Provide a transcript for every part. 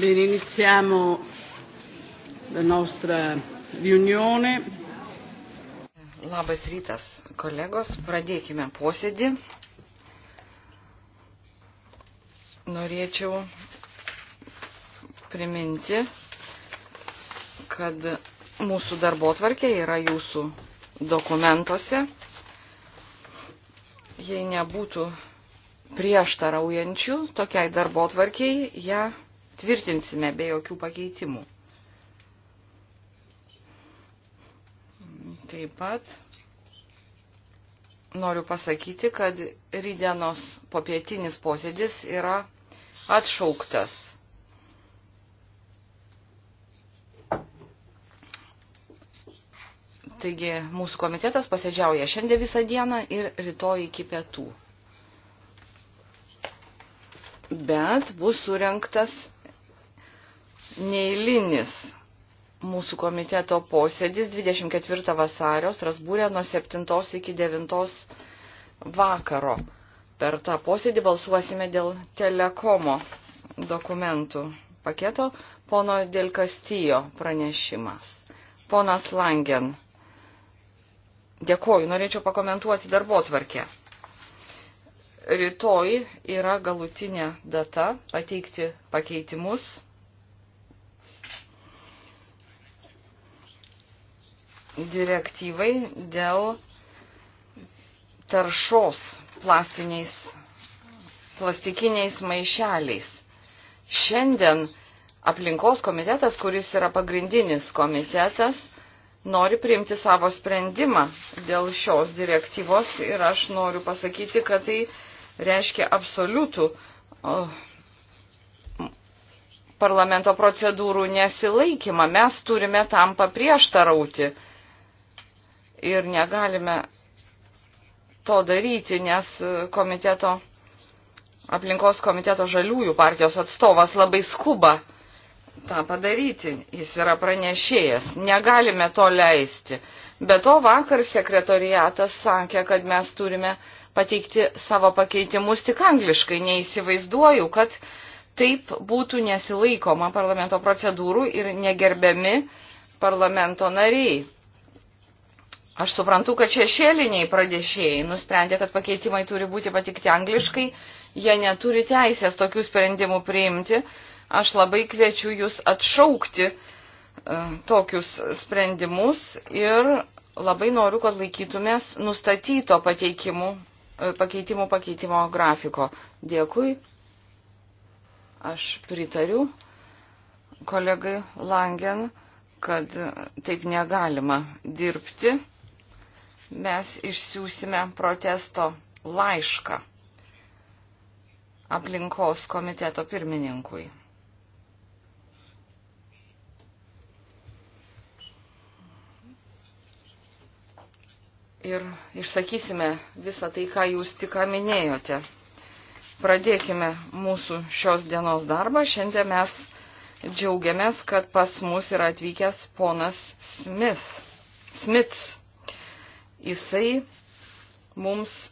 Bene, iniziamo la nostra riunione. Labas rytas, kolegos. Pradėkime posėdį. Norėčiau priminti, kad mūsų darbo tvarkė yra jūsų dokumentuose. Jei nebūtų prieštaraujančių tokiai darbo tvarkiai, ją ja tvirtinsime be jokių pakeitimų. Taip pat noriu pasakyti, kad rydienos popietinis posėdis yra atšauktas. Taigi mūsų komitetas posėdžiauja šiandien visą dieną ir rytoj iki pietų. Bet bus surinktas neįlinis mūsų komiteto posėdis 24 vasario Strasbūrė nuo 7 iki 9 vakaro. Per tą posėdį balsuosime dėl telekomo dokumentų paketo pono Del Castillo pranešimas. Ponas Langen, dėkoju, norėčiau pakomentuoti darbo tvarkę. Rytoj yra galutinė data pateikti pakeitimus direktyvai dėl taršos plastiniais, plastikiniais maišeliais. Šiandien aplinkos komitetas, kuris yra pagrindinis komitetas, nori priimti savo sprendimą dėl šios direktyvos ir aš noriu pasakyti, kad tai reiškia absoliutų oh, parlamento procedūrų nesilaikymą. Mes turime tam paprieštarauti ir negalime to daryti, nes komiteto, aplinkos komiteto žaliųjų partijos atstovas labai skuba tą padaryti. Jis yra pranešėjas. Negalime to leisti. Be to vakar sekretoriatas sakė, kad mes turime pateikti savo pakeitimus tik angliškai. Neįsivaizduoju, kad taip būtų nesilaikoma parlamento procedūrų ir negerbiami parlamento nariai. Aš suprantu, kad šešėliniai pradėšėjai nusprendė, kad pakeitimai turi būti patikti angliškai, jie neturi teisės tokių sprendimų priimti. Aš labai kviečiu jūs atšaukti uh, tokius sprendimus ir labai noriu, kad laikytumės nustatyto pateikimų, e, pakeitimų pakeitimo grafiko. Dėkui. Aš pritariu kolegai Langen, kad taip negalima dirbti mes išsiųsime protesto laišką aplinkos komiteto pirmininkui. Ir išsakysime visą tai, ką jūs tik minėjote. Pradėkime mūsų šios dienos darbą. Šiandien mes džiaugiamės, kad pas mus yra atvykęs ponas Smith. Smith Jisai mums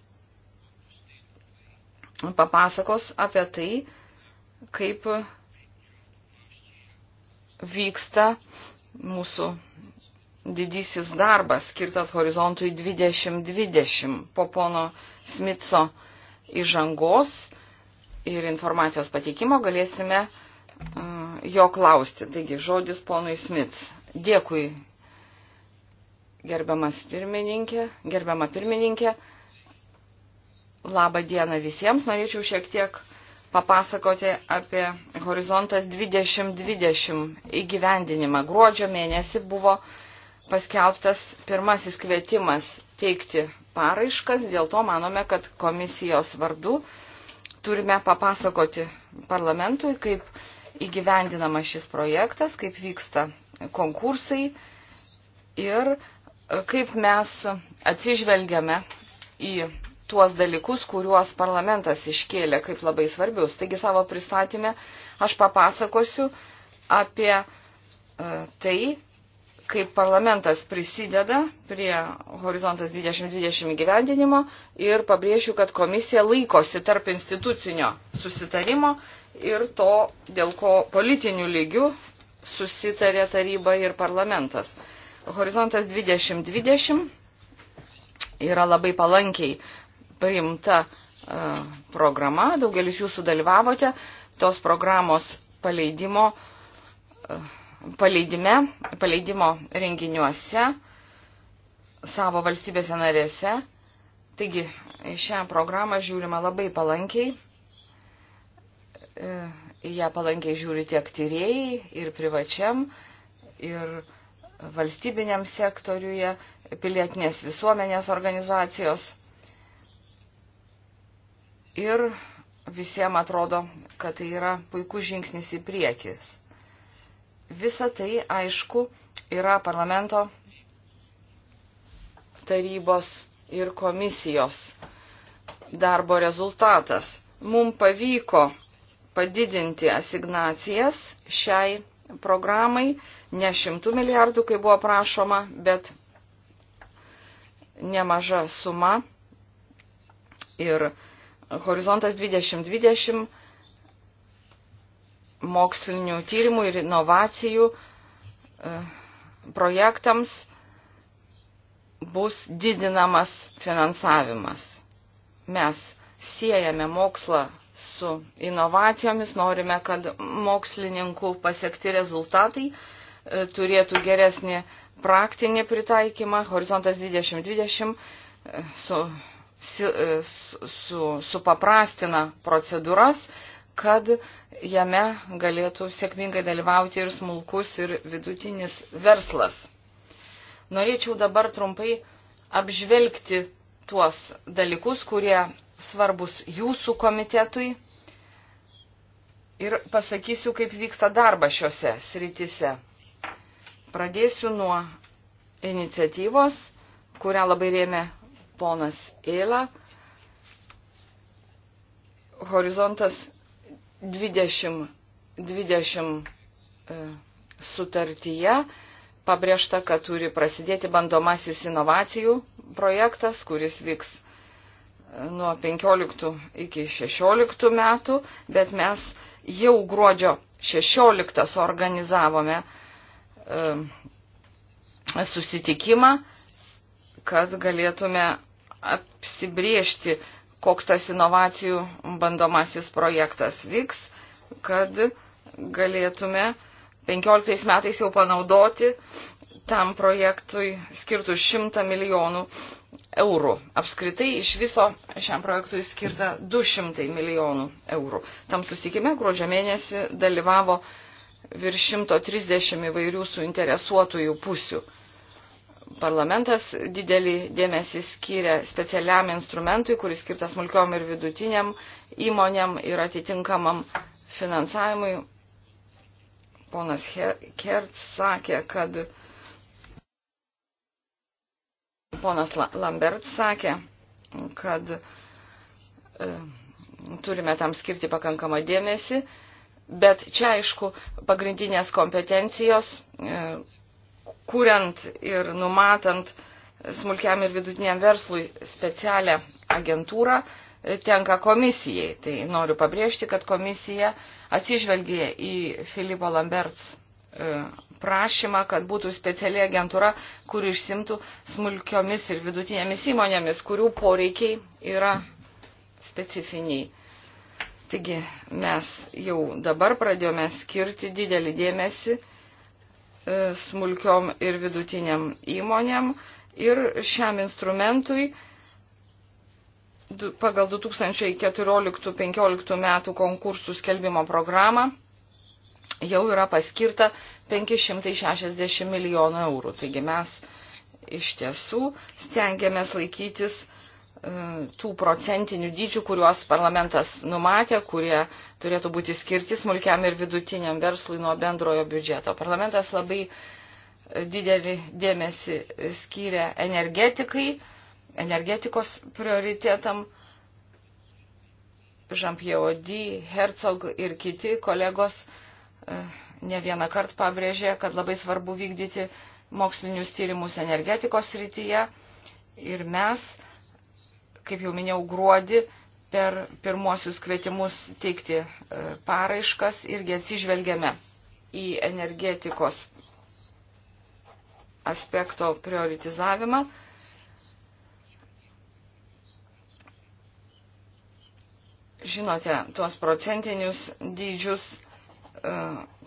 papasakos apie tai, kaip vyksta mūsų didysis darbas skirtas horizontui 2020 po pono Smitso įžangos ir informacijos pateikimo galėsime uh, jo klausti. Taigi žodis ponui Smits. Dėkui, Gerbiamas pirmininkė, gerbiama pirmininkė, labą dieną visiems. Norėčiau šiek tiek papasakoti apie Horizontas 2020 įgyvendinimą. Gruodžio mėnesį buvo paskelbtas pirmasis kvietimas teikti paraiškas, dėl to manome, kad komisijos vardu turime papasakoti parlamentui, kaip įgyvendinama šis projektas, kaip vyksta konkursai ir kaip mes atsižvelgiame į tuos dalykus, kuriuos parlamentas iškėlė kaip labai svarbius. Taigi savo pristatymę aš papasakosiu apie e, tai, kaip parlamentas prisideda prie Horizontas 2020 gyvendinimo ir pabrėšiu, kad komisija laikosi tarp institucinio susitarimo ir to, dėl ko politinių lygių susitarė taryba ir parlamentas. Horizontas 2020 yra labai palankiai priimta e, programa, daugelis jūsų dalyvavote tos programos paleidimo, e, paleidime, paleidimo renginiuose savo valstybėse narėse. Taigi, į šią programą žiūrima labai palankiai. E, į ją palankiai žiūri tiek tyrėjai ir privačiam, ir uh, valstybiniam sektoriuje, pilietinės visuomenės organizacijos. Ir visiems atrodo, kad tai yra puikus žingsnis į priekis. Visa tai, aišku, yra parlamento tarybos ir komisijos darbo rezultatas. Mums pavyko padidinti asignacijas šiai programai, ne šimtų milijardų, kai buvo prašoma, bet nemaža suma. Ir horizontas 2020 mokslinių tyrimų ir inovacijų e, projektams bus didinamas finansavimas. Mes siejame mokslą su inovacijomis, norime, kad mokslininkų pasiekti rezultatai e, turėtų geresnį praktinį pritaikymą. Horizontas 2020 e, e, su, su, su, su paprastina procedūras, kad jame galėtų sėkmingai dalyvauti ir smulkus, ir vidutinis verslas. Norėčiau dabar trumpai apžvelgti tuos dalykus, kurie svarbus jūsų komitetui ir pasakysiu, kaip vyksta darbas šiuose srityse. Pradėsiu nuo iniciatyvos, kurią labai rėmė ponas Eila. Horizontas 20, 20 e, sutartyje pabrėžta, kad turi prasidėti bandomasis inovacijų projektas, kuris vyks nuo 15 iki 16 metų, bet mes jau gruodžio 16 suorganizavome e, susitikimą, kad galėtume apsibriežti, koks tas inovacijų bandomasis projektas vyks, kad galėtume 15 metais jau panaudoti tam projektui skirtus 100 milijonų eurų. Apskritai iš viso šiam projektui skirta 200 milijonų eurų. Tam susitikime gruodžio mėnesį dalyvavo virš 130 įvairių suinteresuotųjų pusių. Parlamentas didelį dėmesį skiria specialiam instrumentui, kuris skirtas smulkiom ir vidutiniam įmonėm ir atitinkamam finansavimui. Ponas Hertz sakė, kad Ponas Lambert sakė, kad e, turime tam skirti pakankamą dėmesį, bet čia aišku pagrindinės kompetencijos, e, kuriant ir numatant smulkiam ir vidutiniam verslui specialią agentūrą, e, tenka komisijai. Tai noriu pabrėžti, kad komisija atsižvelgė į Filipo Lamberts E, prašymą, kad būtų speciali agentūra, kuri išsimtų smulkiomis ir vidutinėmis įmonėmis, kurių poreikiai yra specifiniai. Taigi mes jau dabar pradėjome skirti didelį dėmesį e, smulkiom ir vidutiniam įmonėm ir šiam instrumentui pagal 2014-2015 metų konkursų skelbimo programą jau yra paskirta 560 milijonų eurų. Taigi mes iš tiesų stengiamės laikytis e, tų procentinių dydžių, kuriuos parlamentas numatė, kurie turėtų būti skirti smulkiam ir vidutiniam verslui nuo bendrojo biudžeto. Parlamentas labai e, didelį dėmesį skyrė energetikai, energetikos prioritetam. Žampjevodi, Hercog ir kiti kolegos uh, ne vieną kartą pabrėžė, kad labai svarbu vykdyti mokslinius tyrimus energetikos srityje. Ir mes, kaip jau minėjau, gruodį per pirmosius kvietimus teikti e, paraiškas irgi atsižvelgiame į energetikos aspekto prioritizavimą. Žinote, tuos procentinius dydžius E,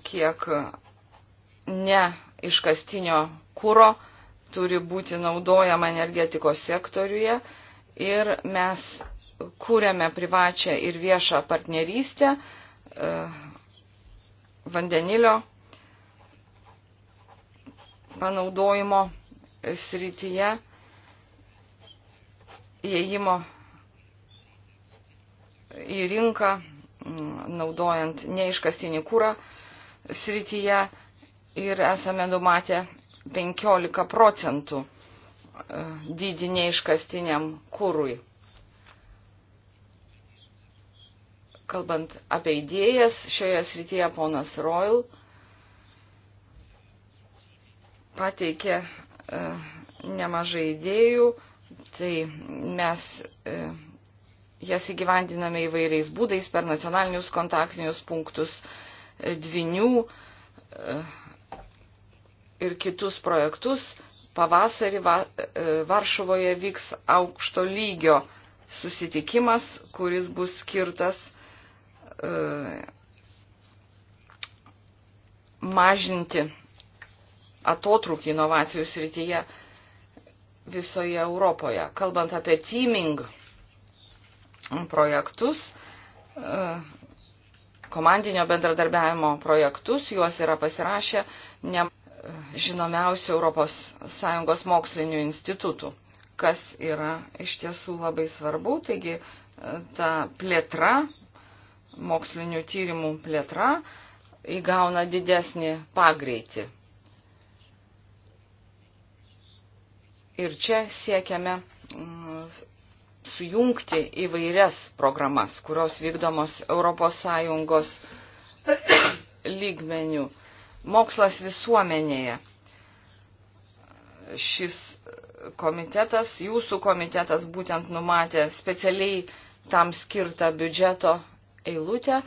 kiek ne iškastinio kūro turi būti naudojama energetikos sektoriuje ir mes kūrėme privačią ir viešą partnerystę e, vandenilio panaudojimo srityje įėjimo į rinką Mm, naudojant neiškastinį kūrą srityje ir esame numatę 15 procentų e, dydį neiškastiniam kūrui. Kalbant apie idėjas, šioje srityje ponas Royal pateikė e, nemažai idėjų, tai mes e, Jas įgyvendiname įvairiais būdais per nacionalinius kontaktinius punktus, e, dvinių e, ir kitus projektus. Pavasarį va, e, Varšuvoje vyks aukšto lygio susitikimas, kuris bus skirtas mažinti atotrukį inovacijų srityje visoje Europoje. Kalbant apie teaming projektus, e, komandinio bendradarbiavimo projektus, juos yra pasirašę ne e, žinomiausių ES mokslinių institutų, kas yra iš tiesų labai svarbu. Taigi e, ta plėtra, mokslinių tyrimų plėtra įgauna didesnį pagreitį. Ir čia siekiame sujungti įvairias programas, kurios vykdomos ES lygmenių. Mokslas visuomenėje. Šis komitetas, jūsų komitetas būtent numatė specialiai tam skirtą biudžeto eilutę.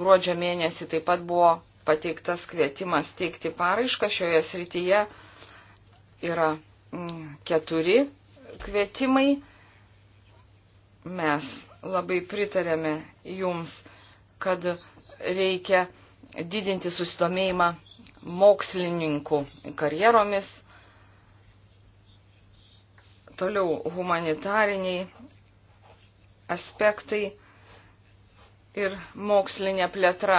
Gruodžio mėnesį taip pat buvo pateiktas kvietimas teikti paraišką. Šioje srityje yra mm, keturi kvietimai Mes labai pritarėme jums, kad reikia didinti susidomėjimą mokslininkų karjeromis, toliau humanitariniai aspektai ir mokslinė plėtra.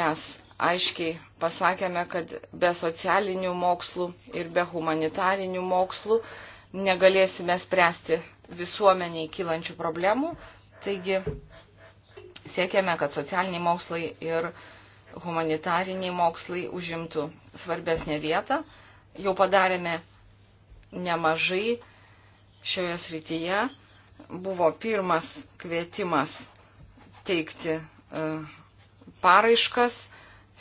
Mes aiškiai pasakėme, kad be socialinių mokslų ir be humanitarinių mokslų negalėsime spręsti visuomeniai kylančių problemų. Taigi siekiame, kad socialiniai mokslai ir humanitariniai mokslai užimtų svarbesnę vietą. Jau padarėme nemažai šioje srityje. Buvo pirmas kvietimas teikti e, paraiškas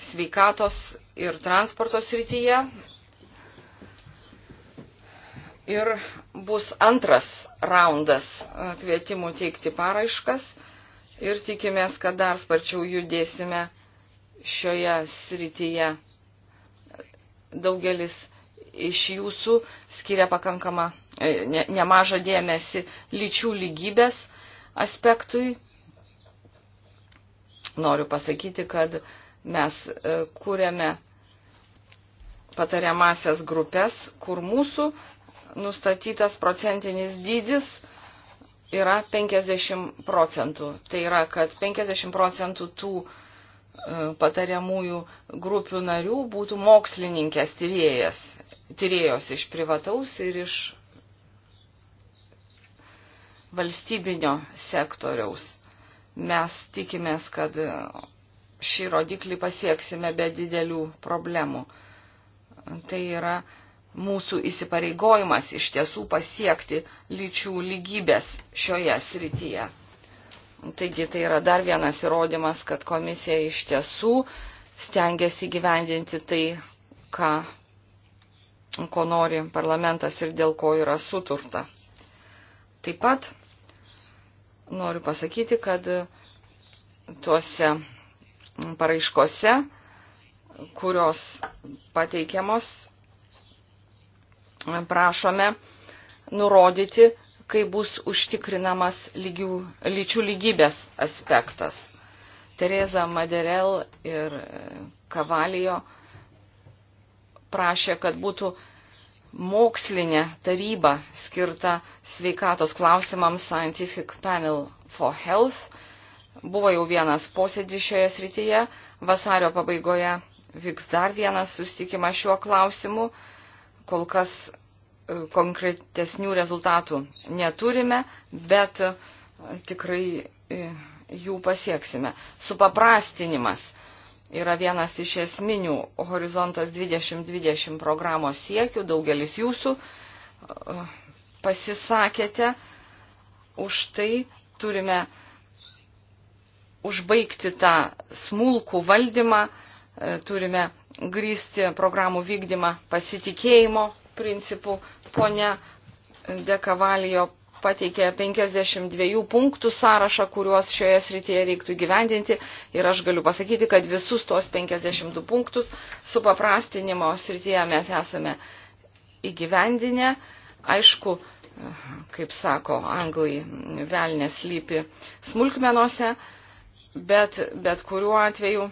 sveikatos ir transporto srityje ir bus antras raundas e, kvietimų teikti paraiškas ir tikimės, kad dar sparčiau judėsime šioje srityje. Daugelis iš jūsų skiria pakankamą e, ne, nemažą dėmesį lyčių lygybės aspektui. Noriu pasakyti, kad mes e, kūrėme patariamasias grupės, kur mūsų nustatytas procentinis dydis yra 50 procentų. Tai yra, kad 50 procentų tų e, patariamųjų grupių narių būtų mokslininkės tyrėjas, tyrėjos iš privataus ir iš valstybinio sektoriaus. Mes tikimės, kad e, šį rodiklį pasieksime be didelių problemų. Tai yra mūsų įsipareigojimas iš tiesų pasiekti lyčių lygybės šioje srityje. Taigi tai yra dar vienas įrodymas, kad komisija iš tiesų stengiasi gyvendinti tai, ką, ko nori parlamentas ir dėl ko yra suturta. Taip pat noriu pasakyti, kad tuose paraiškose, kurios pateikiamos prašome nurodyti, kai bus užtikrinamas lygių, lyčių lygybės aspektas. Tereza Maderel ir Kavalijo prašė, kad būtų mokslinė taryba skirta sveikatos klausimams Scientific Panel for Health. Buvo jau vienas posėdis šioje srityje. Vasario pabaigoje vyks dar vienas susitikimas šiuo klausimu kol kas e, konkretesnių rezultatų neturime, bet e, tikrai e, jų pasieksime. Supaprastinimas yra vienas iš esminių Horizontas 2020 programos siekių. Daugelis jūsų pasisakėte už tai, turime užbaigti tą smulkų valdymą, E, turime grįsti programų vykdymą pasitikėjimo principų. Pone Dekavalijo pateikė 52 punktų sąrašą, kuriuos šioje srityje reiktų gyvendinti ir aš galiu pasakyti, kad visus tos 52 punktus su paprastinimo srityje mes esame įgyvendinę. Aišku, kaip sako anglai, velnės lypi smulkmenuose, bet, bet kuriuo atveju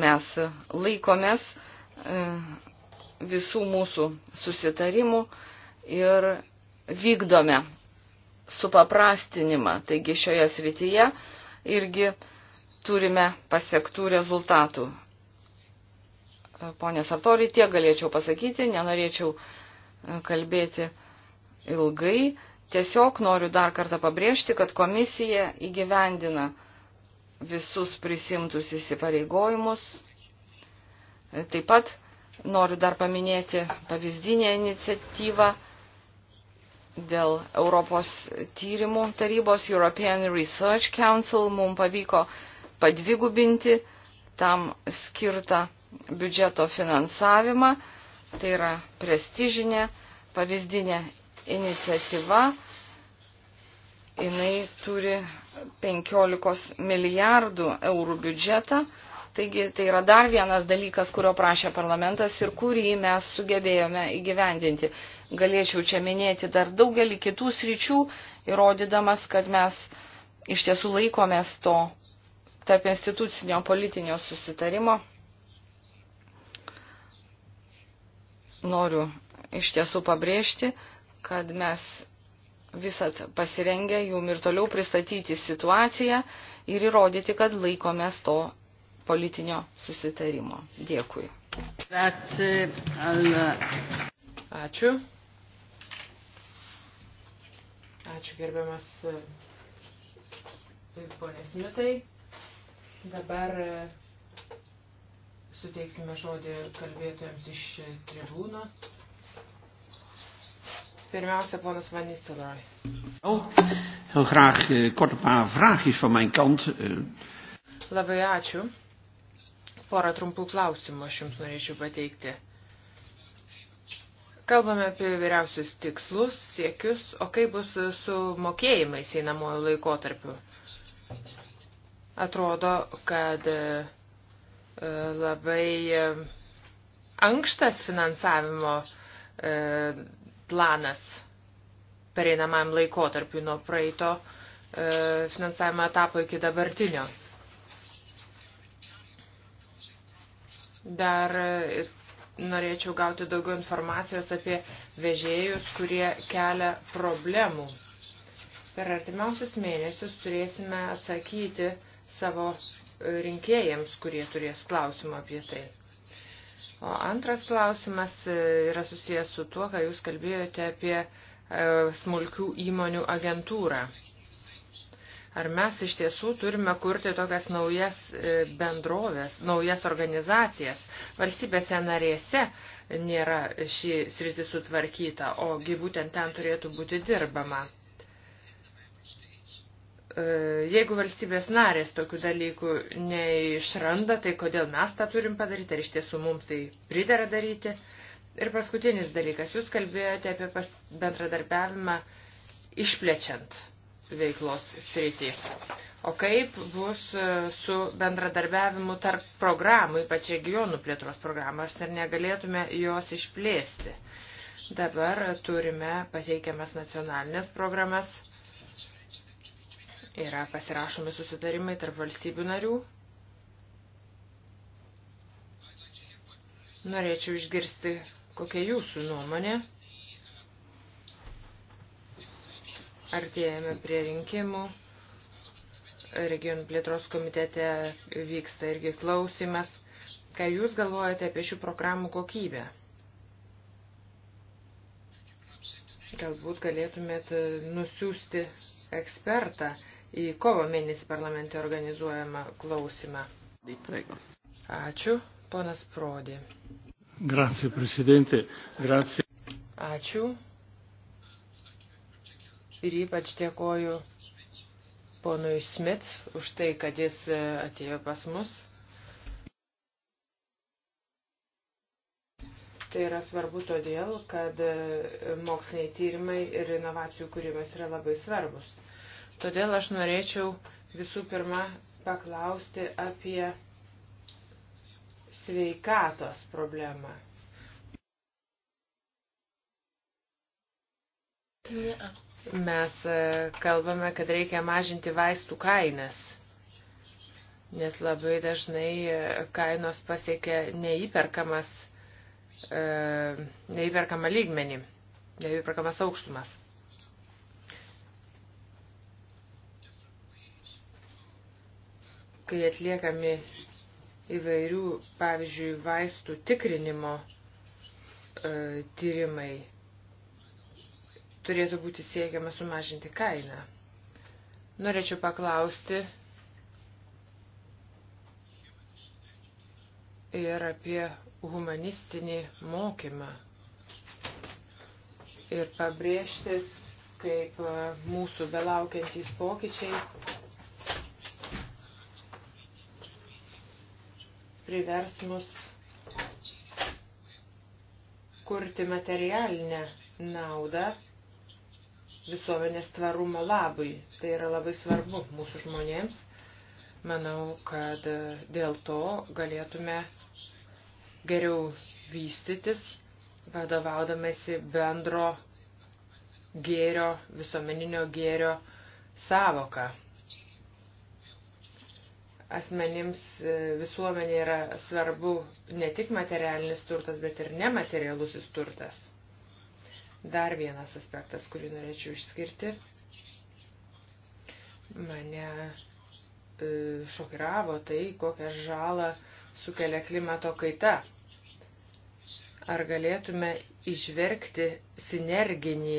Mes laikomės e, visų mūsų susitarimų ir vykdome supaprastinimą. Taigi šioje srityje irgi turime pasiektų rezultatų. E, Pone Sartori, tiek galėčiau pasakyti, nenorėčiau e, kalbėti ilgai. Tiesiog noriu dar kartą pabrėžti, kad komisija įgyvendina visus prisimtus įsipareigojimus. Taip pat noriu dar paminėti pavyzdinę iniciatyvą dėl Europos tyrimų tarybos European Research Council. Mums pavyko padvigubinti tam skirtą biudžeto finansavimą. Tai yra prestižinė pavyzdinė iniciatyva. Jis turi 15 milijardų eurų biudžetą. Taigi tai yra dar vienas dalykas, kurio prašė parlamentas ir kurį mes sugebėjome įgyvendinti. Galėčiau čia minėti dar daugelį kitų sričių, įrodydamas, kad mes iš tiesų laikomės to tarp institucinio politinio susitarimo. Noriu iš tiesų pabrėžti, kad mes visat pasirengę jum ir toliau pristatyti situaciją ir įrodyti, kad laikomės to politinio susitarimo. Dėkui. Ačiū. Ačiū gerbiamas e, ponės Mitai. Dabar e, suteiksime žodį kalbėtojams iš tribūnos. Pirmiausia, ponas Vanistelroj. Oh, heel graag eh, kort een paar vraagjes van mijn kant. Eh, labai ačiū. Porą trumpų klausimų aš jums norėčiau pateikti. Kalbame apie vyriausius tikslus, siekius, o kaip bus su mokėjimais einamojų laikotarpiu? Atrodo, kad e, e, labai e, ankštas finansavimo planas pereinamam laikotarpiu nuo praeito e, finansavimo etapo iki dabartinio. Dar e, norėčiau gauti daugiau informacijos apie vežėjus, kurie kelia problemų. Per artimiausius mėnesius turėsime atsakyti savo e, rinkėjams, kurie turės klausimą apie tai. O antras klausimas e, yra susijęs su tuo, ką jūs kalbėjote apie e, smulkių įmonių agentūrą. Ar mes iš tiesų turime kurti tokias naujas e, bendrovės, naujas organizacijas? Valstybėse narėse nėra šį sritį sutvarkyta, ogi būtent ten turėtų būti dirbama. E, jeigu valstybės narės tokių dalykų neišranda, tai kodėl mes tą turim padaryti, ar iš tiesų mums tai pridara daryti. Ir paskutinis dalykas, jūs kalbėjote apie bendradarbiavimą išplečiant veiklos sritį. O kaip bus e, su bendradarbiavimu tarp programų, ypač regionų plėtros programos, ar negalėtume jos išplėsti? Dabar turime pateikiamas nacionalinės programas Yra pasirašomi susitarimai tarp valstybių narių. Norėčiau išgirsti, kokia jūsų nuomonė. Artėjame prie rinkimų. Regionų plėtros komitete vyksta irgi klausimas. Ką jūs galvojate apie šių programų kokybę? Galbūt galėtumėt nusiųsti ekspertą į kovo mėnesį parlamente organizuojamą klausimą. Ačiū, ponas Prodė. Grazie, prezidentė. Grazie. Ačiū. Ir ypač dėkoju ponui Smith už tai, kad jis e, atėjo pas mus. Tai yra svarbu todėl, kad e, moksliniai tyrimai ir inovacijų kūrimas yra labai svarbus. Todėl aš norėčiau visų pirma paklausti apie sveikatos problemą. Mes e, kalbame, kad reikia mažinti vaistų kainas, nes labai dažnai e, kainos pasiekia neįperkamas, e, neįperkamą lygmenį, neįperkamas aukštumas. kai atliekami įvairių, pavyzdžiui, vaistų tikrinimo e, tyrimai, turėtų būti siekiama sumažinti kainą. Norėčiau paklausti ir apie humanistinį mokymą ir pabrėžti, kaip e, mūsų belaukiantys pokyčiai privers mus kurti materialinę naudą visuomenės tvarumo labui. Tai yra labai svarbu mūsų žmonėms. Manau, kad dėl to galėtume geriau vystytis, vadovaudamėsi bendro gėrio, visuomeninio gėrio savoką asmenims e, visuomenė yra svarbu ne tik materialinis turtas, bet ir nematerialusis turtas. Dar vienas aspektas, kurį norėčiau išskirti, mane e, šokiravo tai, kokią žalą sukelia klimato kaita. Ar galėtume išverkti sinerginį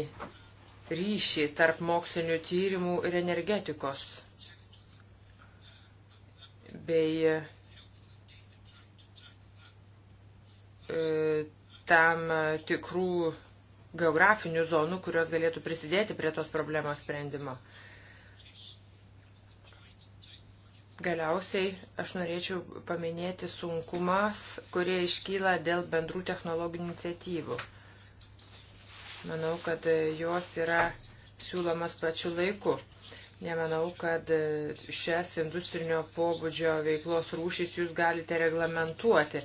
ryšį tarp mokslinių tyrimų ir energetikos? bei e, tam tikrų geografinių zonų, kurios galėtų prisidėti prie tos problemos sprendimo. Galiausiai aš norėčiau paminėti sunkumas, kurie iškyla dėl bendrų technologinių iniciatyvų. Manau, kad jos yra siūlomas pačiu laiku. Nemanau, kad e, šias industrinio pobūdžio veiklos rūšys jūs galite reglamentuoti,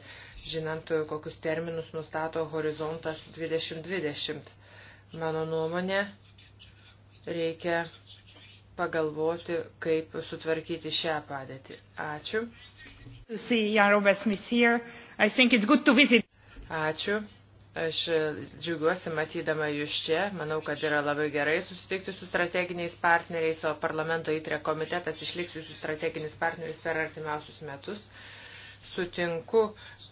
žinant, kokius terminus nustato horizontas 2020. Mano nuomonė, reikia pagalvoti, kaip sutvarkyti šią padėtį. Ačiū. Ačiū. Aš e, džiaugiuosi matydama jūs čia. Manau, kad yra labai gerai susitikti su strateginiais partneriais, o parlamento įtrė komitetas išliks jūsų strateginis partneris per artimiausius metus. Sutinku,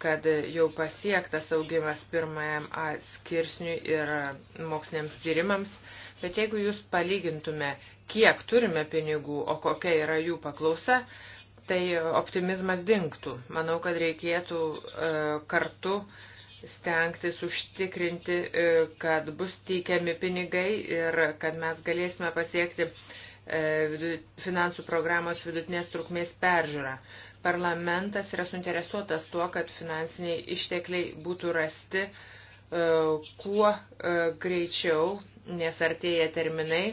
kad jau pasiektas augimas pirmajam A skirsniui ir moksliniams tyrimams, bet jeigu jūs palygintume, kiek turime pinigų, o kokia yra jų paklausa, tai optimizmas dinktų. Manau, kad reikėtų e, kartu stengtis užtikrinti, e, kad bus teikiami pinigai ir kad mes galėsime pasiekti e, finansų programos vidutinės trukmės peržiūrą. Parlamentas yra suinteresuotas tuo, kad finansiniai ištekliai būtų rasti e, kuo greičiau, nes artėja terminai,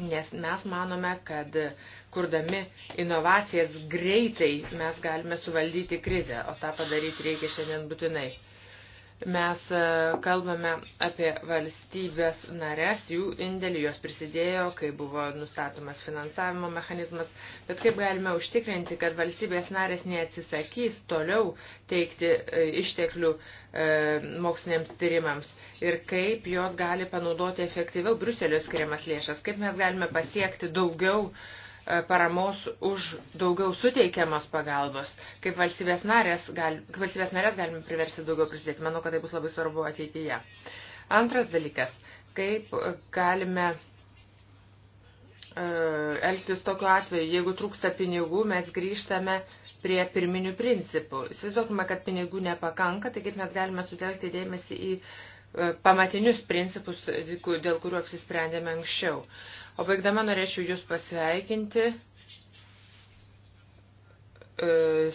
nes mes manome, kad kurdami inovacijas greitai mes galime suvaldyti krizę, o tą padaryti reikia šiandien būtinai. Mes e, kalbame apie valstybės narės, jų indėlį, jos prisidėjo, kai buvo nustatomas finansavimo mechanizmas, bet kaip galime užtikrinti, kad valstybės narės neatsisakys toliau teikti e, išteklių e, moksliniams tyrimams ir kaip jos gali panaudoti efektyviau Bruselio skiriamas lėšas, kaip mes galime pasiekti daugiau uh, paramos už daugiau suteikiamos pagalbos, kaip valstybės narės, gal, kaip valstybės narės galime priversti daugiau prisidėti. Manau, kad tai bus labai svarbu ateityje. Antras dalykas, kaip e, galime e, elgtis tokiu atveju, jeigu trūksta pinigų, mes grįžtame prie pirminių principų. Įsivaizduokime, kad pinigų nepakanka, tai kaip mes galime sutelkti dėmesį į uh, E, pamatinius principus, dėl kurių apsisprendėme anksčiau. O baigdama norėčiau Jūs pasveikinti e,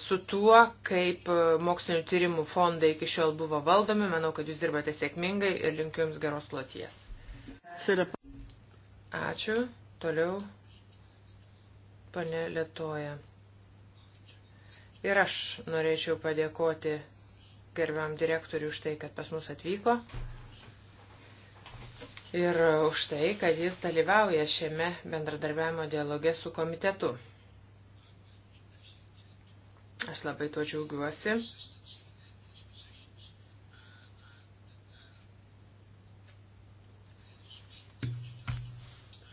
su tuo, kaip e, mokslinio tyrimų fondai iki šiol buvo valdomi. Manau, kad Jūs dirbate sėkmingai ir linkiu Jums geros ploties. Ačiū. Toliau pane Lietoja. Ir aš norėčiau padėkoti gerbiam direktoriui už tai, kad pas mus atvyko ir už tai, kad jis dalyvauja šiame bendradarbiavimo dialoge su komitetu. Aš labai tuo džiaugiuosi.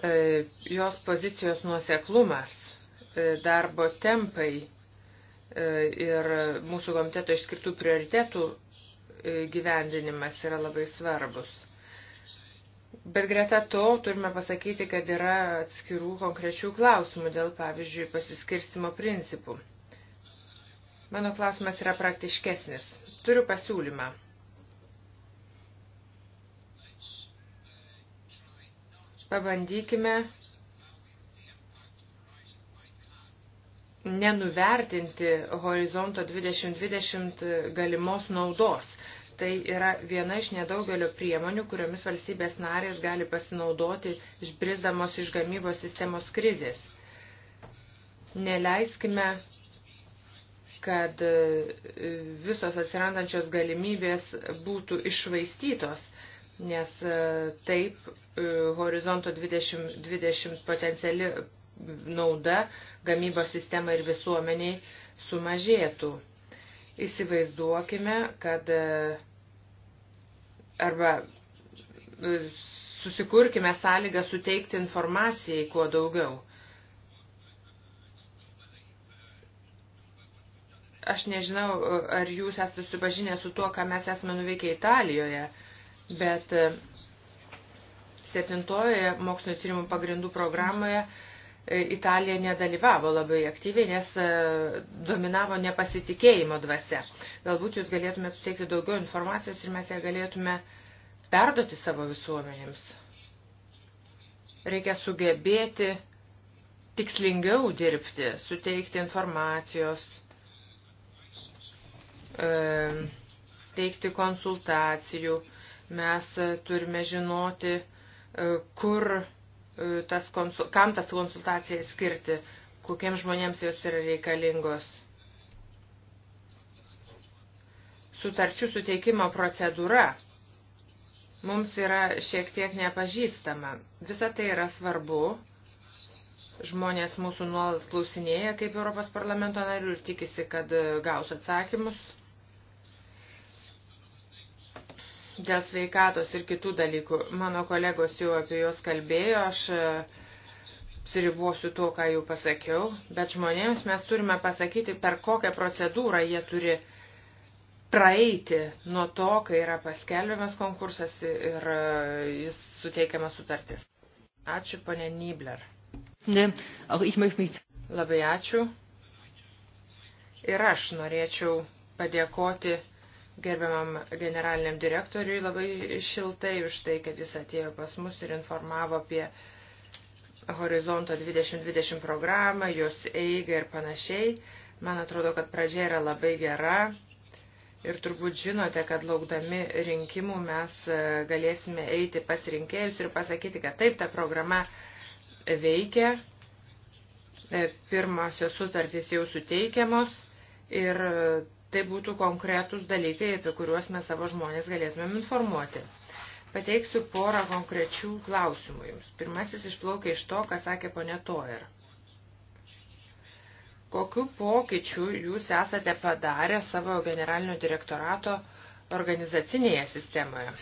E, jos pozicijos nuoseklumas, e, darbo tempai E, ir mūsų komiteto išskirtų prioritetų e, gyvendinimas yra labai svarbus. Bet greta to turime pasakyti, kad yra atskirų konkrečių klausimų dėl, pavyzdžiui, pasiskirstimo principų. Mano klausimas yra praktiškesnis. Turiu pasiūlymą. Pabandykime nenuvertinti horizonto 2020 galimos naudos. Tai yra viena iš nedaugelio priemonių, kuriomis valstybės narės gali pasinaudoti išbrisdamos iš gamybos sistemos krizės. Neleiskime, kad e, visos atsirandančios galimybės būtų išvaistytos, nes e, taip e, horizonto 2020 potenciali nauda gamybos sistemai ir visuomeniai sumažėtų. Įsivaizduokime, kad e, arba e, susikurkime sąlygą suteikti informacijai kuo daugiau. Aš nežinau, e, ar jūs esate susipažinę su tuo, ką mes esame nuveikę Italijoje, bet septintojoje mokslinio tyrimų pagrindų programoje E, Italija nedalyvavo labai aktyviai, nes e, dominavo nepasitikėjimo dvasia. Galbūt jūs galėtumėte suteikti daugiau informacijos ir mes ją galėtume perduoti savo visuomenėms. Reikia sugebėti tikslingiau dirbti, suteikti informacijos, e, teikti konsultacijų. Mes turime žinoti, kur E, tas konsul, kam tas konsultacijas skirti, kokiems žmonėms jos yra reikalingos. Sutarčių suteikimo procedūra mums yra šiek tiek nepažįstama. Visa tai yra svarbu. Žmonės mūsų nuolat klausinėja kaip Europos parlamento narių ir tikisi, kad e, gaus atsakymus dėl sveikatos ir kitų dalykų. Mano kolegos jau apie juos kalbėjo, aš e, siribuosiu to, ką jau pasakiau, bet žmonėms mes turime pasakyti, per kokią procedūrą jie turi praeiti nuo to, kai yra paskelbiamas konkursas ir e, jis suteikiamas sutartis. Ačiū, ponė Nibler. Ne, ich mich... Labai ačiū. Ir aš norėčiau padėkoti gerbiamam generaliniam direktoriui labai šiltai už tai, kad jis atėjo pas mus ir informavo apie Horizonto 2020 programą, jos eigą ir panašiai. Man atrodo, kad pradžia yra labai gera. Ir turbūt žinote, kad laukdami rinkimų mes e, galėsime eiti pas rinkėjus ir pasakyti, kad taip, ta programa veikia, e, pirmosios sutartys jau suteikiamos ir e, Tai būtų konkretūs dalykai, apie kuriuos mes savo žmonės galėtumėm informuoti. Pateiksiu porą konkrečių klausimų jums. Pirmasis išplaukia iš to, ką sakė ponė Toer. Kokiu pokyčiu jūs esate padarę savo generalinio direktorato organizacinėje sistemoje?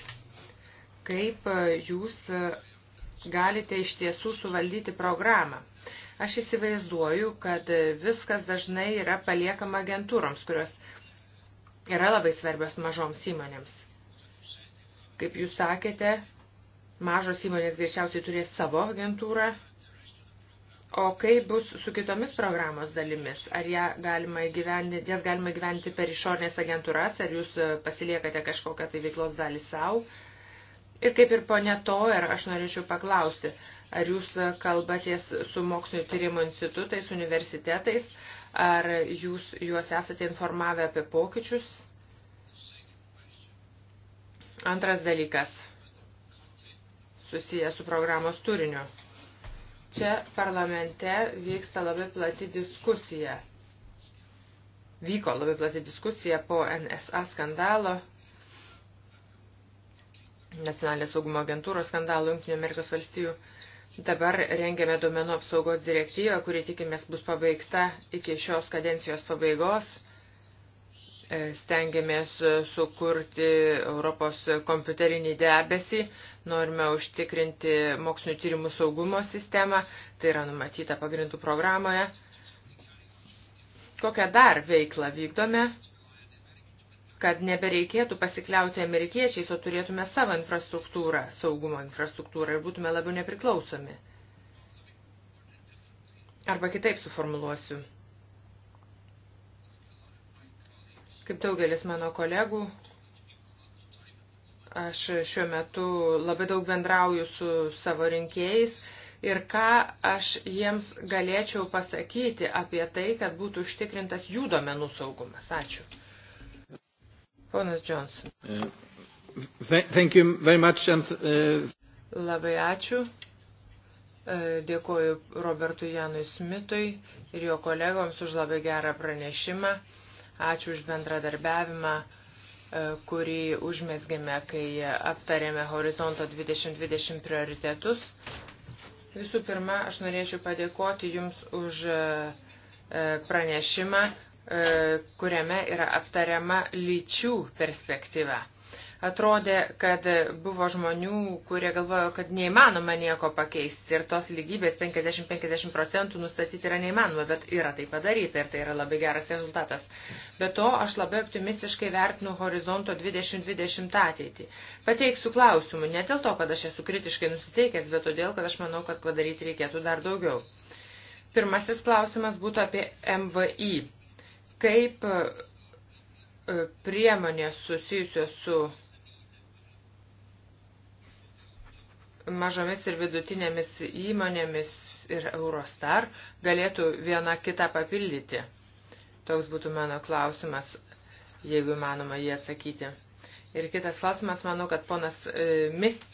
Kaip e, jūs e, galite iš tiesų suvaldyti programą? Aš įsivaizduoju, kad viskas dažnai yra paliekama agentūroms, kurios yra labai svarbios mažoms įmonėms. Kaip jūs sakėte, mažos įmonės greičiausiai turės savo agentūrą. O kaip bus su kitomis programos dalimis? Ar ją galima jas galima gyventi per išornės agentūras, ar jūs e, pasiliekate kažkokią tai veiklos dalį savo? Ir kaip ir ponė Toer, aš norėčiau paklausti, ar jūs kalbatės su mokslinio tyrimo institutais, universitetais, Ar jūs juos esate informavę apie pokyčius? Antras dalykas susijęs su programos turiniu. Čia parlamente vyksta labai plati diskusija. Vyko labai plati diskusija po NSA skandalo, nacionalinės saugumo agentūros skandalo Junktinių Amerikos valstijų Dabar rengiame duomenų apsaugos direktyvą, kuri tikimės bus pabaigta iki šios kadencijos pabaigos. E, stengiamės sukurti Europos kompiuterinį debesį, norime užtikrinti mokslinio tyrimų saugumo sistemą, tai yra numatyta pagrindų programoje. Kokią dar veiklą vykdome? kad nebereikėtų pasikliauti amerikiečiais, o turėtume savo infrastruktūrą, saugumo infrastruktūrą ir būtume labiau nepriklausomi. Arba kitaip suformuluosiu. Kaip daugelis mano kolegų, aš šiuo metu labai daug bendrauju su savo rinkėjais ir ką aš jiems galėčiau pasakyti apie tai, kad būtų užtikrintas jų domenų saugumas. Ačiū. Ponas Johnson. Uh, thank you very much. And, uh... Labai ačiū. E, Dėkuoju Robertui Janui Smitui ir jo kolegoms už labai gerą pranešimą. Ačiū už bendradarbiavimą, e, kurį užmėsgėme, kai aptarėme Horizonto 2020 prioritetus. Visų pirma, aš norėčiau padėkoti Jums už e, pranešimą, E, kuriame yra aptariama lyčių perspektyva. Atrodė, kad buvo žmonių, kurie galvojo, kad neįmanoma nieko pakeisti ir tos lygybės 50-50 procentų nustatyti yra neįmanoma, bet yra tai padaryta ir tai yra labai geras rezultatas. Be to, aš labai optimistiškai vertinu horizonto 2020 ateitį. Pateiksiu klausimų ne dėl to, kad aš esu kritiškai nusiteikęs, bet todėl, kad aš manau, kad padaryti reikėtų dar daugiau. Pirmasis klausimas būtų apie MVI kaip e, e, priemonės susijusios su mažomis ir vidutinėmis įmonėmis ir Eurostar galėtų vieną kitą papildyti? Toks būtų mano klausimas, jeigu manoma jį atsakyti. Ir kitas klausimas, manau, kad ponas e,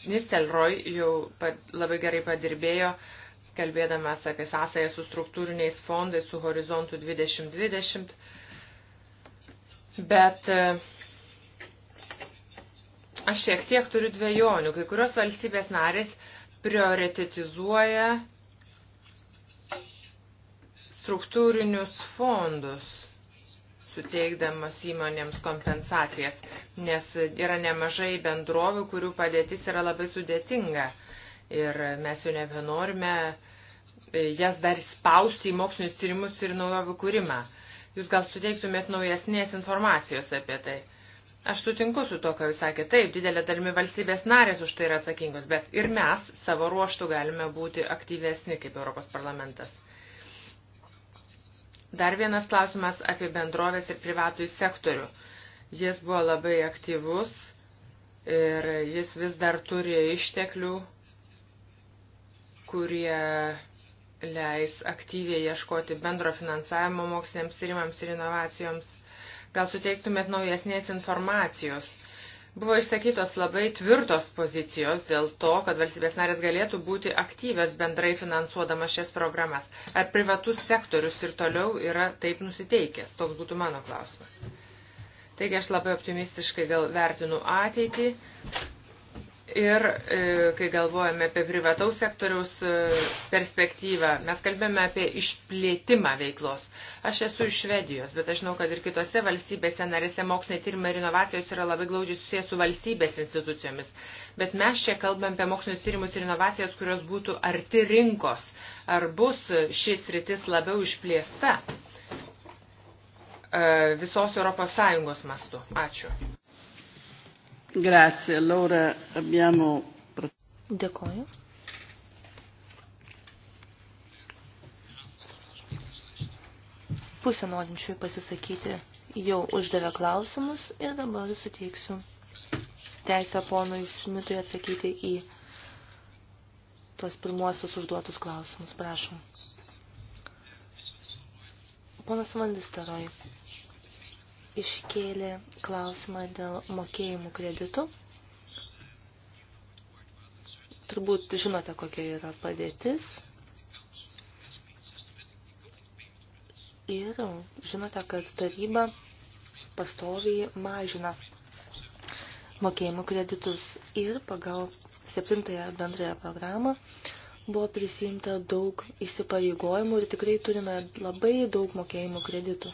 Nistelroj jau labai gerai padirbėjo, kalbėdamas apie sąsąją su struktūriniais fondais, su horizontu 2020. Bet e, aš šiek tiek turiu dviejonių. Kai kurios valstybės narės prioritetizuoja struktūrinius fondus suteikdamas įmonėms kompensacijas, nes yra nemažai bendrovių, kurių padėtis yra labai sudėtinga. Ir mes jau nebenorime e, jas dar spausti į mokslinius tyrimus ir naujovių kūrimą. Jūs gal suteiktumėt naujasnės informacijos apie tai. Aš sutinku su to, ką jūs sakėte. Taip, didelė dalimi valstybės narės už tai yra atsakingos, bet ir mes savo ruoštų galime būti aktyvesni kaip Europos parlamentas. Dar vienas klausimas apie bendrovės ir privatų sektorių. Jis buvo labai aktyvus ir jis vis dar turi išteklių, kurie leis aktyviai ieškoti bendro finansavimo moksliniams tyrimams ir inovacijoms. Gal suteiktumėt naujesnės informacijos? Buvo išsakytos labai tvirtos pozicijos dėl to, kad valstybės narės galėtų būti aktyvės bendrai finansuodamas šias programas. Ar privatus sektorius ir toliau yra taip nusiteikęs? Toks būtų mano klausimas. Taigi aš labai optimistiškai gal vertinu ateitį ir e, kai galvojame apie privataus sektoriaus e, perspektyvą, mes kalbėjome apie išplėtimą veiklos. Aš esu iš Švedijos, bet aš žinau, kad ir kitose valstybėse narėse moksliniai tyrimai ir inovacijos yra labai glaudžiai susijęs su valstybės institucijomis. Bet mes čia kalbam apie mokslinius tyrimus ir inovacijas, kurios būtų arti rinkos. Ar bus šis rytis labiau išplėsta e, visos Europos Sąjungos mastu? Ačiū. Grazie, allora abbiamo. Dėkoju. Pusė norinčių pasisakyti jau uždavė klausimus ir dabar suteiksiu teisę ponui Smitui atsakyti į tuos pirmuosius užduotus klausimus. Prašom. Ponas Vandisteroj, iškėlė klausimą dėl mokėjimų kreditų. Turbūt žinote, kokia yra padėtis. Ir žinote, kad taryba pastoviai mažina mokėjimų kreditus. Ir pagal septintąją bendrąją programą buvo prisimta daug įsipareigojimų ir tikrai turime labai daug mokėjimų kreditų.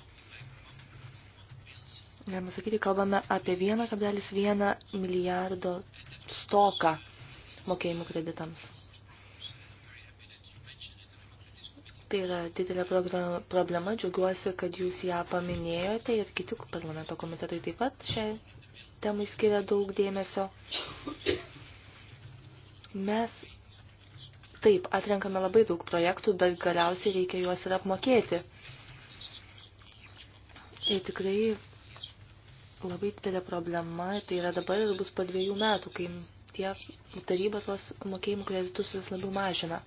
Galima sakyti, kalbame apie 1,1 milijardo stoką mokėjimų kreditams. Tai yra didelė problema, džiaugiuosi, kad jūs ją paminėjote ir kiti parlamento komitetai taip pat šiai temai skiria daug dėmesio. Mes taip atrenkame labai daug projektų, bet galiausiai reikia juos ir apmokėti. Ir tikrai labai didelė problema, tai yra dabar ir bus po dviejų metų, kai tie taryba tuos mokėjimų kreditus vis labiau mažina.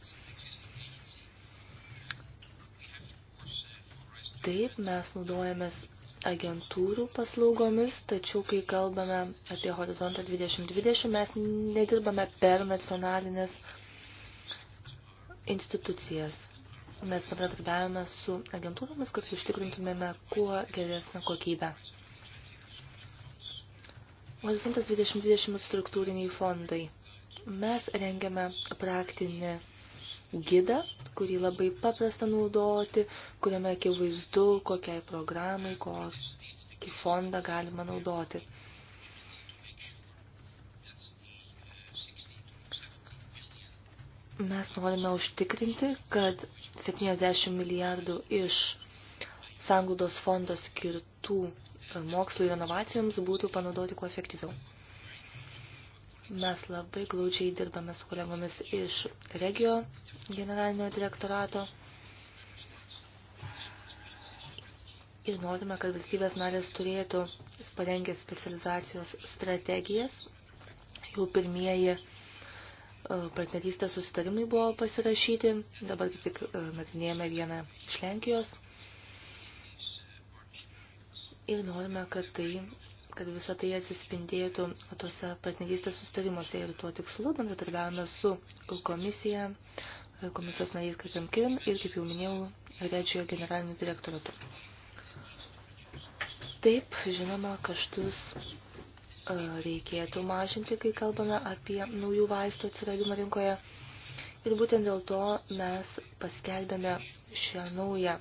Taip, mes naudojamės agentūrų paslaugomis, tačiau kai kalbame apie horizontą 2020, mes nedirbame per nacionalinės institucijas. Mes bendradarbiavame su agentūromis, kad užtikrintumėme kuo geresnę kokybę. Horizontas 2020 struktūriniai fondai. Mes rengiame praktinį gidą, kurį labai paprasta naudoti, kuriame akivaizdu, kokiai programai, kokį fondą galima naudoti. mes norime užtikrinti, kad 70 milijardų iš sanglaudos fondo skirtų mokslui ir inovacijoms būtų panaudoti kuo efektyviau. Mes labai glaudžiai dirbame su kolegomis iš regio generalinio direktorato ir norime, kad valstybės narės turėtų parengę specializacijos strategijas. Jų pirmieji e, partnerystės susitarimai buvo pasirašyti. Dabar kaip tik e, nagrinėjame vieną iš Lenkijos ir norime, kad tai kad visą tai atsispindėtų tose partnerystės sustarimuose ir tuo tikslu bendradarbiavome su komisija, komisijos nariais Katrin Kirin ir, kaip jau minėjau, Redžio generaliniu direktoratu. Taip, žinoma, kaštus e, reikėtų mažinti, kai kalbame apie naujų vaistų atsiradimą rinkoje. Ir būtent dėl to mes paskelbėme šią naują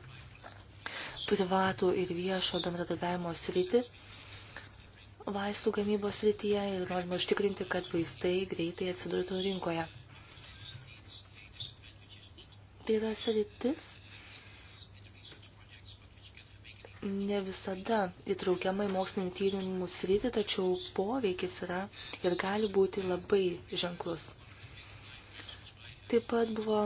privatų ir viešo bendradarbiavimo sritį vaistų gamybos srityje ir norime užtikrinti, kad vaistai greitai atsidurtų rinkoje. Tai yra sritis ne visada įtraukiama į mokslinį tyrimų sritį, tačiau poveikis yra ir gali būti labai ženklus. Taip pat buvo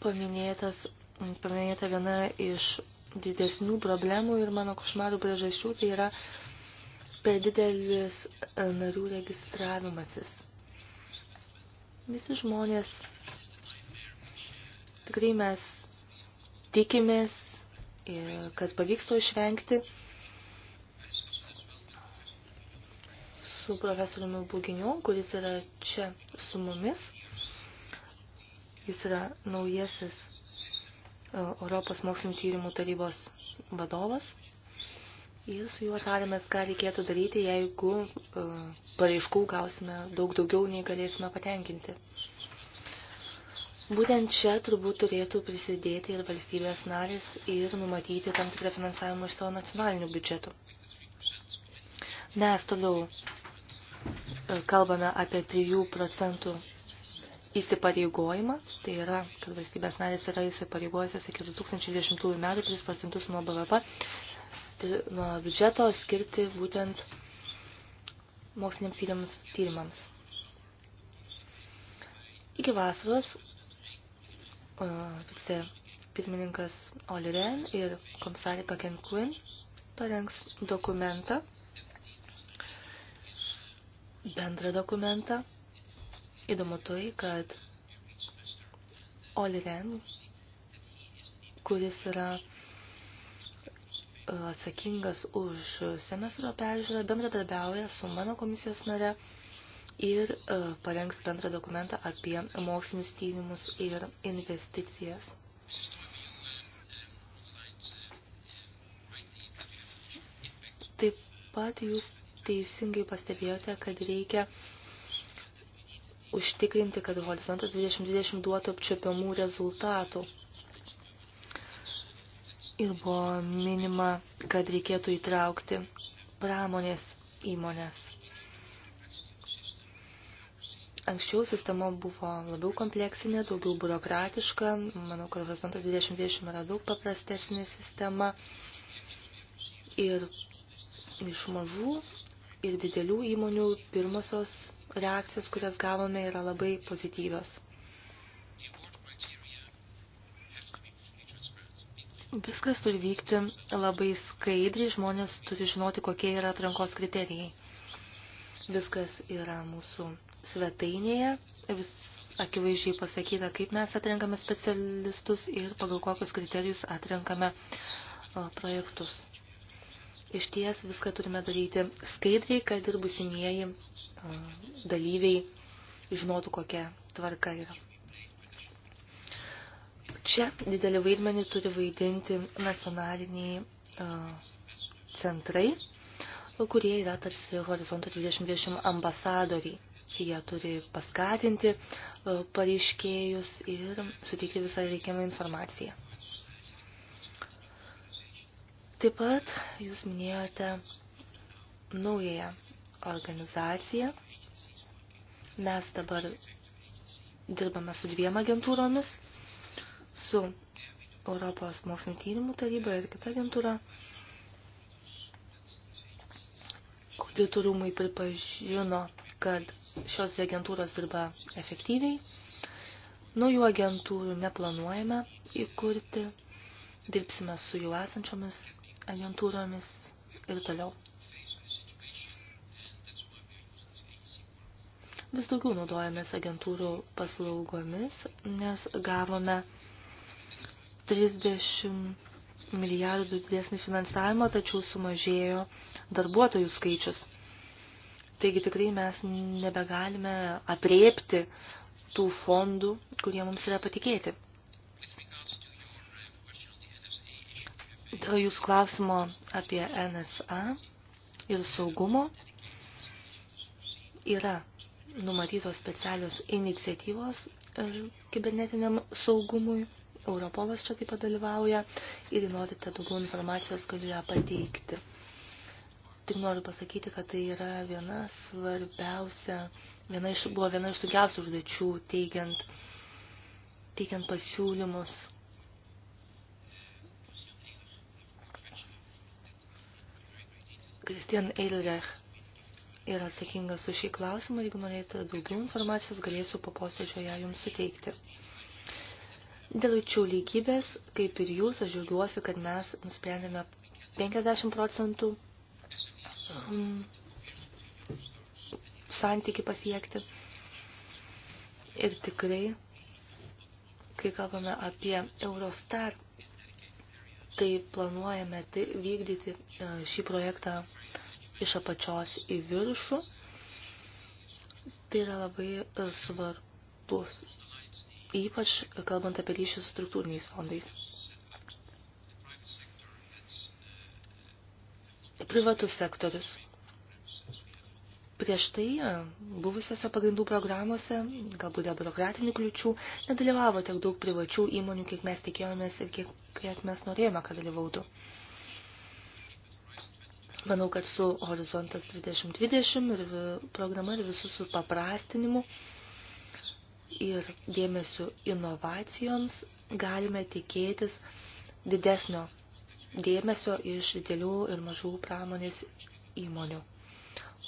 paminėtas paminėta viena iš didesnių problemų ir mano košmarų priežasčių, tai yra per didelis e, narių registravimasis. Visi žmonės, tikrai mes tikimės, e, kad pavyks to išvengti. Su profesoriumi Buginiu, kuris yra čia su mumis, jis yra naujasis E, Europos mokslinio tyrimų tarybos vadovas. Ir su juo tarėmės, ką reikėtų daryti, jeigu e, paraiškų gausime daug daugiau, nei galėsime patenkinti. Būtent čia turbūt turėtų prisidėti ir valstybės narės ir numatyti tam tikrą finansavimą iš savo nacionalinių biudžetų. Mes toliau e, kalbame apie 3 procentų įsipareigojimą, tai yra, kad valstybės narės yra įsipareigojusios iki 2010 metų 3 procentus nuo BVP, tai nuo biudžeto skirti būtent moksliniams tyrimams. tyrimams. Iki vasaros uh, vice pirmininkas Oliren ir komisarė Token Quinn parengs dokumentą, bendrą dokumentą, Įdomu tai, kad Oliren, kuris yra e, atsakingas už semestro peržiūrą, bendradarbiauja su mano komisijos nare ir e, parengs bendrą dokumentą apie mokslinius tyrimus ir investicijas. Taip pat jūs teisingai pastebėjote, kad reikia uh, užtikrinti, kad horizontas 2020 duotų apčiopiamų rezultatų. Ir buvo minima, kad reikėtų įtraukti pramonės įmonės. Anksčiau sistema buvo labiau kompleksinė, daugiau biurokratiška. Manau, kad horizontas 2020 yra daug paprastesnė sistema. Ir iš mažų ir didelių įmonių pirmosios reakcijos, kurias gavome, yra labai pozityvios. Viskas turi vykti labai skaidriai, žmonės turi žinoti, kokie yra atrankos kriterijai. Viskas yra mūsų svetainėje, vis akivaizdžiai pasakyta, kaip mes atrenkame specialistus ir pagal kokius kriterijus atrenkame projektus. Iš ties viską turime daryti skaidriai, kad ir busimieji dalyviai žinotų, kokia tvarka yra. Čia didelį vaidmenį turi vaidinti nacionaliniai centrai, kurie yra tarsi Horizonto 2020 ambasadoriai. Jie turi paskatinti pareiškėjus ir suteikti visą reikiamą informaciją. Taip pat jūs minėjote naująją organizaciją. Mes dabar dirbame su dviem agentūromis, su Europos mokslinio tyrimų taryba ir kita agentūra. Auditorumai pripažino, kad šios dvi agentūros dirba efektyviai. Naujų agentūrų neplanuojame įkurti, dirbsime su jų esančiomis agentūromis ir toliau. Vis daugiau naudojamės agentūrų paslaugomis, nes gavome 30 milijardų didesnį finansavimą, tačiau sumažėjo darbuotojų skaičius. Taigi tikrai mes nebegalime apriepti tų fondų, kurie mums yra patikėti. Dėl jūsų klausimo apie NSA ir saugumo yra numatytos specialios iniciatyvos e, kibernetiniam saugumui. Europolas čia taip pat dalyvauja ir norite daugiau informacijos, galiu ją pateikti. Tik noriu pasakyti, kad tai yra viena svarbiausia, viena iš, buvo viena iš sunkiausių užduočių teigiant, teikiant pasiūlymus Kristian Eilrech yra atsakingas už šį klausimą. Jeigu norėtumėte daugiau informacijos, galėsiu po posėdžio ją jums suteikti. Dėl lyčių lygybės, kaip ir jūs, aš žiūriuosi, kad mes nusprendėme 50 procentų um, mm, santyki pasiekti. Ir tikrai, kai kalbame apie Eurostar, tai planuojame tai, vykdyti e, šį projektą iš apačios į viršų. Tai yra labai e, svarbus, ypač kalbant apie ryšį su struktūriniais fondais. Privatus sektorius. Prieš tai e, buvusiose pagrindų programuose, galbūt dėl biurokratinių kliučių, nedalyvavo tiek daug privačių įmonių, kiek mes tikėjomės ir kiek, kiek mes norėjome, kad dalyvautų. Manau, kad su Horizontas 2020 ir programa ir visų su paprastinimu ir dėmesiu inovacijoms galime tikėtis didesnio dėmesio iš didelių ir mažų pramonės įmonių.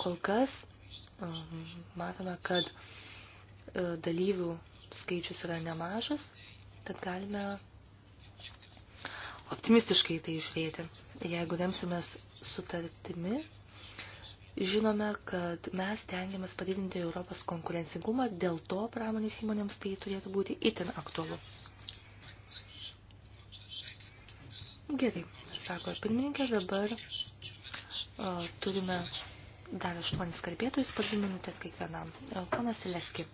Kol kas um, matome, kad e, dalyvių skaičius yra nemažas, tad galime optimistiškai tai žiūrėti. Jeigu remsimės sutartimi žinome, kad mes tengiamės padidinti Europos konkurencingumą, dėl to pramonės įmonėms tai turėtų būti itin aktualu. Gerai, sako pirmininkė, dabar o, turime dar aštuonis kalbėtojus, po dvi minutės kiekvienam. Ponas Leski.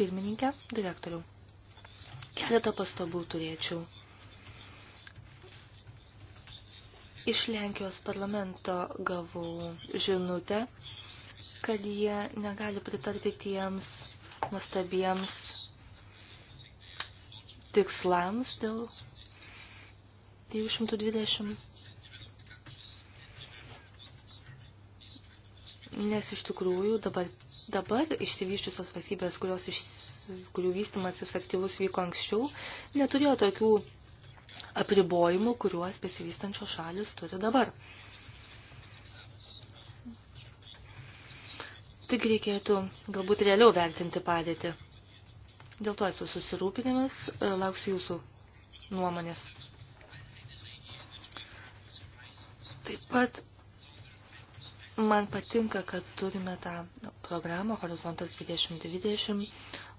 Pirmininkė, direktoriau. Keletą pastabų turėčiau. Iš Lenkijos parlamento gavau žinutę, kad jie negali pritarti tiems nuostabiems tikslams dėl 920 Nes iš tikrųjų dabar, dabar išsivyščiusios valstybės, kurios iš, kurių vystimasis aktyvus vyko anksčiau, neturėjo tokių apribojimų, kuriuos besivystančios šalis turi dabar. Tik reikėtų galbūt realiau vertinti padėtį. Dėl to esu susirūpinimas, e, lauksiu jūsų nuomonės. Taip pat man patinka, kad turime tą programą Horizontas 2020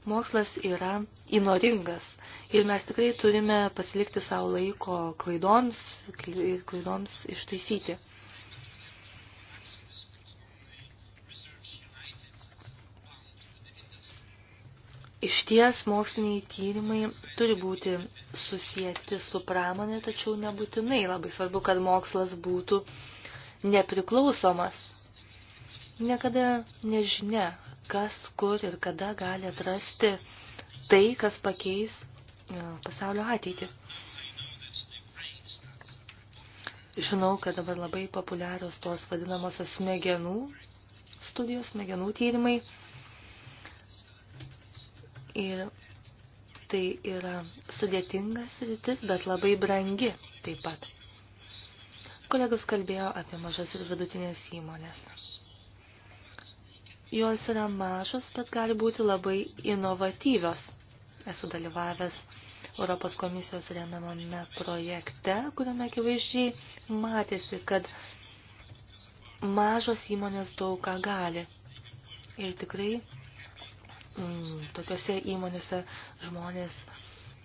mokslas yra įnoringas ir mes tikrai turime pasilikti savo laiko klaidoms ir klaidoms ištaisyti. Iš ties moksliniai tyrimai turi būti susijęti su pramonė, tačiau nebūtinai labai svarbu, kad mokslas būtų nepriklausomas. Niekada nežinia, kas, kur ir kada gali atrasti tai, kas pakeis e, pasaulio ateitį. Žinau, kad dabar labai populiarios tos vadinamosios smegenų studijos, smegenų tyrimai. Ir tai yra sudėtingas rytis, bet labai brangi taip pat. Kolegos kalbėjo apie mažas ir vidutinės įmonės. Jos yra mažos, bet gali būti labai inovatyvios. Esu dalyvavęs Europos komisijos remiamame projekte, kuriame akivaizdžiai matėsi, kad mažos įmonės daug ką gali. Ir tikrai mm, tokiuose įmonėse žmonės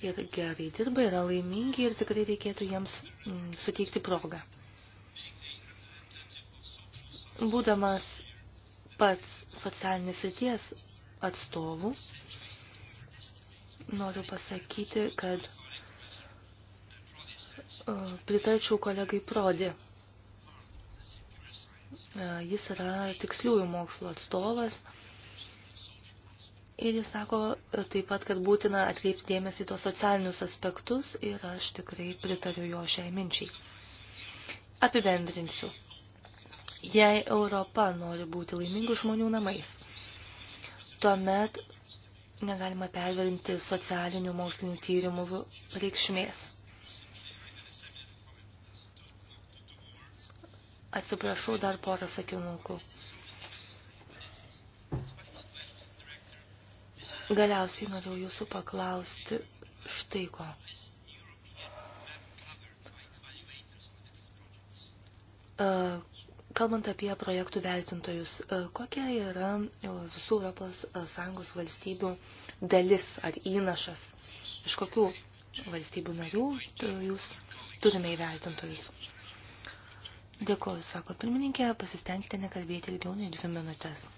ir gerai dirba, yra laimingi ir tikrai reikėtų jiems mm, suteikti progą. Būdamas pats socialinės srities atstovų noriu pasakyti, kad e, pritarčiau kolegai Prodi. E, jis yra tiksliųjų mokslo atstovas ir jis sako e, taip pat, kad būtina atkreipti dėmesį tuos socialinius aspektus ir aš tikrai pritariu jo šiai minčiai. Apibendrinsiu. Jei Europa nori būti laimingų žmonių namais, tuomet negalima perverinti socialinių mokslinių tyrimų reikšmės. Atsiprašau dar porą sakinukų. Galiausiai noriu jūsų paklausti štai ko. Kalbant apie projektų vertintojus, e, kokia yra e, visų Europos e, Sąjungos valstybių dalis ar įnašas? Iš kokių valstybių narių jūs turime įvertintojus? Dėkuoju, sako pirmininkė, pasistengkite nekalbėti ilgiau nei dvi minutės.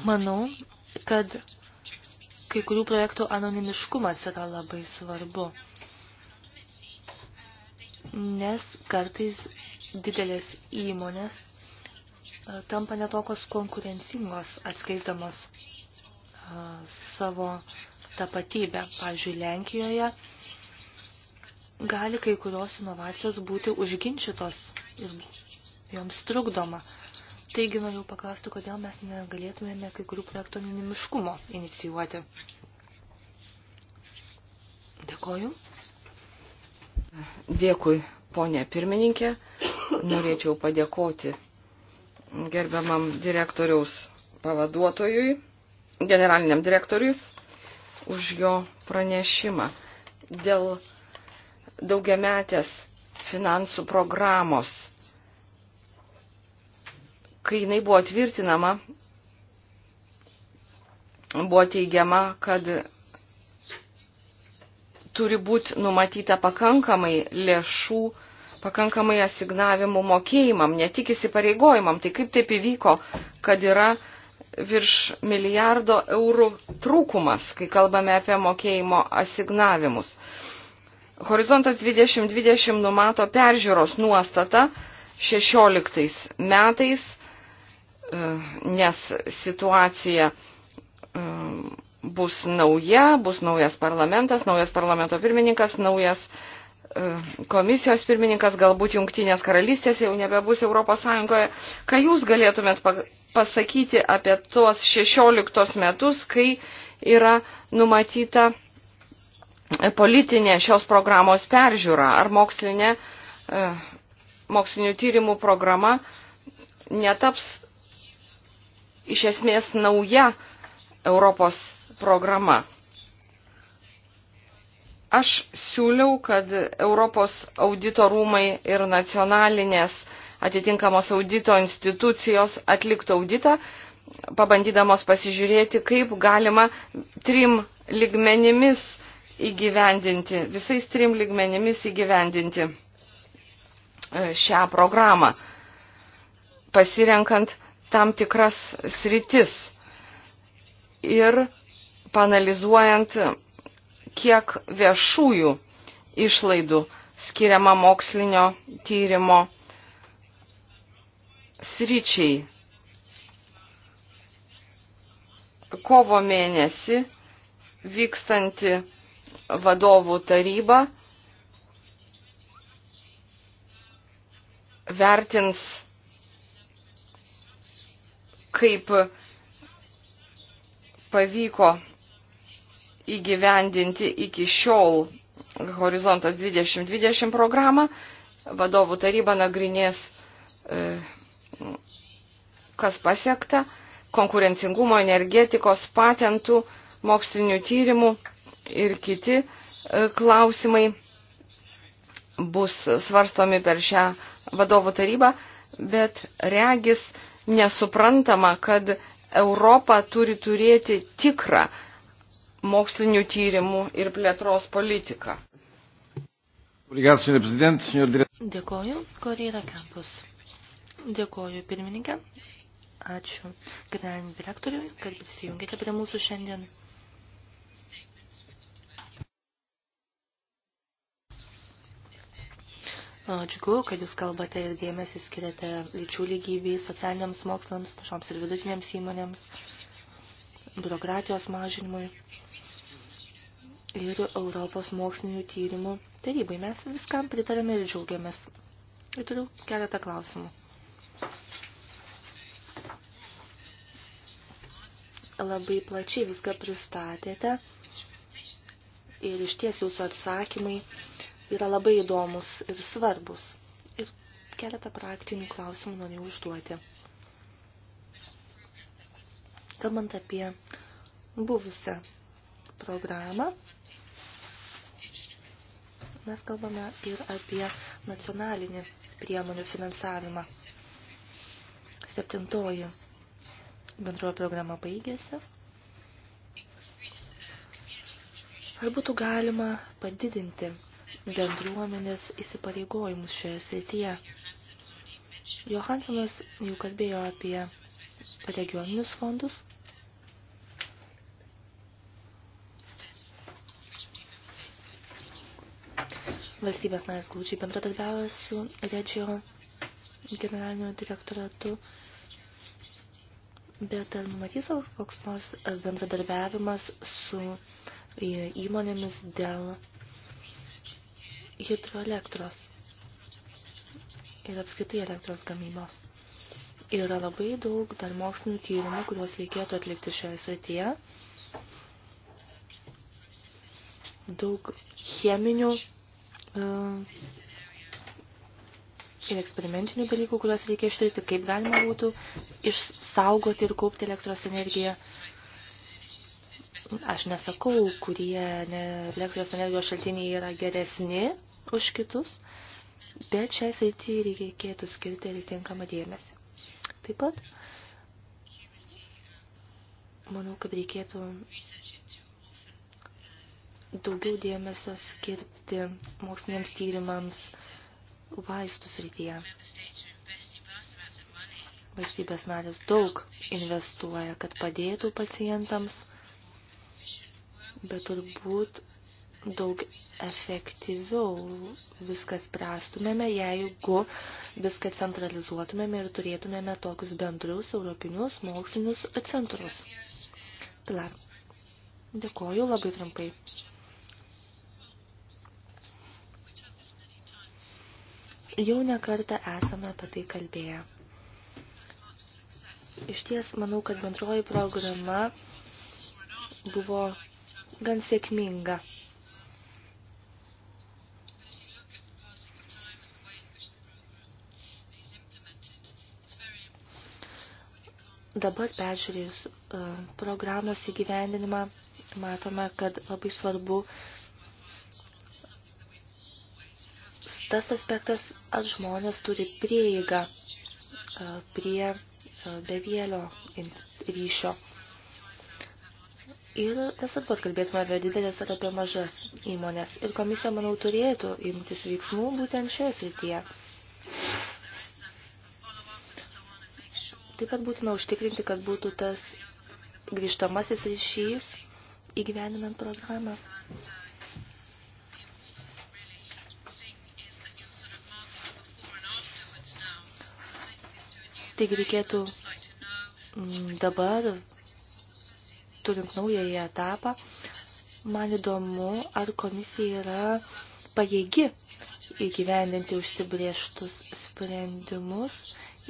Manau, kad kai kurių projektų anonimiškumas yra labai svarbu, nes kartais didelės įmonės e, tampa netokos konkurencingos, atskleisdamos e, savo tapatybę. Pavyzdžiui, Lenkijoje gali kai kurios inovacijos būti užginčytos ir joms trukdoma. Taigi noriu paklausti, kodėl mes negalėtumėme kai kurių projektų anonimiškumo inicijuoti. Dėkoju. Dėkui, ponė pirmininkė. Norėčiau padėkoti gerbiamam direktoriaus pavaduotojui, generaliniam direktoriui, už jo pranešimą dėl daugiametės finansų programos kai jinai buvo tvirtinama, buvo teigiama, kad turi būti numatyta pakankamai lėšų, pakankamai asignavimų mokėjimam, ne tik įsipareigojimam. Tai kaip taip įvyko, kad yra virš milijardo eurų trūkumas, kai kalbame apie mokėjimo asignavimus. Horizontas 2020 numato peržiūros nuostatą 16 metais E, nes situacija e, bus nauja, bus naujas parlamentas, naujas parlamento pirmininkas, naujas e, komisijos pirmininkas, galbūt jungtinės karalystės jau nebebus Europos Sąjungoje. Ką jūs galėtumėt pasakyti apie tuos 16 metus, kai yra numatyta politinė šios programos peržiūra ar mokslinė, mokslinių tyrimų programa netaps iš esmės nauja Europos programa. Aš siūliau, kad Europos audito rūmai ir nacionalinės atitinkamos audito institucijos atliktų auditą, pabandydamos pasižiūrėti, kaip galima trim ligmenimis įgyvendinti, visais trim ligmenimis įgyvendinti e, šią programą, pasirenkant tam tikras sritis ir panalizuojant, kiek viešųjų išlaidų skiriama mokslinio tyrimo sričiai. Kovo mėnesį vykstanti vadovų taryba vertins kaip pavyko įgyvendinti iki šiol Horizontas 2020 programą. Vadovų taryba nagrinės, e, kas pasiekta, konkurencingumo, energetikos, patentų, mokslinių tyrimų ir kiti e, klausimai bus svarstomi per šią vadovų tarybą, bet regis nesuprantama, kad Europa turi turėti tikrą mokslinių tyrimų ir plėtros politiką. Dėkoju, Korėra Kampus. Dėkoju, pirmininkė. Ačiū generaliniam direktoriui, kad prisijungėte prie mūsų šiandien. Džiugu, kad jūs kalbate ir dėmesį skiriate lyčių lygybei, socialiniams mokslams, mažoms ir vidutinėms įmonėms, biurokratijos mažinimui ir Europos mokslinių tyrimų tarybai. Mes viskam pritarėme ir džiaugiamės. Ir turiu keletą klausimų. labai plačiai viską pristatėte ir iš ties jūsų atsakymai yra labai įdomus ir svarbus. Ir keletą praktinių klausimų noriu užduoti. Kalbant apie buvusią programą, mes kalbame ir apie nacionalinį priemonių finansavimą. Septintoji bendrojo programa baigėsi. Ar būtų galima padidinti bendruomenės įsipareigojimus šioje srityje. Johansenas jau kalbėjo apie regioninius fondus. Valstybės narės glūdžiai bendradarbiavo su Regio generaliniu direktoratu, bet ar numatys koks nors bendradarbiavimas su e, įmonėmis dėl hidroelektros ir apskritai elektros gamybos. Yra labai daug dar mokslinių tyrimų, kuriuos reikėtų atlikti šioje srityje. Daug cheminių uh, ir eksperimentinių dalykų, kuriuos reikia ištirti, kaip galima būtų išsaugoti ir kaupti elektros energiją. Aš nesakau, kurie ne, elektros energijos šaltiniai yra geresni, už kitus, bet šiai srity reikėtų skirti atitinkamą dėmesį. Taip pat, manau, kad reikėtų daugiau dėmesio skirti moksliniams tyrimams vaistų srityje. Valstybės narės daug investuoja, kad padėtų pacientams, bet turbūt daug efektyviau viskas prastumėme, jeigu viską centralizuotumėme ir turėtumėme tokius bendrus europinius mokslinius centrus. Pilar, dėkoju labai trumpai. Jau nekartą esame apie tai kalbėję. Iš ties, manau, kad bendroji programa buvo gan sėkminga Dabar peržiūrėjus e, programos įgyvendinimą, matome, kad labai svarbu tas aspektas, ar žmonės turi prieigą e, prie e, bevėlio ryšio. Ir nesvarbu, ar kalbėtume apie didelės ar apie mažas įmonės. Ir komisija, manau, turėtų imtis veiksmų būtent šioje srityje. Taip pat būtina užtikrinti, kad būtų tas grįžtamasis ryšys įgyveninant programą. Taigi reikėtų mm, dabar, turint naująją etapą, man įdomu, ar komisija yra pajėgi įgyvendinti užsibrieštus sprendimus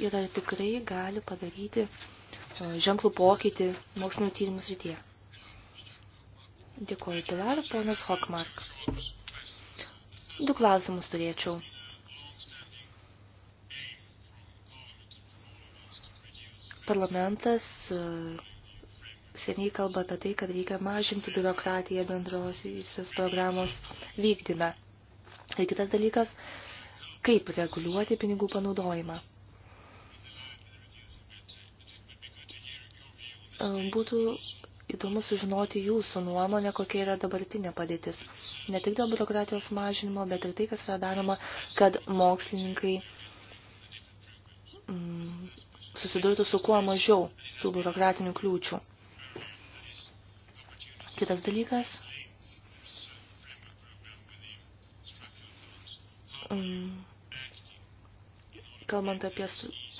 ir ar tikrai gali padaryti e, ženklų pokytį mokslinio tyrimų srityje. Dėkuoju Pilar, ponas Hokmark. Du klausimus turėčiau. Parlamentas e, seniai kalba apie tai, kad reikia mažinti biurokratiją bendrosios programos vykdyme. Ir kitas dalykas, kaip reguliuoti pinigų panaudojimą. E, būtų įdomu sužinoti jūsų nuomonę, kokia yra dabartinė padėtis. Ne tik dėl biurokratijos mažinimo, bet ir tai, kas yra daroma, kad mokslininkai mm, susidurtų su kuo mažiau tų biurokratinių kliūčių. Kitas dalykas. Mm, kalbant apie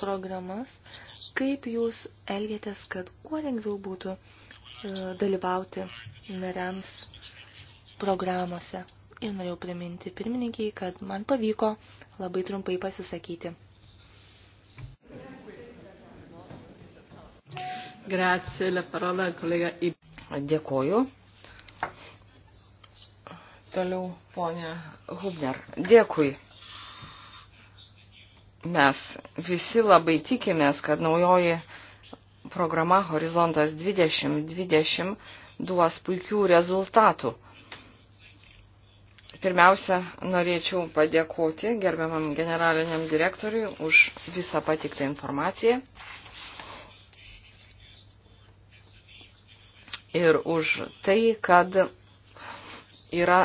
programas, mm, Kaip jūs elgėtės, kad kuo lengviau būtų e, dalyvauti nariams programuose? Ir norėjau priminti pirmininkiai, kad man pavyko labai trumpai pasisakyti. Grazie, la parola al collega Dėkoju. Toliau, ponia Hubner. Dėkui. Mes visi labai tikimės, kad naujoji programa Horizontas 2020 duos puikių rezultatų. Pirmiausia, norėčiau padėkoti gerbiamam generaliniam direktoriui už visą patiktą informaciją ir už tai, kad yra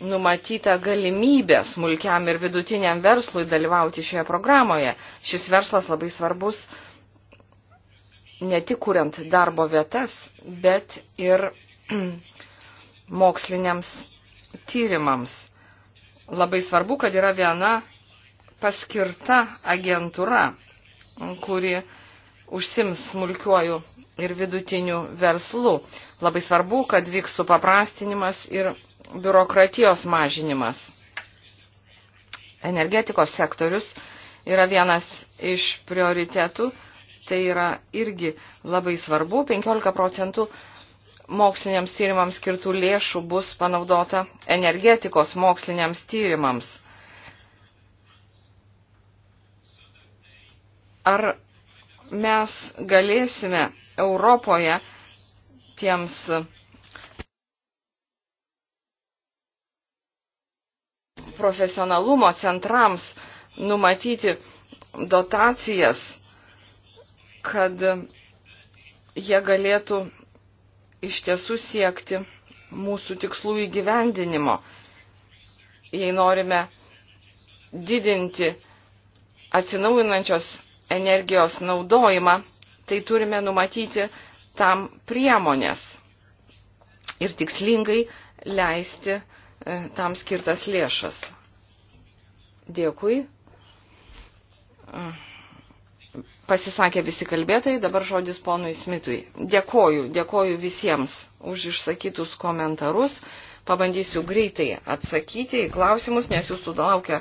numatyta galimybė smulkiam ir vidutiniam verslui dalyvauti šioje programoje. Šis verslas labai svarbus ne tik kuriant darbo vietas, bet ir moksliniams tyrimams. Labai svarbu, kad yra viena paskirta agentūra, kuri užsims smulkiuoju ir vidutiniu verslu. Labai svarbu, kad vyks supaprastinimas ir biurokratijos mažinimas. Energetikos sektorius yra vienas iš prioritetų, tai yra irgi labai svarbu. 15 procentų moksliniams tyrimams skirtų lėšų bus panaudota energetikos moksliniams tyrimams. Ar mes galėsime Europoje tiems profesionalumo centrams numatyti dotacijas, kad jie galėtų iš tiesų siekti mūsų tikslų įgyvendinimo. Jei norime didinti atsinaujinančios energijos naudojimą, tai turime numatyti tam priemonės ir tikslingai leisti uh, E, tam skirtas lėšas. Dėkui. E, pasisakė visi kalbėtojai, dabar žodis ponui Smitui. Dėkoju, dėkoju visiems už išsakytus komentarus. Pabandysiu greitai atsakyti į klausimus, nes jūsų laukia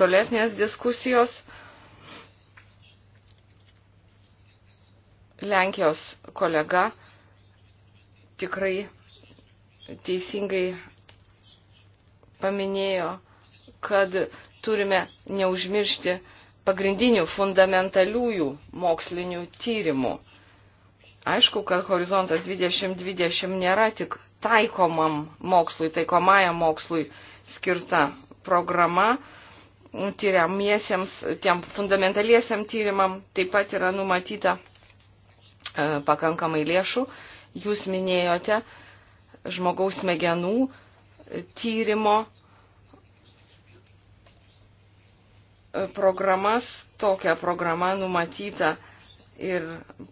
tolesnės diskusijos. Lenkijos kolega tikrai teisingai paminėjo, kad turime neužmiršti pagrindinių fundamentaliųjų mokslinių tyrimų. Aišku, kad horizontas 2020 nėra tik taikomam mokslui, taikomajam mokslui skirta programa, tyriamiesiems, tiem fundamentaliesiam tyrimam taip pat yra numatyta e, pakankamai lėšų. Jūs minėjote žmogaus smegenų tyrimo programas. Tokia programa numatyta ir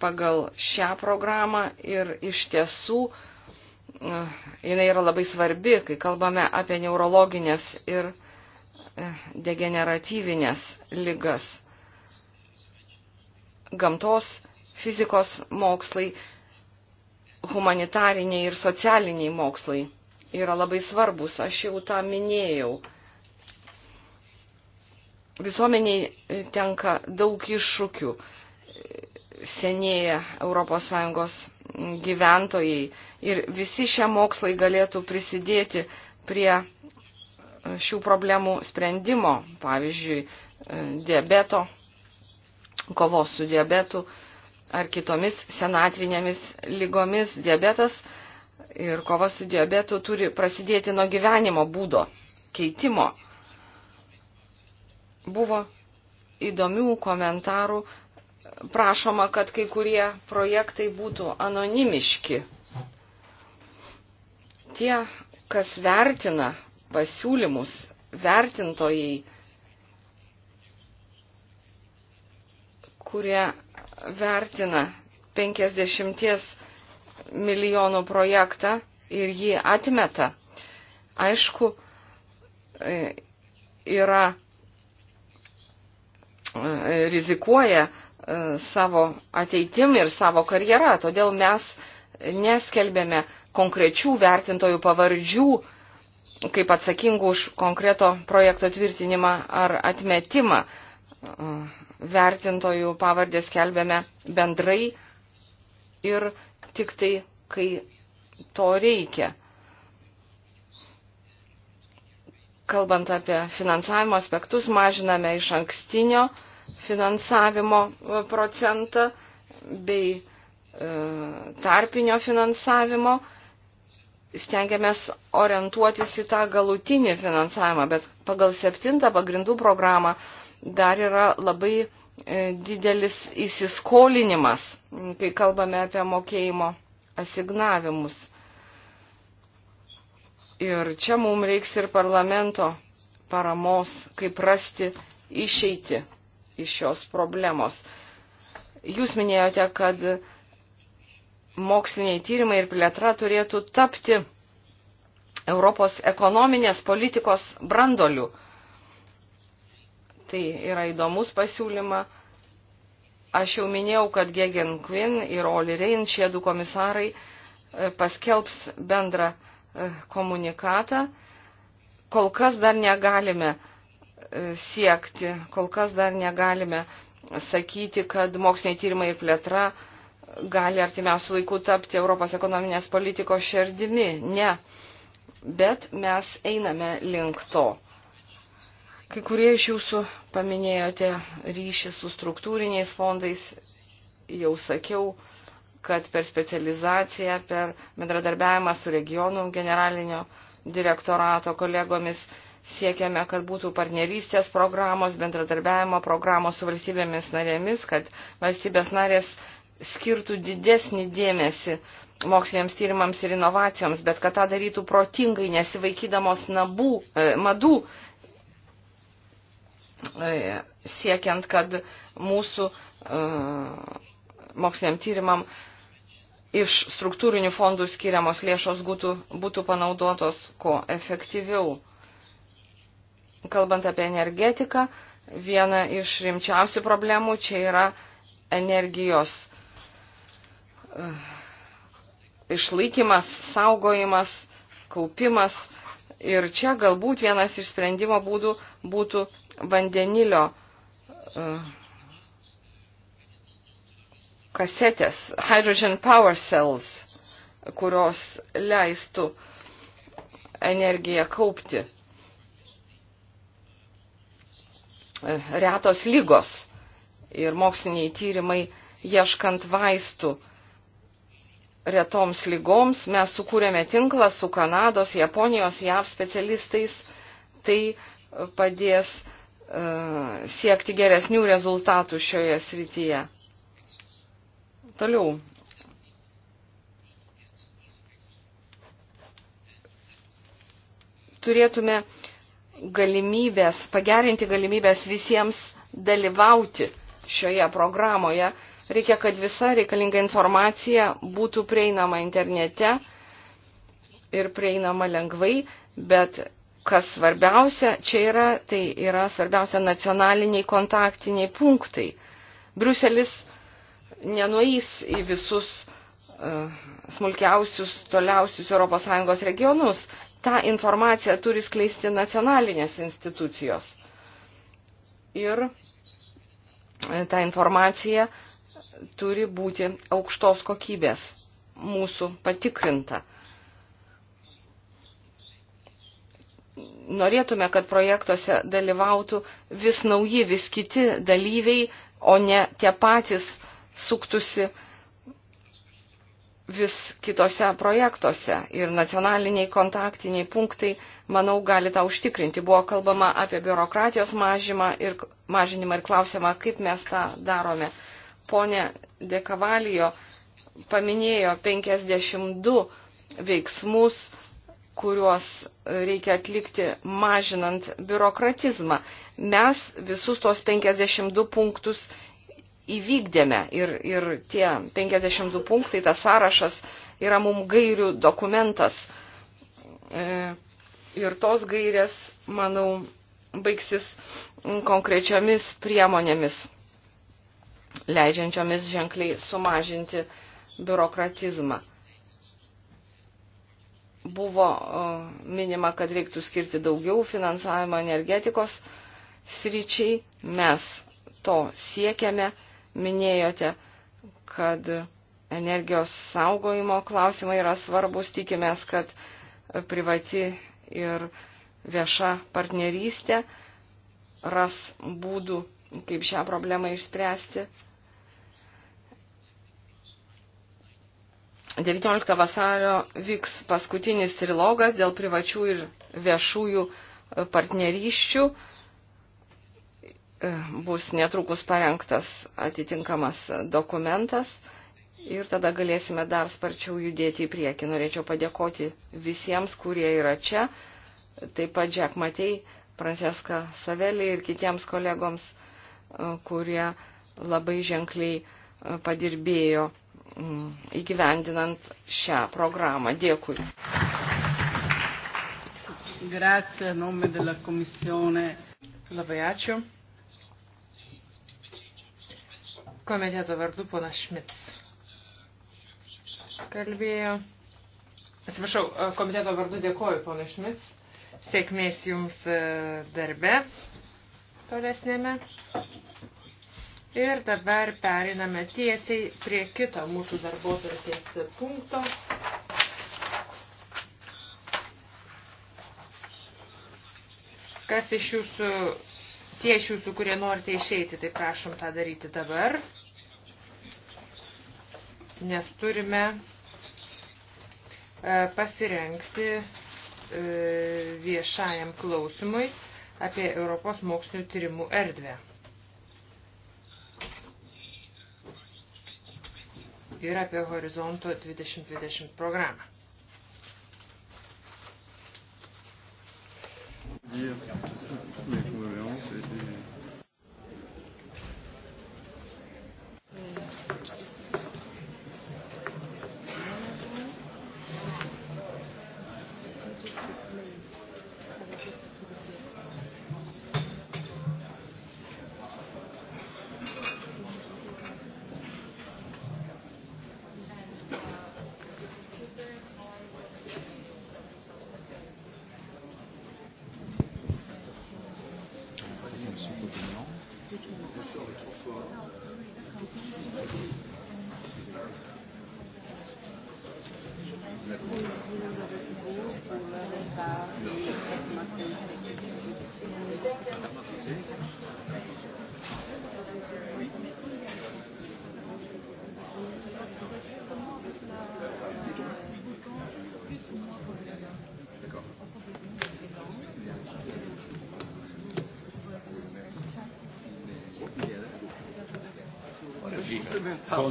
pagal šią programą ir iš tiesų e, jinai yra labai svarbi, kai kalbame apie neurologinės ir e, degeneratyvinės lygas. Gamtos, fizikos mokslai, humanitariniai ir socialiniai mokslai yra labai svarbus, aš jau tą minėjau. Visuomeniai tenka daug iššūkių. Senėja ES gyventojai ir visi šie mokslai galėtų prisidėti prie šių problemų sprendimo, pavyzdžiui, diabeto, kovos su diabetu ar kitomis senatvinėmis lygomis. Diabetas ir kova su diabetu turi prasidėti nuo gyvenimo būdo keitimo. Buvo įdomių komentarų, prašoma, kad kai kurie projektai būtų anonimiški. Tie, kas vertina pasiūlymus, vertintojai, kurie vertina 50 milijonų projektą ir jį atmeta. Aišku, e, yra e, rizikuoja e, savo ateitim ir savo karjerą, todėl mes neskelbėme konkrečių vertintojų pavardžių kaip atsakingų už konkreto projekto tvirtinimą ar atmetimą. Vertintojų pavardės skelbėme bendrai ir tik tai, kai to reikia. Kalbant apie finansavimo aspektus, mažiname iš ankstinio finansavimo e, procentą bei e, tarpinio finansavimo stengiamės orientuotis į tą galutinį finansavimą, bet pagal septintą pagrindų programą dar yra labai E, didelis įsiskolinimas, kai kalbame apie mokėjimo asignavimus. Ir čia mums reiks ir parlamento paramos, kaip rasti išeiti iš šios problemos. Jūs minėjote, kad moksliniai tyrimai ir plėtra turėtų tapti Europos ekonominės politikos brandoliu. Tai yra įdomus pasiūlyma. Aš jau minėjau, kad Gegen Quinn ir Oli Rein, šie du komisarai, e, paskelbs bendrą e, komunikatą. Kol kas dar negalime e, siekti, kol kas dar negalime sakyti, kad moksliniai tyrimai ir plėtra gali artimiausių laikų tapti Europos ekonominės politikos šerdimi. Ne. Bet mes einame link to. Kai kurie iš jūsų paminėjote ryšį su struktūriniais fondais, jau sakiau, kad per specializaciją, per bendradarbiavimą su regionų generalinio direktorato kolegomis siekiame, kad būtų partnerystės programos, bendradarbiavimo programos su valstybėmis narėmis, kad valstybės narės skirtų didesnį dėmesį moksliniams tyrimams ir inovacijoms, bet kad tą darytų protingai, nesivaikydamos nabų, e, madų siekiant, kad mūsų e, moksliniam tyrimam iš struktūrinių fondų skiriamos lėšos būtų, būtų panaudotos ko efektyviau. Kalbant apie energetiką, viena iš rimčiausių problemų čia yra energijos e, išlaikimas, saugojimas, kaupimas. Ir čia galbūt vienas iš sprendimo būdų būtų vandenilio e, kasetės, hydrogen power cells, kurios leistų energiją kaupti. E, retos lygos ir moksliniai tyrimai ieškant vaistų retoms lygoms. Mes sukūrėme tinklą su Kanados, Japonijos, JAV specialistais. Tai padės uh, siekti geresnių rezultatų šioje srityje. Toliau. Turėtume galimybės, pagerinti galimybės visiems dalyvauti šioje programoje. Reikia, kad visa reikalinga informacija būtų prieinama internete ir prieinama lengvai, bet kas svarbiausia čia yra, tai yra svarbiausia nacionaliniai kontaktiniai punktai. Briuselis nenueis į visus uh, smulkiausius, toliausius ES regionus. Ta informacija turi skleisti nacionalinės institucijos. Ir e, ta informacija turi būti aukštos kokybės mūsų patikrinta. Uh, norėtume, kad projektuose dalyvautų vis nauji, vis kiti dalyviai, o ne tie patys suktusi vis kitose projektuose. Ir nacionaliniai kontaktiniai punktai, manau, gali tą užtikrinti. Buvo kalbama apie biurokratijos mažymą ir, mažinimą ir klausimą, kaip mes tą darome. Pone Dekavalijo paminėjo 52 veiksmus, kuriuos reikia atlikti mažinant biurokratizmą. Mes visus tos 52 punktus įvykdėme ir, ir tie 52 punktai, tas sąrašas yra mum gairių dokumentas. E, ir tos gairės, manau, baigsis konkrečiomis priemonėmis, leidžiančiomis ženkliai sumažinti biurokratizmą buvo minima, kad reiktų skirti daugiau finansavimo energetikos sričiai. Mes to siekiame. Minėjote, kad energijos saugojimo klausimai yra svarbus. Tikimės, kad privati ir vieša partnerystė ras būdų, kaip šią problemą išspręsti. 19 vasario vyks paskutinis trilogas dėl privačių ir viešųjų e, partnerysčių. E, bus netrukus parengtas atitinkamas dokumentas ir tada galėsime dar sparčiau judėti į priekį. Norėčiau padėkoti visiems, kurie yra čia, taip pat Jack Matei, Franceska Savelį ir kitiems kolegoms, e, kurie labai ženkliai padirbėjo Mm, įgyvendinant šią programą. Dėkui. Grazie, nome della komisione. Labai ačiū. Komiteto vardu ponas Šmits kalbėjo. Atsiprašau, e, komiteto vardu dėkoju ponui Šmits. Sėkmės jums e, darbe tolesnėme. Ir dabar periname tiesiai prie kito mūsų darbotvarkės punkto. Kas iš jūsų, tie iš jūsų, kurie norite išeiti, tai prašom tą daryti dabar. Nes turime e, pasirengti e, viešajam klausimui apie Europos mokslinių tyrimų erdvę. ir tai apie Horizonto 2020 programą. Yeah.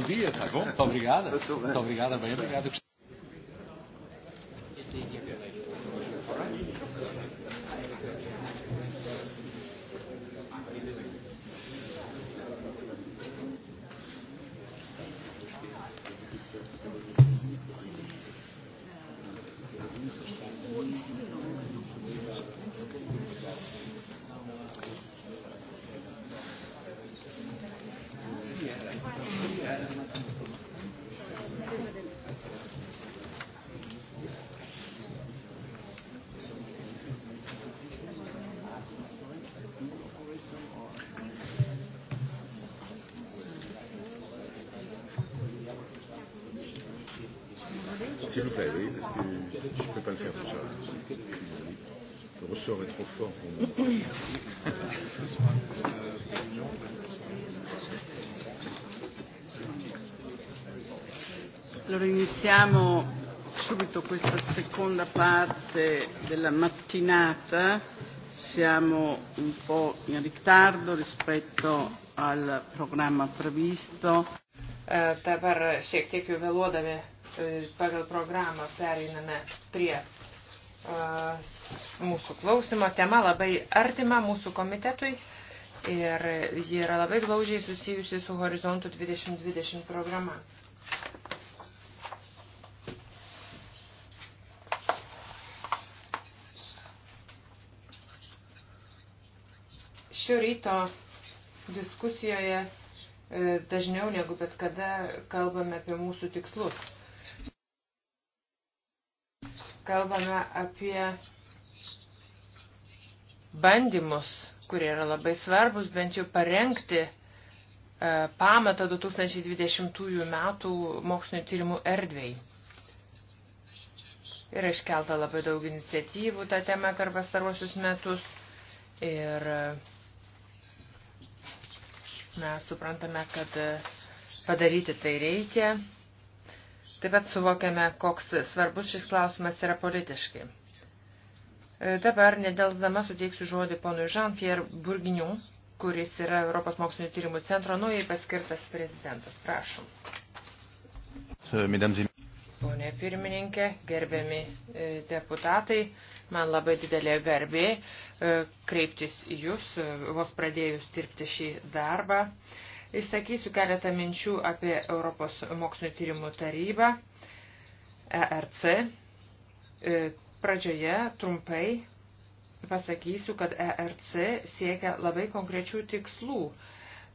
bom dia, está bom? Muito obrigada. Muito obrigada, bem obrigado. subito questa seconda parte della mattinata. Siamo un po' in ritardo rispetto al programma previsto. Eh, dabar šiek tiek jau vėluodami e, pagal programą pereiname prie e, mūsų klausimo. Tema labai artima mūsų komitetui ir ji yra labai glaužiai susijusi su Horizontų 2020 programa. Šio ryto diskusijoje e, dažniau negu bet kada kalbame apie mūsų tikslus. Kalbame apie bandymus, kurie yra labai svarbus, bent jau parengti e, pamatą 2020 metų mokslinio tyrimų erdvėjai. Yra iškelta labai daug iniciatyvų tą temą per pastaruosius metus ir uh, Mes suprantame, kad e, padaryti tai reikia. Taip pat suvokiame, koks svarbus šis klausimas yra politiškai. E, dabar nedelsdama suteiksiu žodį ponui Jean-Pierre Burginiu, kuris yra Europos mokslinio tyrimų centro naujai paskirtas prezidentas. Prašom. Pone pirmininkė, gerbiami e, deputatai, Man labai didelė garbė e, kreiptis į Jūs, e, vos pradėjus dirbti šį darbą. Išsakysiu keletą minčių apie Europos mokslinio tyrimų tarybą, ERC. E, pradžioje trumpai pasakysiu, kad ERC siekia labai konkrečių tikslų.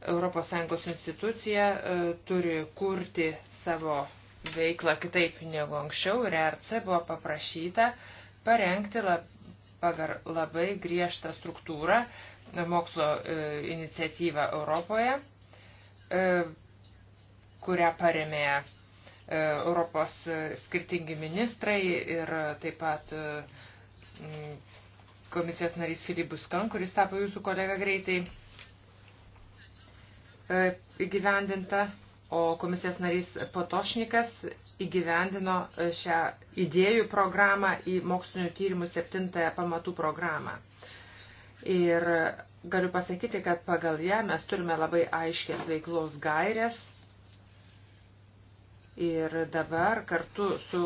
ES institucija turi kurti savo veiklą kitaip negu anksčiau ir ERC buvo paprašyta uh, parengti lab, pagar, labai griežtą struktūrą mokslo e, iniciatyvą Europoje, e, kurią paremė e, Europos skirtingi ministrai ir taip pat e, komisijos narys Filibus Kan, kuris tapo jūsų kolega greitai e, įgyvendinta, o komisijos narys Potošnikas įgyvendino e, šią idėjų programą į mokslinio tyrimų septintąją pamatų programą. Ir galiu pasakyti, kad pagal ją mes turime labai aiškės veiklos gairės. Ir dabar kartu su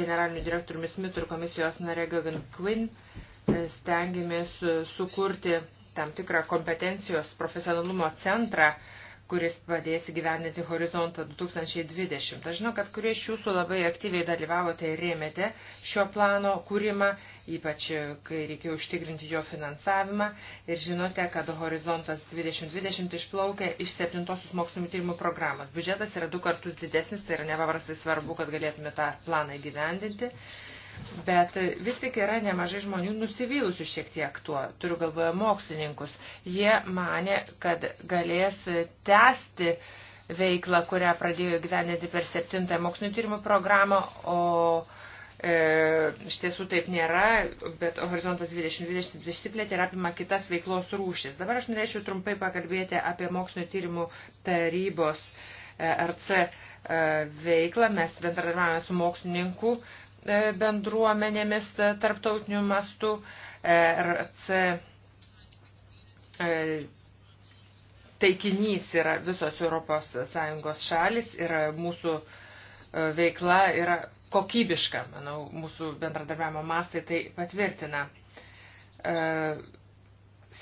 generaliniu direktoriumi Smith ir komisijos nare Gavin Quinn e, stengiamės e, sukurti tam tikrą kompetencijos profesionalumo centrą, uh, kuris padės gyveninti horizontą 2020. Aš žinau, kad kurie iš jūsų labai aktyviai dalyvavote ir rėmėte šio plano kūrimą, ypač e, kai reikėjo užtikrinti jo finansavimą. Ir žinote, kad horizontas 2020 išplaukia iš septintosios mokslinio tyrimų programos. Biudžetas yra du kartus didesnis, tai yra nepaprastai svarbu, kad galėtume tą planą gyvendinti. Bet vis tik yra nemažai žmonių nusivylusių šiek tiek tuo, turiu galvoje mokslininkus. Jie mane, kad galės tęsti veiklą, kurią pradėjo gyveninti per septintąją mokslinio tyrimų programą, o e, iš tiesų taip nėra, bet horizontas 2020 išsiplėtė ir apima kitas veiklos rūšis. Dabar aš norėčiau trumpai pakalbėti apie mokslinio tyrimų tarybos e, RC e, veiklą. Mes bendradarbiavame su mokslininku E, bendruomenėmis e, tarptautiniu mastu, e, RC taikinys yra visos ES šalis ir mūsų veikla yra kokybiška, manau, mūsų bendradarbiavimo mastai tai patvirtina.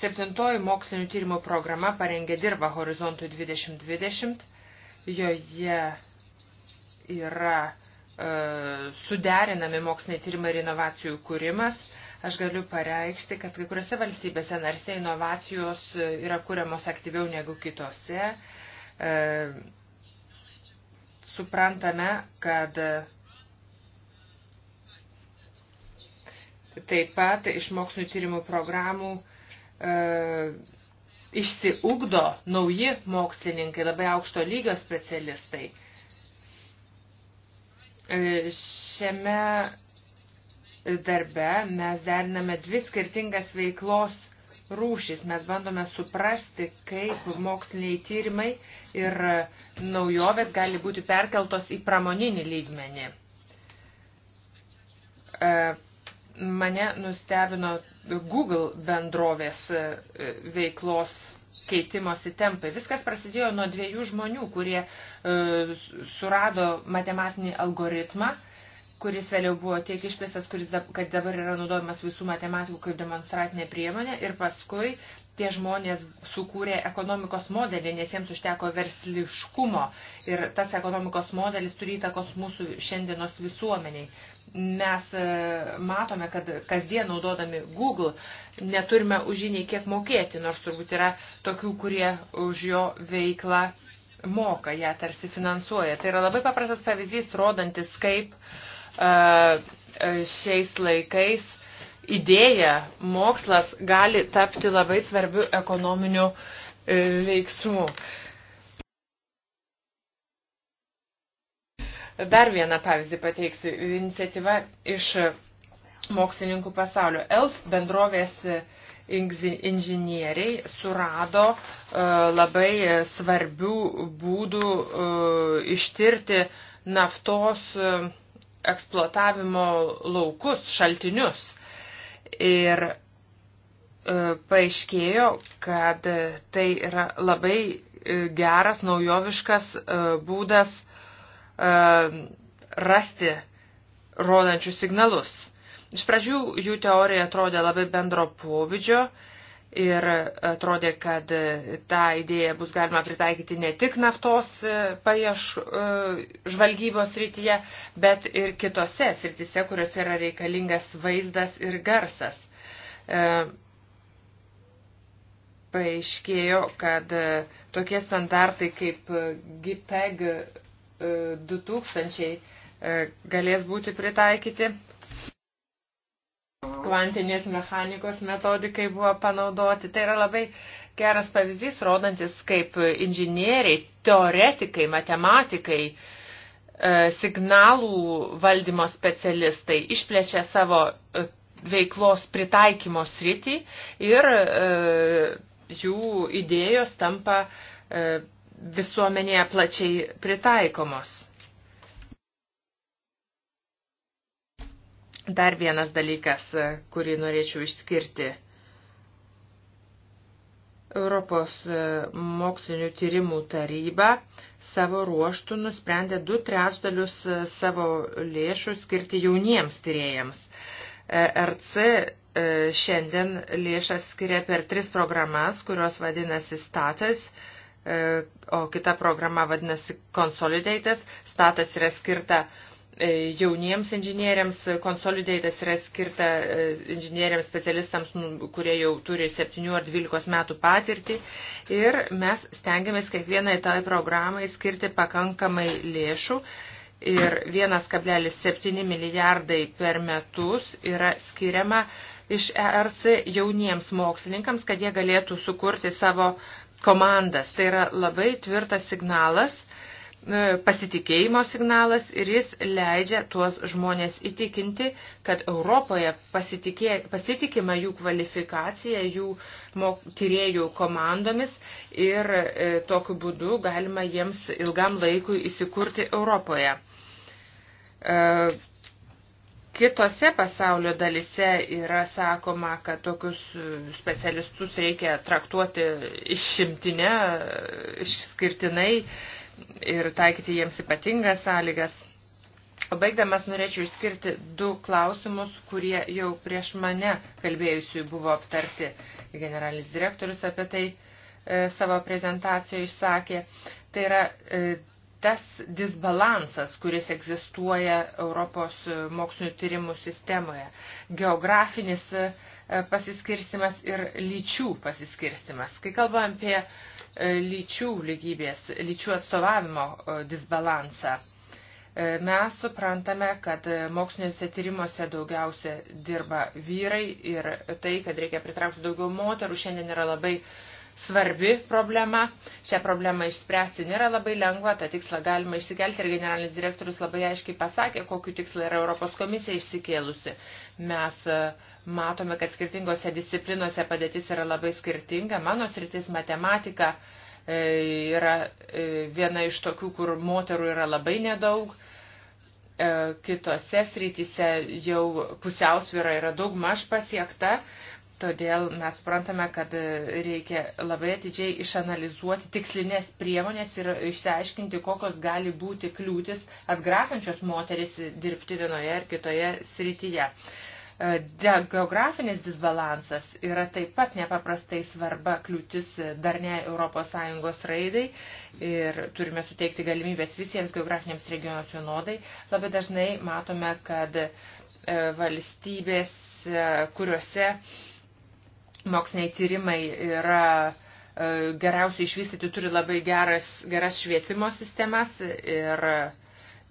Septintoji mokslinių tyrimų programa parengė dirbą Horizontui 2020. Joje yra uh, E, suderinami moksliniai tyrimai ir inovacijų kūrimas, aš galiu pareikšti, kad kai kuriuose valstybėse narse inovacijos yra kūriamos aktyviau negu kitose. E, suprantame, kad taip pat iš mokslinių tyrimų programų e, išsiugdo nauji mokslininkai, labai aukšto lygio specialistai. E, šiame darbe mes deriname dvi skirtingas veiklos rūšis. Mes bandome suprasti, kaip moksliniai tyrimai ir naujovės gali būti perkeltos į pramoninį lygmenį. E, mane nustebino Google bendrovės e, veiklos keitimosi tempai. Viskas prasidėjo nuo dviejų žmonių, kurie e, surado matematinį algoritmą kuris vėliau buvo tiek išplėstas, kuris dab, kad dabar yra naudojamas visų matematikų kaip demonstratinė priemonė ir paskui tie žmonės sukūrė ekonomikos modelį, nes jiems užteko versliškumo ir tas ekonomikos modelis turi įtakos mūsų šiandienos visuomeniai. Mes e, matome, kad kasdien naudodami Google neturime už jį nei kiek mokėti, nors turbūt yra tokių, kurie už jo veiklą moka, ją tarsi finansuoja. Tai yra labai paprastas pavyzdys, rodantis, kaip uh, šiais laikais idėja, mokslas gali tapti labai svarbiu ekonominiu e, veiksmu. Dar vieną pavyzdį pateiksiu. Iniciatyva iš mokslininkų pasaulio. ELF bendrovės inžinieriai surado e, labai svarbių būdų e, ištirti naftos eksploatavimo laukus, šaltinius. Ir e, paaiškėjo, kad tai yra labai e, geras, naujoviškas e, būdas rasti rodančius signalus. Iš pradžių jų teorija atrodė labai bendro pobūdžio, ir atrodė, kad tą idėją bus galima pritaikyti ne tik naftos e, paieš e, žvalgybos rytyje, bet ir kitose srityse, kuriuose yra reikalingas vaizdas ir garsas. E, paaiškėjo, kad tokie standartai kaip GPEG 2000 galės būti pritaikyti kvantinės mechanikos metodikai buvo panaudoti. Tai yra labai geras pavyzdys, rodantis, kaip inžinieriai, teoretikai, matematikai, e, signalų valdymo specialistai išplečia savo e, veiklos pritaikymo sritį ir e, jų idėjos tampa visuomenėje plačiai pritaikomos. Dar vienas dalykas, e, kurį norėčiau išskirti. Europos e, mokslinių tyrimų taryba savo ruoštų nusprendė du trečdalius e, savo lėšų skirti jauniems tyrėjams. RC šiandien lėšas skiria per tris programas, kurios vadinasi status, o kita programa vadinasi consolidated. Status yra skirta uh, E, jauniems inžinieriams, konsolidėtas yra skirta e, inžinieriams specialistams, kurie jau turi 7 ar 12 metų patirtį. Ir mes stengiamės kiekvienai tai programai skirti pakankamai lėšų. Ir 1,7 milijardai per metus yra skiriama iš ERC jauniems mokslininkams, kad jie galėtų sukurti savo komandas. Tai yra labai tvirtas signalas E, pasitikėjimo signalas ir jis leidžia tuos žmonės įtikinti, kad Europoje pasitikė, pasitikima jų kvalifikacija, jų mok, tyriejų komandomis ir e, tokiu būdu galima jiems ilgam laikui įsikurti Europoje. E, Kitose pasaulio dalise yra sakoma, kad tokius specialistus reikia traktuoti išimtinę, išskirtinai, iš ir taikyti jiems ypatingas sąlygas. O baigdamas norėčiau išskirti du klausimus, kurie jau prieš mane kalbėjusių buvo aptarti. Generalinis direktorius apie tai e, savo prezentacijoje išsakė. Tai yra e, tas disbalansas, kuris egzistuoja Europos mokslinio tyrimų sistemoje. Geografinis e, pasiskirstimas ir lyčių pasiskirstimas. Kai kalbam apie E, lyčių lygybės, lyčių atstovavimo e, disbalansą. E, mes suprantame, kad moksliniuose tyrimuose daugiausia dirba vyrai ir tai, kad reikia pritraukti daugiau moterų, šiandien yra labai uh, svarbi problema. Šią problemą išspręsti nėra labai lengva, tą tikslą galima išsikelti ir generalinis direktorius labai aiškiai pasakė, kokiu tikslą yra Europos komisija išsikėlusi. Mes e, matome, kad skirtingose disciplinuose padėtis yra labai skirtinga. Mano sritis matematika e, yra e, viena iš tokių, kur moterų yra labai nedaug. Kitose srityse jau pusiausvyra yra daug maž pasiekta Todėl mes suprantame, kad reikia labai atidžiai išanalizuoti tikslinės priemonės ir išsiaiškinti, kokios gali būti kliūtis atgrasančios moteris dirbti vienoje ar kitoje srityje. E, geografinis disbalansas yra taip pat nepaprastai svarba kliūtis darne ES raidai ir turime suteikti galimybės visiems geografiniams regionams vienodai. Labai dažnai matome, kad e, valstybės, e, kuriuose moksliniai tyrimai yra e, geriausiai išvystyti, turi labai geras, geras švietimo sistemas ir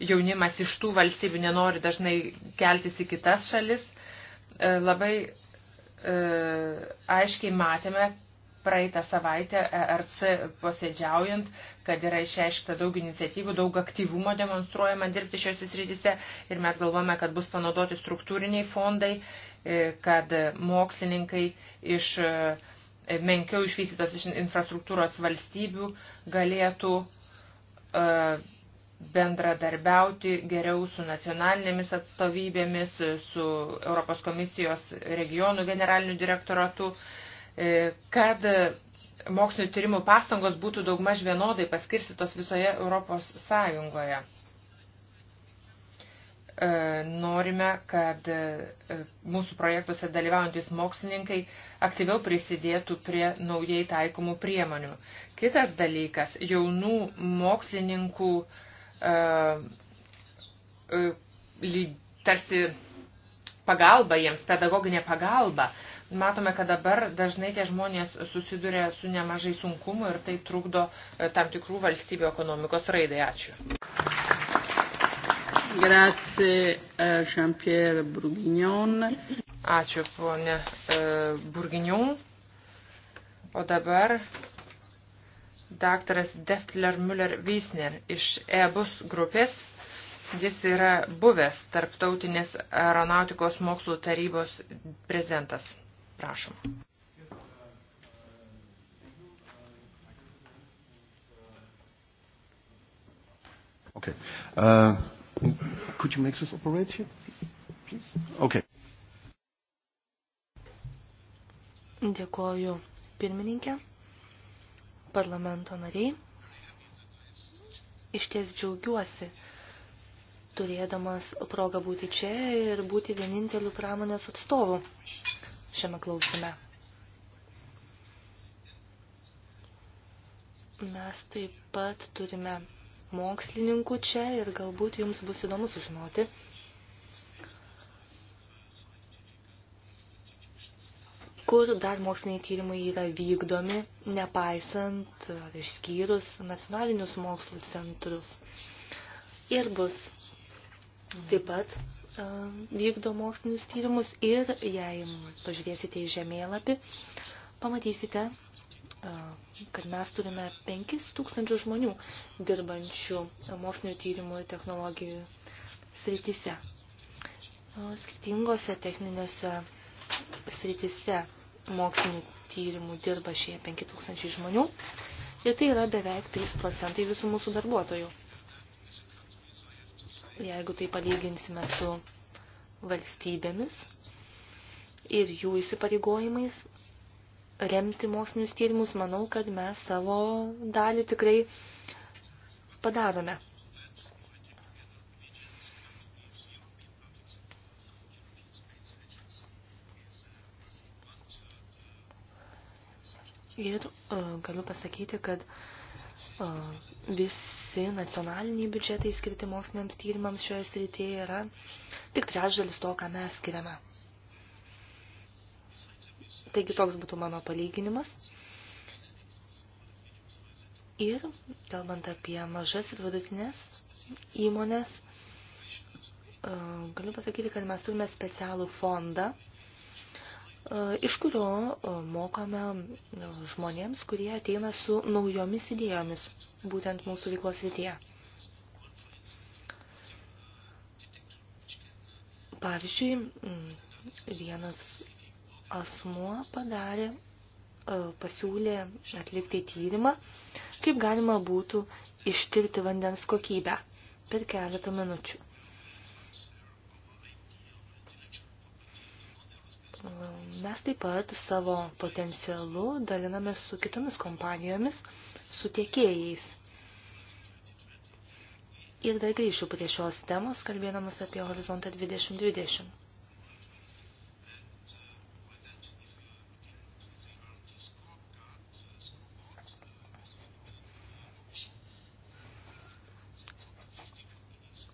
jaunimas iš tų valstybių nenori dažnai keltis į kitas šalis. E, labai e, aiškiai matėme, praeitą savaitę ERC posėdžiaujant, kad yra išreiškta daug iniciatyvų, daug aktyvumo demonstruojama dirbti šiuose srityse ir mes galvome, kad bus panaudoti struktūriniai fondai, e, kad mokslininkai iš e, menkiau išvystytos infrastruktūros valstybių galėtų e, bendradarbiauti geriau su nacionalinėmis atstovybėmis, su Europos komisijos regionų generaliniu direktoratu, E, kad mokslinio tyrimų pastangos būtų daugmaž vienodai paskirstytos visoje Europos Sąjungoje. E, norime, kad e, mūsų projektuose dalyvaujantis mokslininkai aktyviau prisidėtų prie naujai taikomų priemonių. Kitas dalykas – jaunų mokslininkų tarsi pagalba jiems, pedagoginė pagalba matome, kad dabar dažnai tie žmonės susiduria su nemažai sunkumu ir tai trukdo e, tam tikrų valstybių ekonomikos raidai. Ačiū. Grazie, e, Jean-Pierre Bourguignon. Ačiū, ponė e, Bourguignon. O dabar daktaras Deftler Müller Wiesner iš EBUS grupės. Jis yra buvęs Tarptautinės aeronautikos mokslų tarybos prezidentas. Prašom. Okay. Uh, could you make this operate here, please? Okay. Dėkoju pirmininkė, parlamento nariai. Iš ties džiaugiuosi, turėdamas progą būti čia ir būti vieninteliu pramonės atstovu šiame klausime. Mes taip pat turime mokslininkų čia ir galbūt jums bus įdomu sužinoti, kur dar moksliniai tyrimai yra vykdomi, nepaisant ar išskyrus nacionalinius mokslų centrus. Ir bus taip pat Um, vykdo mokslinius tyrimus ir jei pažiūrėsite į žemėlapį, pamatysite, uh, kad mes turime 5000 žmonių dirbančių mokslinio tyrimų ir technologijų srityse. Uh, skirtingose techninėse srityse mokslinių tyrimų dirba šie 5000 žmonių ir tai yra beveik 3 procentai visų mūsų darbuotojų jeigu tai palyginsime su valstybėmis ir jų įsipareigojimais remti mokslinius tyrimus, manau, kad mes savo dalį tikrai padarome. Ir uh, galiu pasakyti, kad uh, visi nacionaliniai biudžetai skirti moksliniams tyrimams šioje srityje yra tik trečdalis to, ką mes skiriame. Taigi toks būtų mano palyginimas. Ir kalbant apie mažas ir vidutinės įmonės, galiu pasakyti, kad mes turime specialų fondą E, iš kurio e, mokame e, žmonėms, kurie ateina su naujomis idėjomis, būtent mūsų veiklos rytyje. Pavyzdžiui, vienas asmuo padarė, pasiūlė atlikti tyrimą, kaip galima būtų ištirti vandens kokybę per keletą minučių. Mes taip pat savo potencialu daliname su kitomis kompanijomis, su tiekėjais. Ir dar grįšiu prie šios temos, kalbėdamas apie horizontą 2020.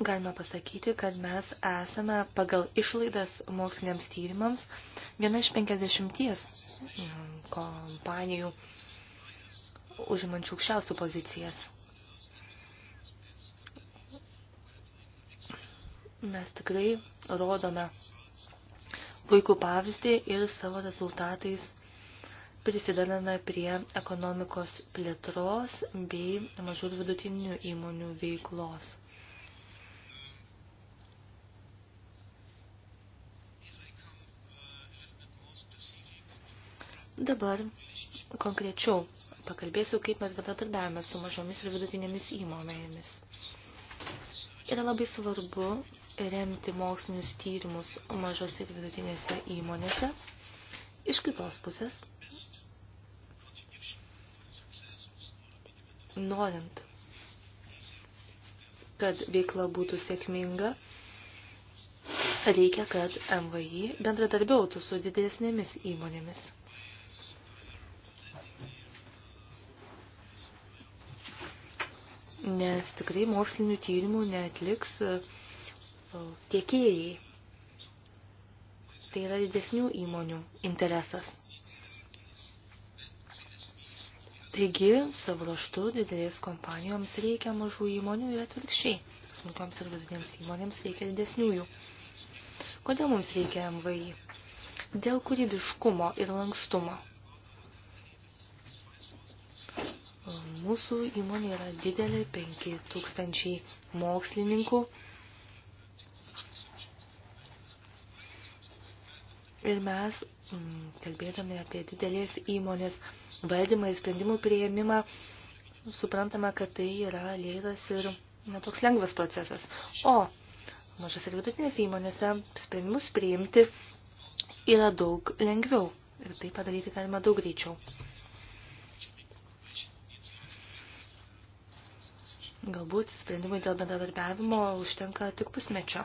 galime pasakyti, kad mes esame pagal išlaidas moksliniams tyrimams viena iš 50 mm, kompanijų užimančių aukščiausių pozicijas. Mes tikrai rodome puikų pavyzdį ir savo rezultatais prisidedame prie ekonomikos plėtros bei mažų ir vidutinių įmonių veiklos. Dabar konkrečiau pakalbėsiu, kaip mes bendradarbiavame su mažomis ir vidutinėmis įmonėmis. Yra labai svarbu remti mokslinius tyrimus mažose ir vidutinėse įmonėse. Iš kitos pusės, norint, kad veikla būtų sėkminga, reikia, kad MVI bendradarbiautų su didesnėmis įmonėmis. nes tikrai mokslinių tyrimų netliks e, e, tiekėjai. Tai yra didesnių įmonių interesas. Taigi, savo raštu didelės kompanijoms reikia mažų įmonių ir atvirkščiai. Smulkioms ir vidutinėms įmonėms reikia didesnių jų. Kodėl mums reikia MVI? Dėl kūrybiškumo ir lankstumo. Mūsų įmonė yra didelė, 5000 mokslininkų. Ir mes, mm, kalbėdami apie didelės įmonės valdymą ir sprendimų prieimimą, suprantame, kad tai yra lėtas ir netoks lengvas procesas. O mažas ir vidutinės įmonėse sprendimus priimti yra daug lengviau ir tai padaryti galima daug greičiau. Galbūt sprendimai dėl bendradarbiavimo užtenka tik pusmečio.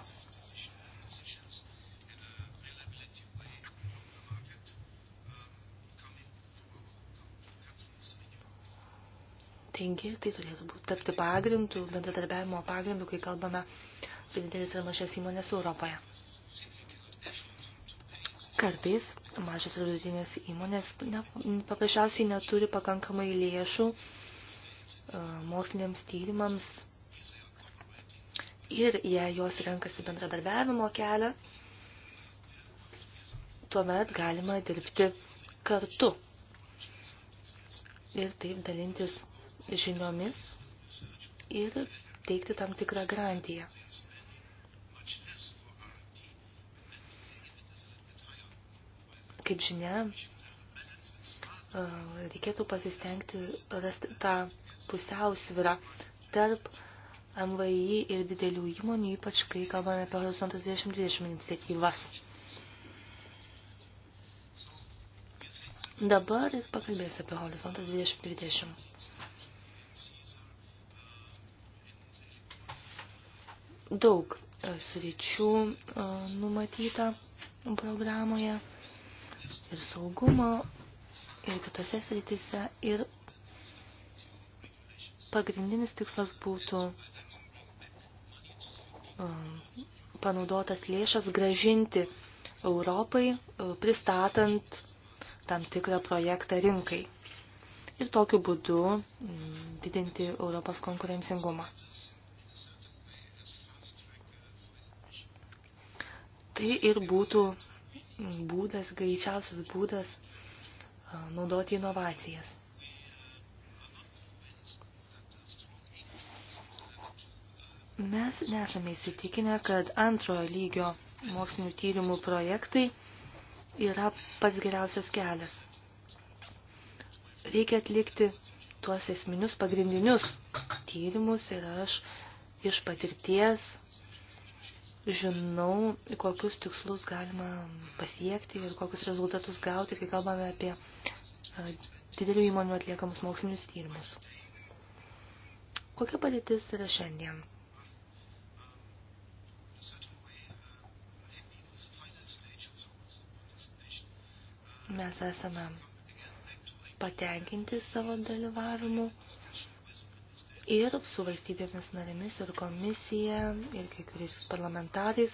Taigi, tai turėtų būti tapti pagrindų, bendradarbiavimo pagrindų, kai kalbame apie didelis ir mažas įmonės Europoje. Kartais mažas ir vidutinės įmonės ne, paprasčiausiai neturi pakankamai lėšų uh, moksliniams tyrimams ir jei jos renkasi bendradarbiavimo kelią, tuomet galima dirbti kartu ir taip dalintis žiniomis ir teikti tam tikrą garantiją. Kaip žinia, reikėtų pasistengti rasti tą pusiausvyrą tarp MVI ir didelių įmonių, ypač kai kalbame apie Horizontas 2020 iniciatyvas. Dabar ir pakalbėsiu apie Horizontas 2020. Daug e, sričių e, numatyta programoje ir saugumo, ir kitose sritise, ir Pagrindinis tikslas būtų um, panaudotas lėšas gražinti Europai, uh, pristatant tam tikrą projektą rinkai. Ir tokiu būdu um, didinti Europos konkurencingumą. Tai ir būtų um, būdas, greičiausias būdas uh, naudoti inovacijas. Mes nesame įsitikinę, kad antrojo lygio mokslinių tyrimų projektai yra pats geriausias kelias. Reikia atlikti tuos esminius pagrindinius tyrimus ir aš iš patirties žinau, kokius tikslus galima pasiekti ir kokius rezultatus gauti, kai kalbame apie didelių įmonių atliekamus mokslinius tyrimus. Kokia padėtis yra šiandien? Mes esame patenkinti savo dalyvavimu ir su valstybėmis narėmis ir komisija ir kai kuriais parlamentarais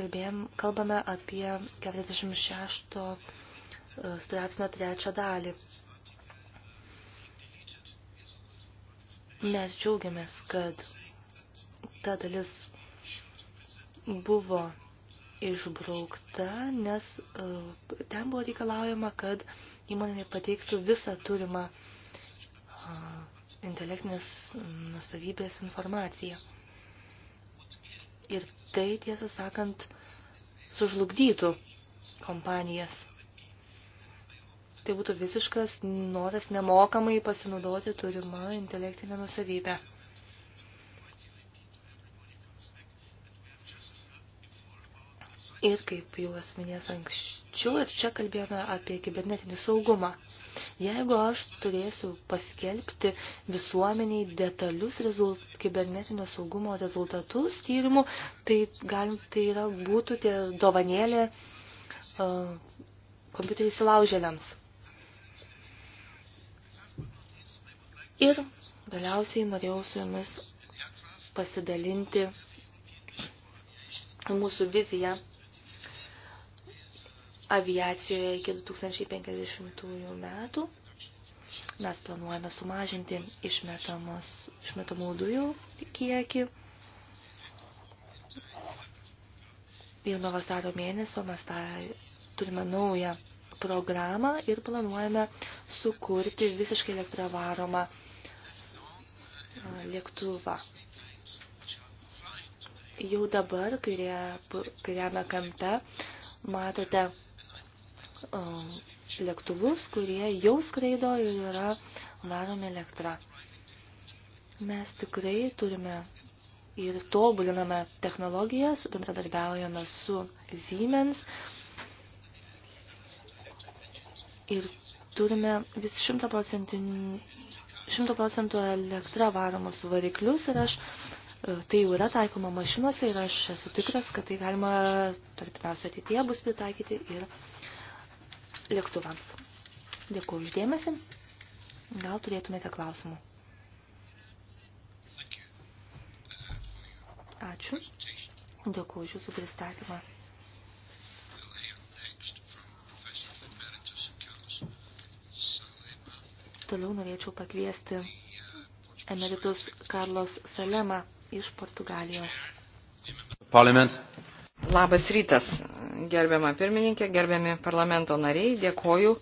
kalbėjom, kalbame apie 46 e, straipsnio trečią dalį. Mes džiaugiamės, kad ta dalis buvo išbraukta, nes e, ten buvo reikalaujama, kad įmonė pateiktų visą turimą e, intelektinės nusavybės informaciją. Ir tai, tiesą sakant, sužlugdytų kompanijas. Tai būtų visiškas noras nemokamai pasinaudoti turimą intelektinę nusavybę. Ir kaip jau esu minėjęs anksčiau, ir čia kalbėjome apie kibernetinį saugumą. Jeigu aš turėsiu paskelbti visuomeniai detalius rezult, kibernetinio saugumo rezultatus tyrimų, tai, galim, tai yra, būtų tie dovanėlė uh, kompiuterį įsilaužėliams. Ir galiausiai norėjau su jumis pasidalinti mūsų viziją aviacijoje iki 2050 metų. Mes planuojame sumažinti išmetamos, išmetamų dujų kiekį. Ir nuo vasaro mėnesio mes tą turime naują programą ir planuojame sukurti visiškai elektrą varomą lėktuvą. Jau dabar kairė, kairiame kampe matote lėktuvus, kurie jau skraido ir yra varomi elektra. Mes tikrai turime ir tobuliname technologijas, bendradarbiaujame su Siemens ir turime vis šimto procentų elektrą varomus variklius ir aš e, tai jau yra taikoma mašinuose ir aš esu tikras, kad tai galima, tartimiausio ateityje bus pritaikyti ir lėktuvams. Dėkuoju uždėmesi. Gal turėtumėte klausimų. Ačiū. Dėkuoju už jūsų pristatymą. Toliau norėčiau pakviesti emeritus Karlos Salemą iš Portugalijos. Parliament. Labas rytas, gerbiama pirmininkė, gerbiami parlamento nariai, dėkoju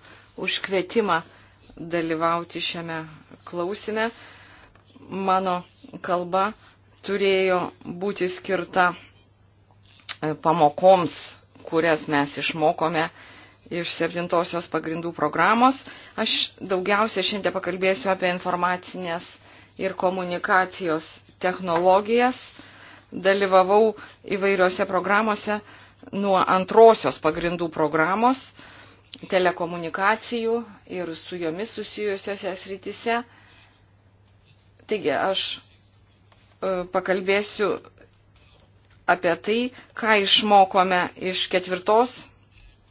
už kvietimą dalyvauti šiame klausime. Mano kalba turėjo būti skirta e, pamokoms, kurias mes išmokome iš septintosios pagrindų programos. Aš daugiausia šiandien pakalbėsiu apie informacinės ir komunikacijos technologijas dalyvavau įvairiose programuose nuo antrosios pagrindų programos telekomunikacijų ir su jomis susijusiose srityse. Taigi aš e, pakalbėsiu apie tai, ką išmokome iš ketvirtos,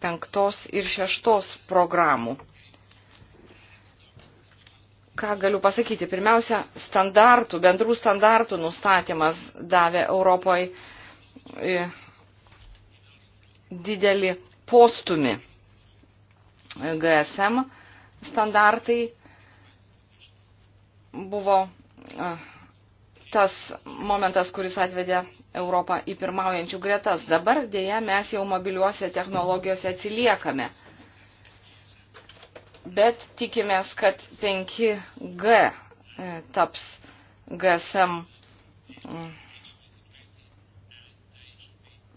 penktos ir šeštos programų ką galiu pasakyti? Pirmiausia, standartų, bendrų standartų nustatymas davė Europoje e, didelį postumį. GSM standartai buvo e, tas momentas, kuris atvedė Europą į pirmaujančių gretas. Dabar dėja mes jau mobiliuose technologijose atsiliekame bet tikimės, kad 5G e, taps GSM mm,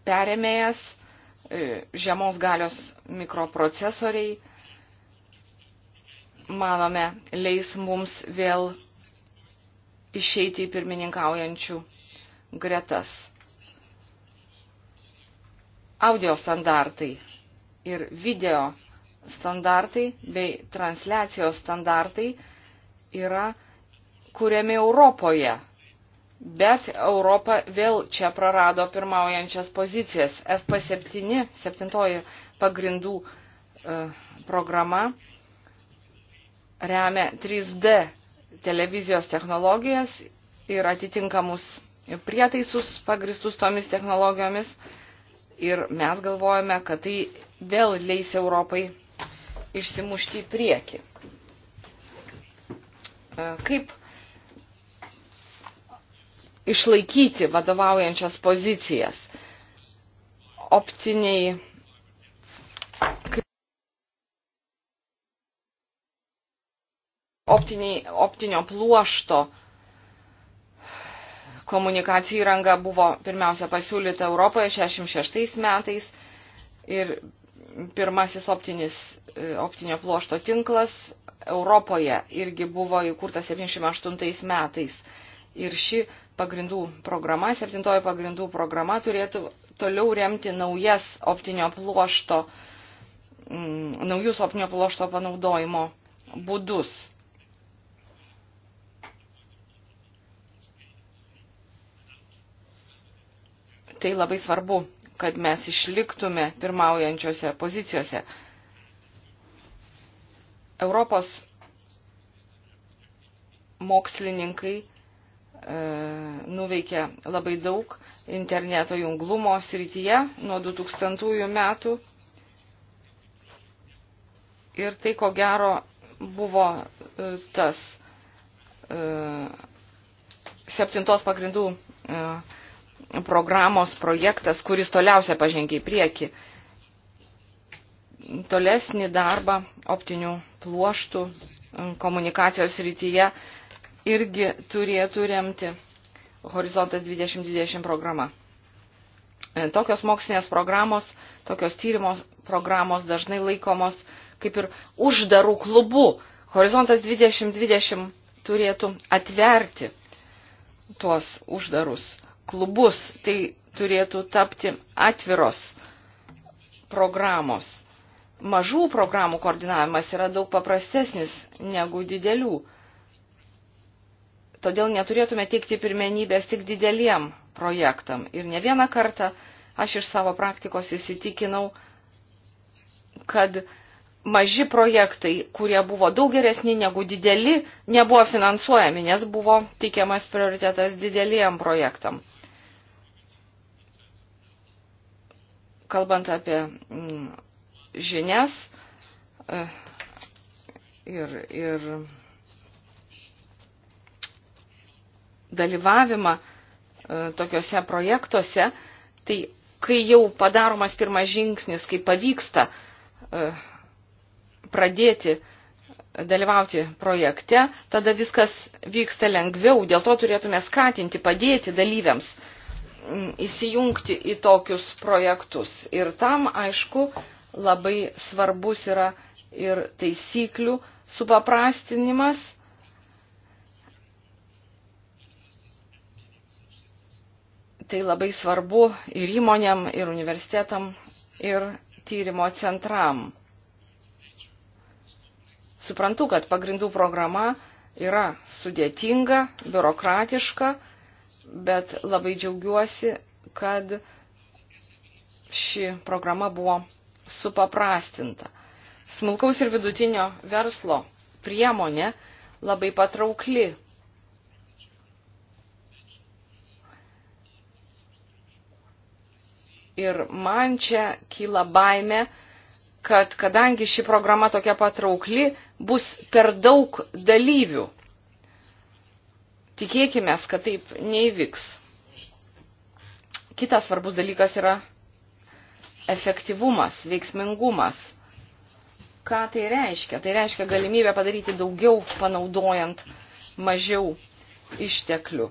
perėmėjas, e, žiemos galios mikroprocesoriai, manome, leis mums vėl išeiti į pirmininkaujančių gretas. Audio standartai ir video standartai standartai bei transliacijos standartai yra kuriami Europoje. Bet Europa vėl čia prarado pirmaujančias pozicijas. FP7, septintoji pagrindų e, programa, remia 3D televizijos technologijas ir atitinkamus prietaisus pagristus tomis technologijomis. Ir mes galvojame, kad tai vėl leis Europai išsimušti į priekį. E, kaip išlaikyti vadovaujančias pozicijas? Optiniai. Optiniai, optinio pluošto komunikacijų įranga buvo pirmiausia pasiūlyta Europoje 66 metais ir pirmasis optinis, e, optinio plošto tinklas Europoje irgi buvo įkurtas 78 metais. Ir ši pagrindų programa, septintoji pagrindų programa turėtų toliau remti naujas optinio plošto, m, mm, naujus optinio plošto panaudojimo būdus. Tai labai svarbu kad mes išliktume pirmaujančiose pozicijose. Europos mokslininkai e, nuveikia labai daug interneto junglumo srityje nuo 2000 metų. Ir tai, ko gero, buvo e, tas e, septintos pagrindų e, programos projektas, kuris toliausia pažengia į priekį. Tolesnį darbą optinių pluoštų komunikacijos rytyje irgi turėtų remti Horizontas 2020 programa. E, tokios mokslinės programos, tokios tyrimo programos dažnai laikomos kaip ir uždarų klubų. Horizontas 2020 turėtų atverti tuos uždarus klubus. Tai turėtų tapti atviros programos. Mažų programų koordinavimas yra daug paprastesnis negu didelių. Todėl neturėtume teikti pirmenybės tik dideliem projektam. Ir ne vieną kartą aš iš savo praktikos įsitikinau, kad maži projektai, kurie buvo daug geresni negu dideli, nebuvo finansuojami, nes buvo teikiamas prioritetas dideliem projektam. kalbant apie mm, žinias e, ir, ir dalyvavimą e, tokiuose projektuose, tai kai jau padaromas pirmas žingsnis, kai pavyksta e, pradėti dalyvauti projekte, tada viskas vyksta lengviau, dėl to turėtume skatinti, padėti dalyviams uh, įsijungti į tokius projektus. Ir tam, aišku, labai svarbus yra ir taisyklių supaprastinimas. Tai labai svarbu ir įmonėm, ir universitetam, ir tyrimo centram. Suprantu, kad pagrindų programa yra sudėtinga, biurokratiška, bet labai džiaugiuosi, kad ši programa buvo supaprastinta. Smulkaus ir vidutinio verslo priemonė labai patraukli. Ir man čia kyla baime, kad kadangi ši programa tokia patraukli, bus per daug dalyvių Tikėkime, kad taip neįvyks. Kitas svarbus dalykas yra efektyvumas, veiksmingumas. Ką tai reiškia? Tai reiškia galimybę padaryti daugiau, panaudojant mažiau išteklių.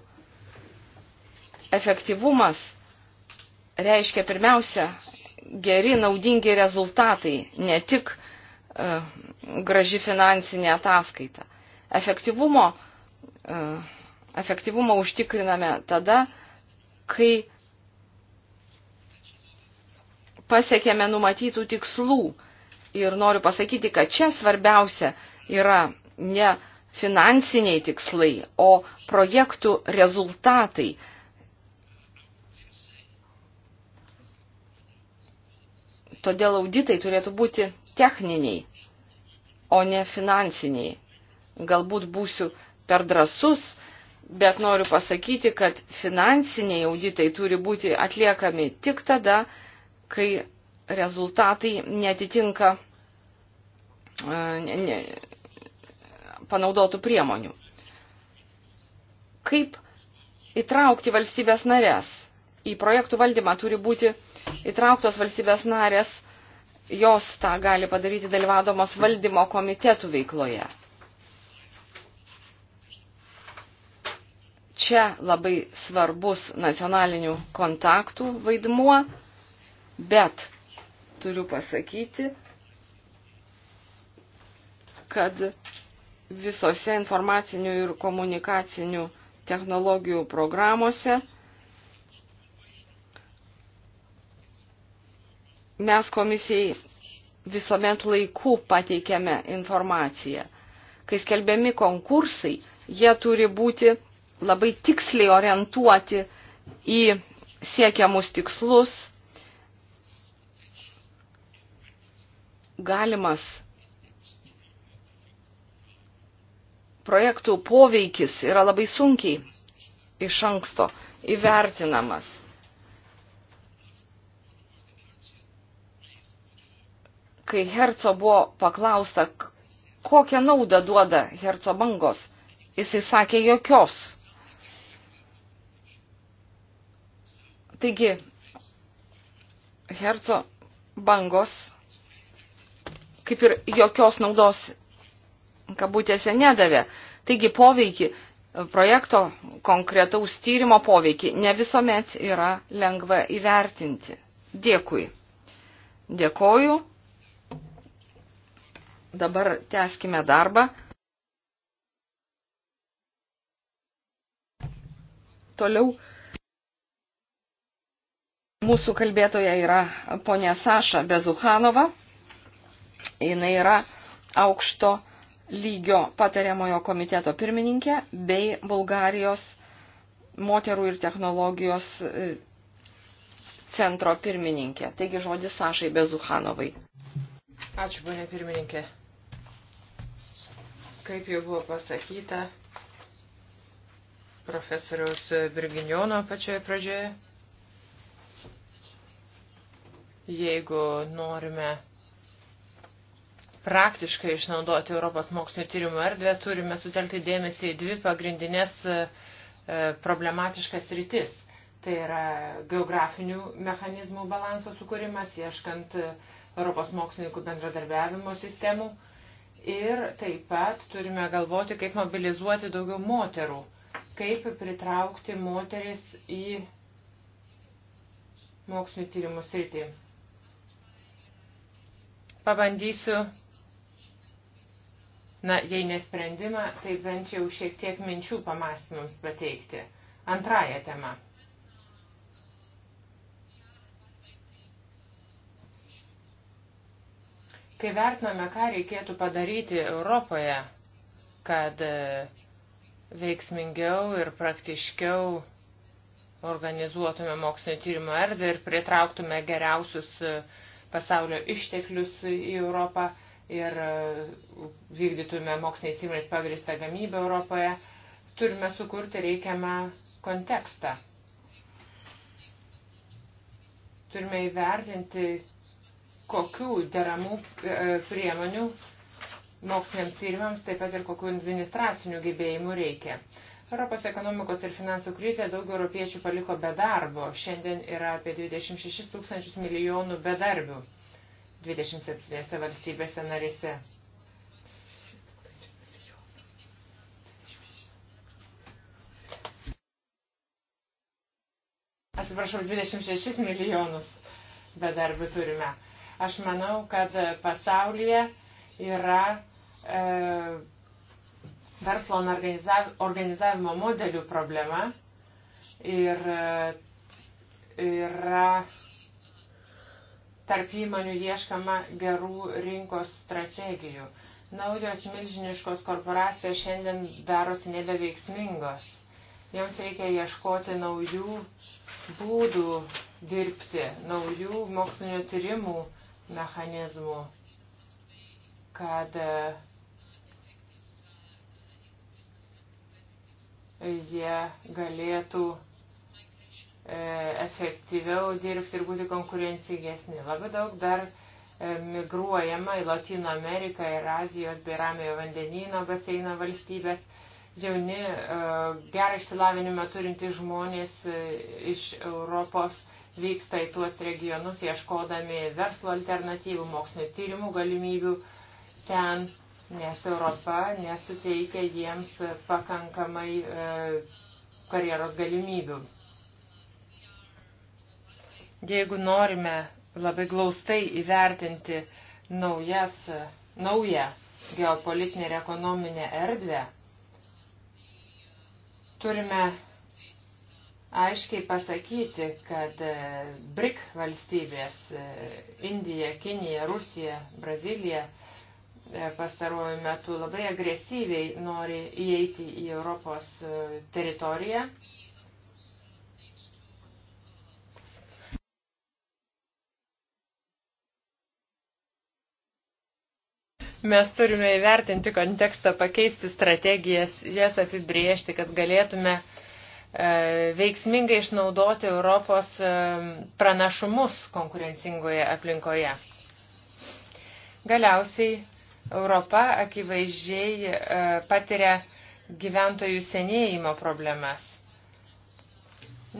Efektyvumas reiškia pirmiausia geri, naudingi rezultatai, ne tik e, graži finansinė ataskaita. Efektyvumo e, efektyvumą užtikriname tada, kai pasiekėme numatytų tikslų. Ir noriu pasakyti, kad čia svarbiausia yra ne finansiniai tikslai, o projektų rezultatai. Todėl auditai turėtų būti techniniai, o ne finansiniai. Galbūt būsiu per drasus, bet noriu pasakyti, kad finansiniai auditai turi būti atliekami tik tada, kai rezultatai netitinka e, ne, ne, panaudotų priemonių. Kaip įtraukti valstybės narės? Į projektų valdymą turi būti įtrauktos valstybės narės, jos tą gali padaryti dalyvaudamos valdymo komitetų veikloje. Čia labai svarbus nacionalinių kontaktų vaidmuo, bet turiu pasakyti, kad visose informacinių ir komunikacinių technologijų programuose mes komisijai visuomet laiku pateikiame informaciją. Kai skelbiami konkursai, jie turi būti labai tiksliai orientuoti į siekiamus tikslus, galimas projektų poveikis yra labai sunkiai iš anksto įvertinamas. Kai Herco buvo paklausta, kokią naudą duoda Herco bangos, jisai sakė jokios. Taigi, herco bangos, kaip ir jokios naudos, kabutėse, nedavė. Taigi, poveikį, projekto konkretaus tyrimo poveikį ne visuomet yra lengva įvertinti. Dėkui. Dėkoju. Dabar tęskime darbą. Toliau Mūsų kalbėtoja yra ponė Saša Bezuhanova. Jis yra aukšto lygio patariamojo komiteto pirmininkė bei Bulgarijos moterų ir technologijos e, centro pirmininkė. Taigi žodis Sašai Bezuhanovai. Ačiū, ponė pirmininkė. Kaip jau buvo pasakyta profesoriaus Virginiono pačioje pradžioje, jeigu norime praktiškai išnaudoti Europos mokslinio tyrimų erdvę, turime sutelkti dėmesį į dvi pagrindinės e, e, problematiškas rytis. Tai yra geografinių mechanizmų balanso sukūrimas, ieškant e, Europos mokslininkų bendradarbiavimo sistemų. Ir taip pat turime galvoti, kaip mobilizuoti daugiau moterų, kaip pritraukti moteris į mokslinio tyrimų sritį pabandysiu, na, jei nesprendimą, tai bent jau šiek tiek minčių pamastymams pateikti. Antraja tema. Kai vertiname, ką reikėtų padaryti Europoje, kad e, veiksmingiau ir praktiškiau organizuotume mokslinio tyrimo erdvę ir pritrauktume geriausius uh, pasaulio išteklius į Europą ir e, vykdytume moksliniais įmonės pagristą gamybą Europoje, turime sukurti reikiamą kontekstą. Turime įvertinti, kokių deramų e, priemonių moksliniams tyrimams, taip pat ir kokių administracinių gebėjimų reikia. Europos ekonomikos ir finansų krizė daug europiečių paliko be darbo. Šiandien yra apie 26 tūkstančius milijonų bedarbių 27 valstybėse narėse. Atsiprašau, 26 milijonus bedarbių turime. Aš manau, kad pasaulyje yra e, verslo organizavimo modelių problema ir yra tarp įmonių ieškama gerų rinkos strategijų. Naujos milžiniškos korporacijos šiandien darosi nebeveiksmingos. Joms reikia ieškoti naujų būdų dirbti, naujų mokslinio tyrimų mechanizmų, kad uh, jie galėtų e, efektyviau dirbti ir būti konkurencingesni. Labai daug dar e, migruojama į Latino Ameriką ir Azijos bei Ramiojo vandenyno baseino valstybės. Jauni, e, gerą išsilavinimą turintys žmonės iš Europos vyksta į tuos regionus, ieškodami verslo alternatyvų, mokslinio tyrimų galimybių ten nes Europa nesuteikia jiems pakankamai e, karjeros galimybių. Jeigu norime labai glaustai įvertinti naujas, naują geopolitinę ir ekonominę erdvę, turime aiškiai pasakyti, kad e, BRIC valstybės e, – Indija, Kinija, Rusija, Brazilija – E, pastaruoju metu labai agresyviai nori įeiti į Europos e, teritoriją. Mes turime įvertinti kontekstą, pakeisti strategijas, jas apibriežti, kad galėtume e, veiksmingai išnaudoti Europos pranašumus konkurencingoje aplinkoje. Galiausiai Europa akivaizdžiai e, patiria gyventojų senėjimo problemas.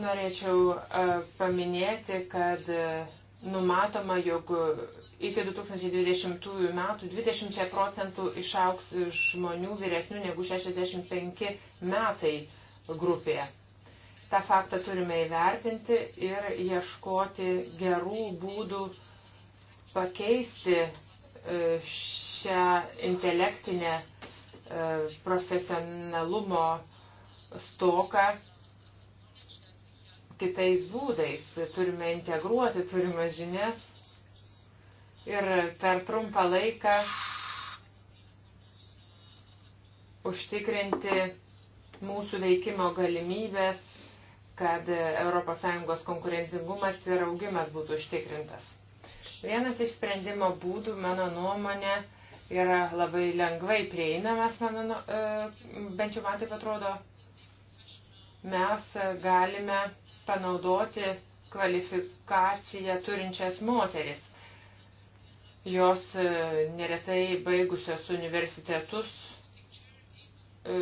Norėčiau e, paminėti, kad e, numatoma, jog iki 2020 metų 20 procentų išauks žmonių vyresnių negu 65 metai grupėje. Ta faktą turime įvertinti ir ieškoti gerų būdų pakeisti E, šią intelektinę e, profesionalumo stoką kitais būdais. Turime integruoti turimas žinias ir per trumpą laiką užtikrinti mūsų veikimo galimybės, kad ES konkurencingumas ir augimas būtų užtikrintas. Vienas iš sprendimo būdų, mano nuomonė, yra labai lengvai prieinamas, mano, nu, e, bent jau man taip atrodo, mes galime panaudoti kvalifikaciją turinčias moteris. Jos e, neretai baigusios universitetus E,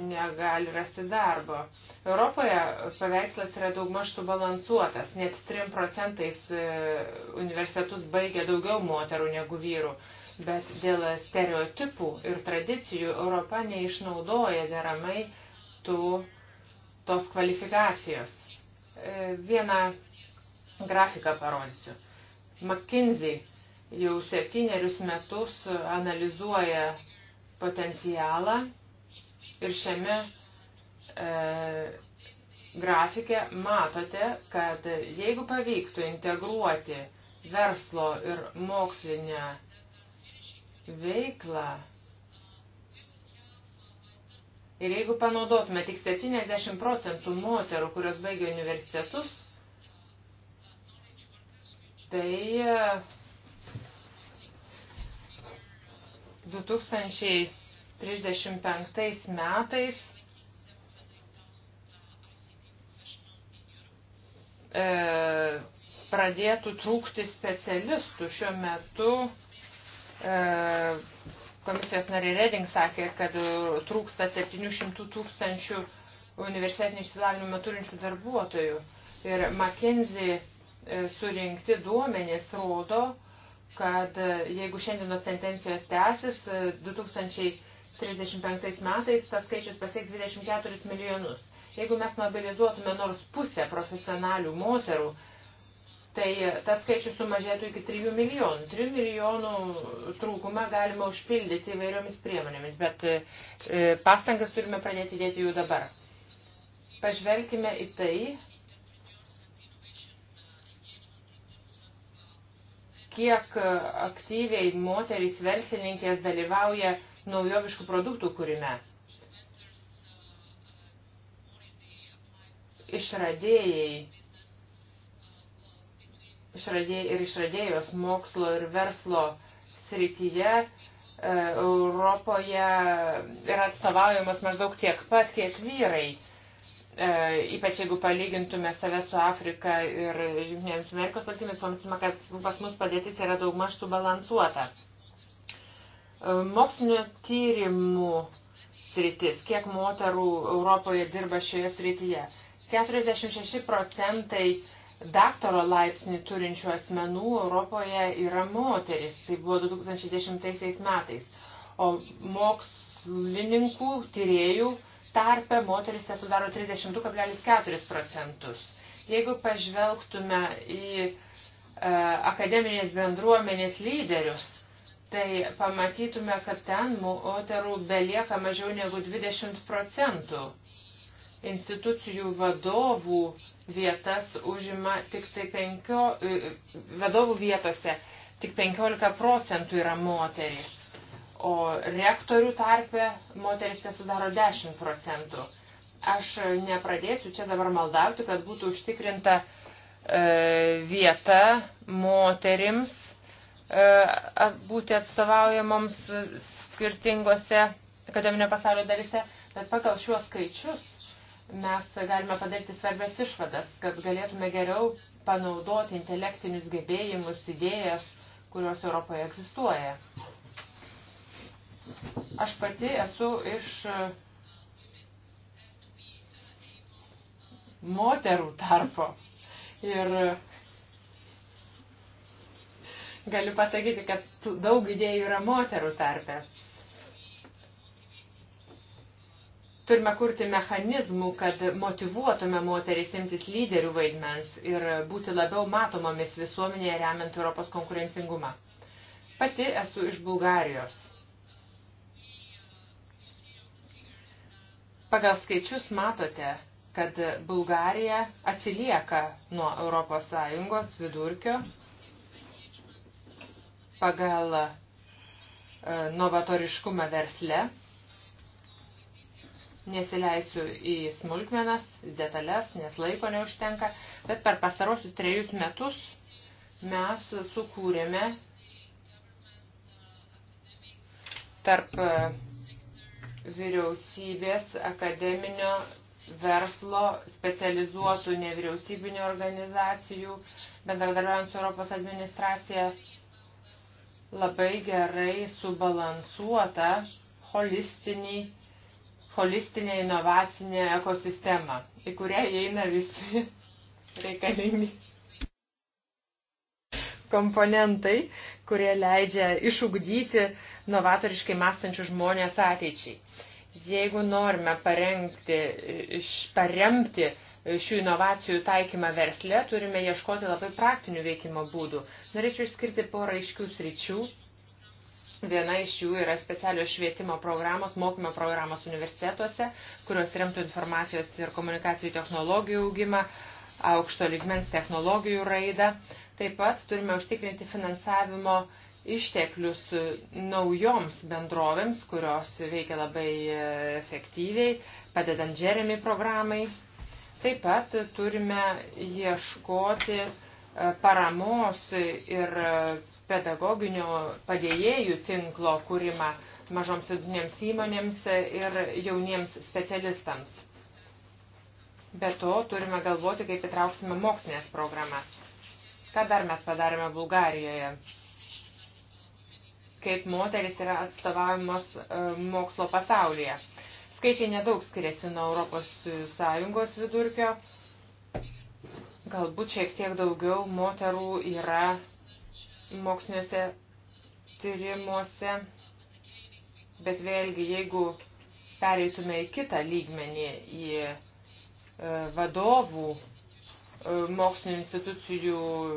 negali rasti darbo. Europoje paveikslas yra daugmaž subalansuotas, net 3 procentais e, universitetus baigia daugiau moterų negu vyrų, bet dėl stereotipų ir tradicijų Europa neišnaudoja deramai tų, tos kvalifikacijos. E, vieną grafiką parodysiu. McKinsey jau septynerius metus analizuoja potencialą Ir šiame e, grafikė matote, kad jeigu pavyktų integruoti verslo ir mokslinę veiklą, ir jeigu panaudotume tik 70 procentų moterų, kurios baigia universitetus, tai 2000 e, 35 metais e, pradėtų trūkti specialistų. Šiuo metu e, komisijos nariai Reding sakė, kad e, trūksta 700 tūkstančių universitetinį išsilavinimą turinčių darbuotojų. Ir McKinsey e, surinkti duomenys rodo, kad e, jeigu šiandienos tendencijos tęsis, 2000 35 metais tas skaičius pasieks 24 milijonus. Jeigu mes mobilizuotume nors pusę profesionalių moterų, tai tas skaičius sumažėtų iki 3 milijonų. 3 milijonų trūkumą galima užpildyti įvairiomis priemonėmis, bet e, pastangas turime pradėti dėti jau dabar. Pažvelkime į tai, kiek aktyviai moterys verslininkės dalyvauja uh, naujoviškų produktų kūrime. Išradėjai išradėjai ir išradėjos mokslo ir verslo srityje e, Europoje yra atstovaujamos maždaug tiek pat, kiek vyrai. E, ypač jeigu palygintume save su Afrika ir Junktinėmis Amerikos valstybėmis, pamatytume, kad pas mus padėtis yra daug maž subalansuota. balansuota. Mokslinio tyrimų sritis, kiek moterų Europoje dirba šioje srityje. 46 procentai daktaro laipsnį turinčių asmenų Europoje yra moteris. Tai buvo 2010 metais. O mokslininkų, tyriejų tarpe moteris sudaro 32,4 procentus. Jeigu pažvelgtume į e, akademinės bendruomenės lyderius, tai pamatytume, kad ten moterų belieka mažiau negu 20 procentų. Institucijų vadovų vietas užima tik tai penkio, e, vadovų vietose tik 15 procentų yra moterys, o rektorių tarpe moteris te sudaro 10 procentų. Aš nepradėsiu čia dabar maldauti, kad būtų užtikrinta e, vieta moterims E, būti atstovaujamoms skirtingose akademinio pasaulio dalise, bet pagal šiuos skaičius mes galime padaryti svarbias išvadas, kad galėtume geriau panaudoti intelektinius gebėjimus, idėjas, kurios Europoje egzistuoja. Aš pati esu iš e, moterų tarpo ir galiu pasakyti, kad daug idėjų yra moterų tarpe. Turime kurti mechanizmų, kad motivuotume moteris imtis lyderių vaidmens ir būti labiau matomomis visuomenėje remiant Europos konkurencingumą. Pati esu iš Bulgarijos. Pagal skaičius matote, kad Bulgarija atsilieka nuo ES vidurkio pagal e, novatoriškumą versle. Nesileisiu į smulkmenas, detalės, nes laiko neužtenka, bet per pasarosius trejus metus mes sukūrėme tarp e, vyriausybės akademinio verslo, specializuotų nevyriausybinio organizacijų, bendradarbiaujant su Europos administracija, labai gerai subalansuotą holistinį, holistinę inovacinę ekosistemą, į kurią įeina visi reikalingi komponentai, kurie leidžia išugdyti novatoriškai mąstančių žmonės ateičiai. Jeigu norime parengti, paremti šių inovacijų taikymą verslė, turime ieškoti labai praktinių veikimo būdų. Norėčiau išskirti porą aiškių sričių. Viena iš jų yra specialios švietimo programos, mokymo programos universitetuose, kurios remtų informacijos ir komunikacijų technologijų augimą, aukšto lygmens technologijų raidą. Taip pat turime užtikrinti finansavimo išteklius naujoms bendrovėms, kurios veikia labai efektyviai, padedant Jeremy programai Taip pat turime ieškoti e, paramos ir e, pedagoginio padėjėjų tinklo kūrimą mažoms vidinėms įmonėms ir jauniems specialistams. Be to turime galvoti, kaip įtrauksime mokslinės programas. Ką dar mes padarėme Bulgarijoje? Kaip moteris yra atstovavimas e, mokslo pasaulyje. Skaičiai nedaug skiriasi nuo Europos Sąjungos vidurkio. Galbūt šiek tiek daugiau moterų yra moksliniuose tyrimuose, bet vėlgi, jeigu pereitume į kitą lygmenį, į e, vadovų e, mokslinio institucijų e,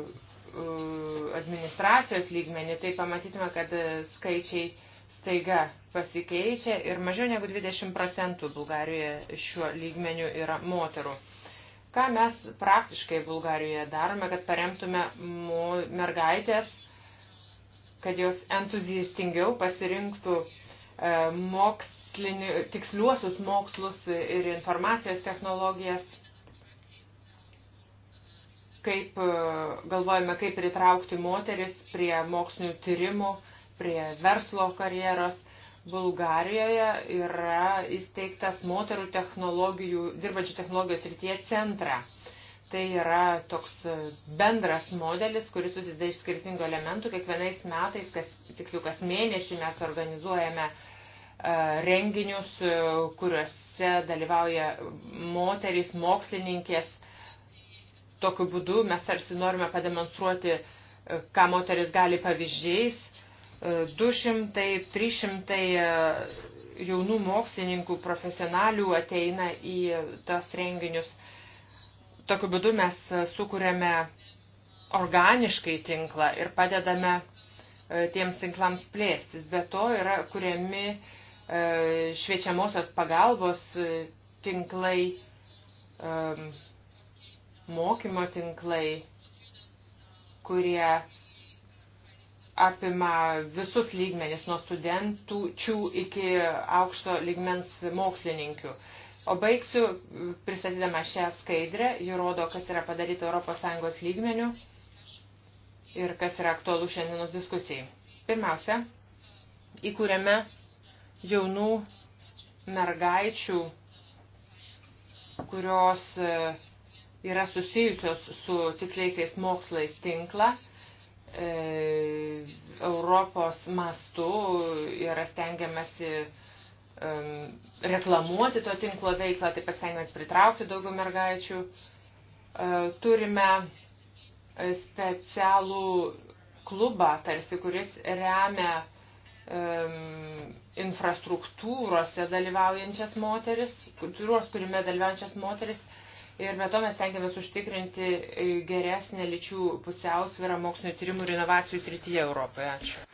administracijos lygmenį, tai pamatytume, kad skaičiai staiga pasikeičia ir mažiau negu 20 procentų Bulgarijoje šiuo lygmeniu yra moterų. Ką mes praktiškai Bulgarijoje darome, kad paremtume mergaitės, kad jos entuziastingiau pasirinktų e, mokslinių, tiksliuosius mokslus ir informacijos technologijas kaip e, galvojame, kaip pritraukti moteris prie mokslinių tyrimų, prie verslo karjeros. Bulgarijoje yra įsteigtas moterų technologijų, dirbančių technologijos rytie centrą. Tai yra toks bendras modelis, kuris susideda iš skirtingų elementų. Kiekvienais metais, kas, tiksliau kas mėnesį, mes organizuojame e, renginius, e, kuriuose dalyvauja moterys, mokslininkės. Tokiu būdu mes tarsi norime pademonstruoti, e, ką moteris gali pavyzdžiais 200-300 e, jaunų mokslininkų, profesionalių ateina į tas renginius. Tokiu būdu mes e, sukūrėme organiškai tinklą ir padedame e, tiems tinklams plėstis. Be to yra kuriami šviečiamosios pagalbos tinklai, mokymo tinklai, kurie apima visus lygmenis, nuo studentų čių iki aukšto lygmens mokslininkių. O baigsiu pristatydama šią skaidrę, ji rodo, kas yra padaryta ES lygmenių ir kas yra aktualu šiandienos diskusijai. Pirmiausia, įkūrėme jaunų mergaičių, kurios e, yra susijusios su tiksliaisiais mokslais tinklą E, Europos mastu yra stengiamasi e, reklamuoti to tinklo veiklą, taip pat stengiamės pritraukti daugiau mergaičių. E, turime specialų klubą, tarsi, kuris remia infrastruktūrose dalyvaujančias moteris, kultūros kūrime dalyvaujančias moteris Ir be to mes tenkiamės užtikrinti geresnę lyčių pusiausvyrą mokslinio tyrimų ir inovacijų srityje Europoje. Ačiū.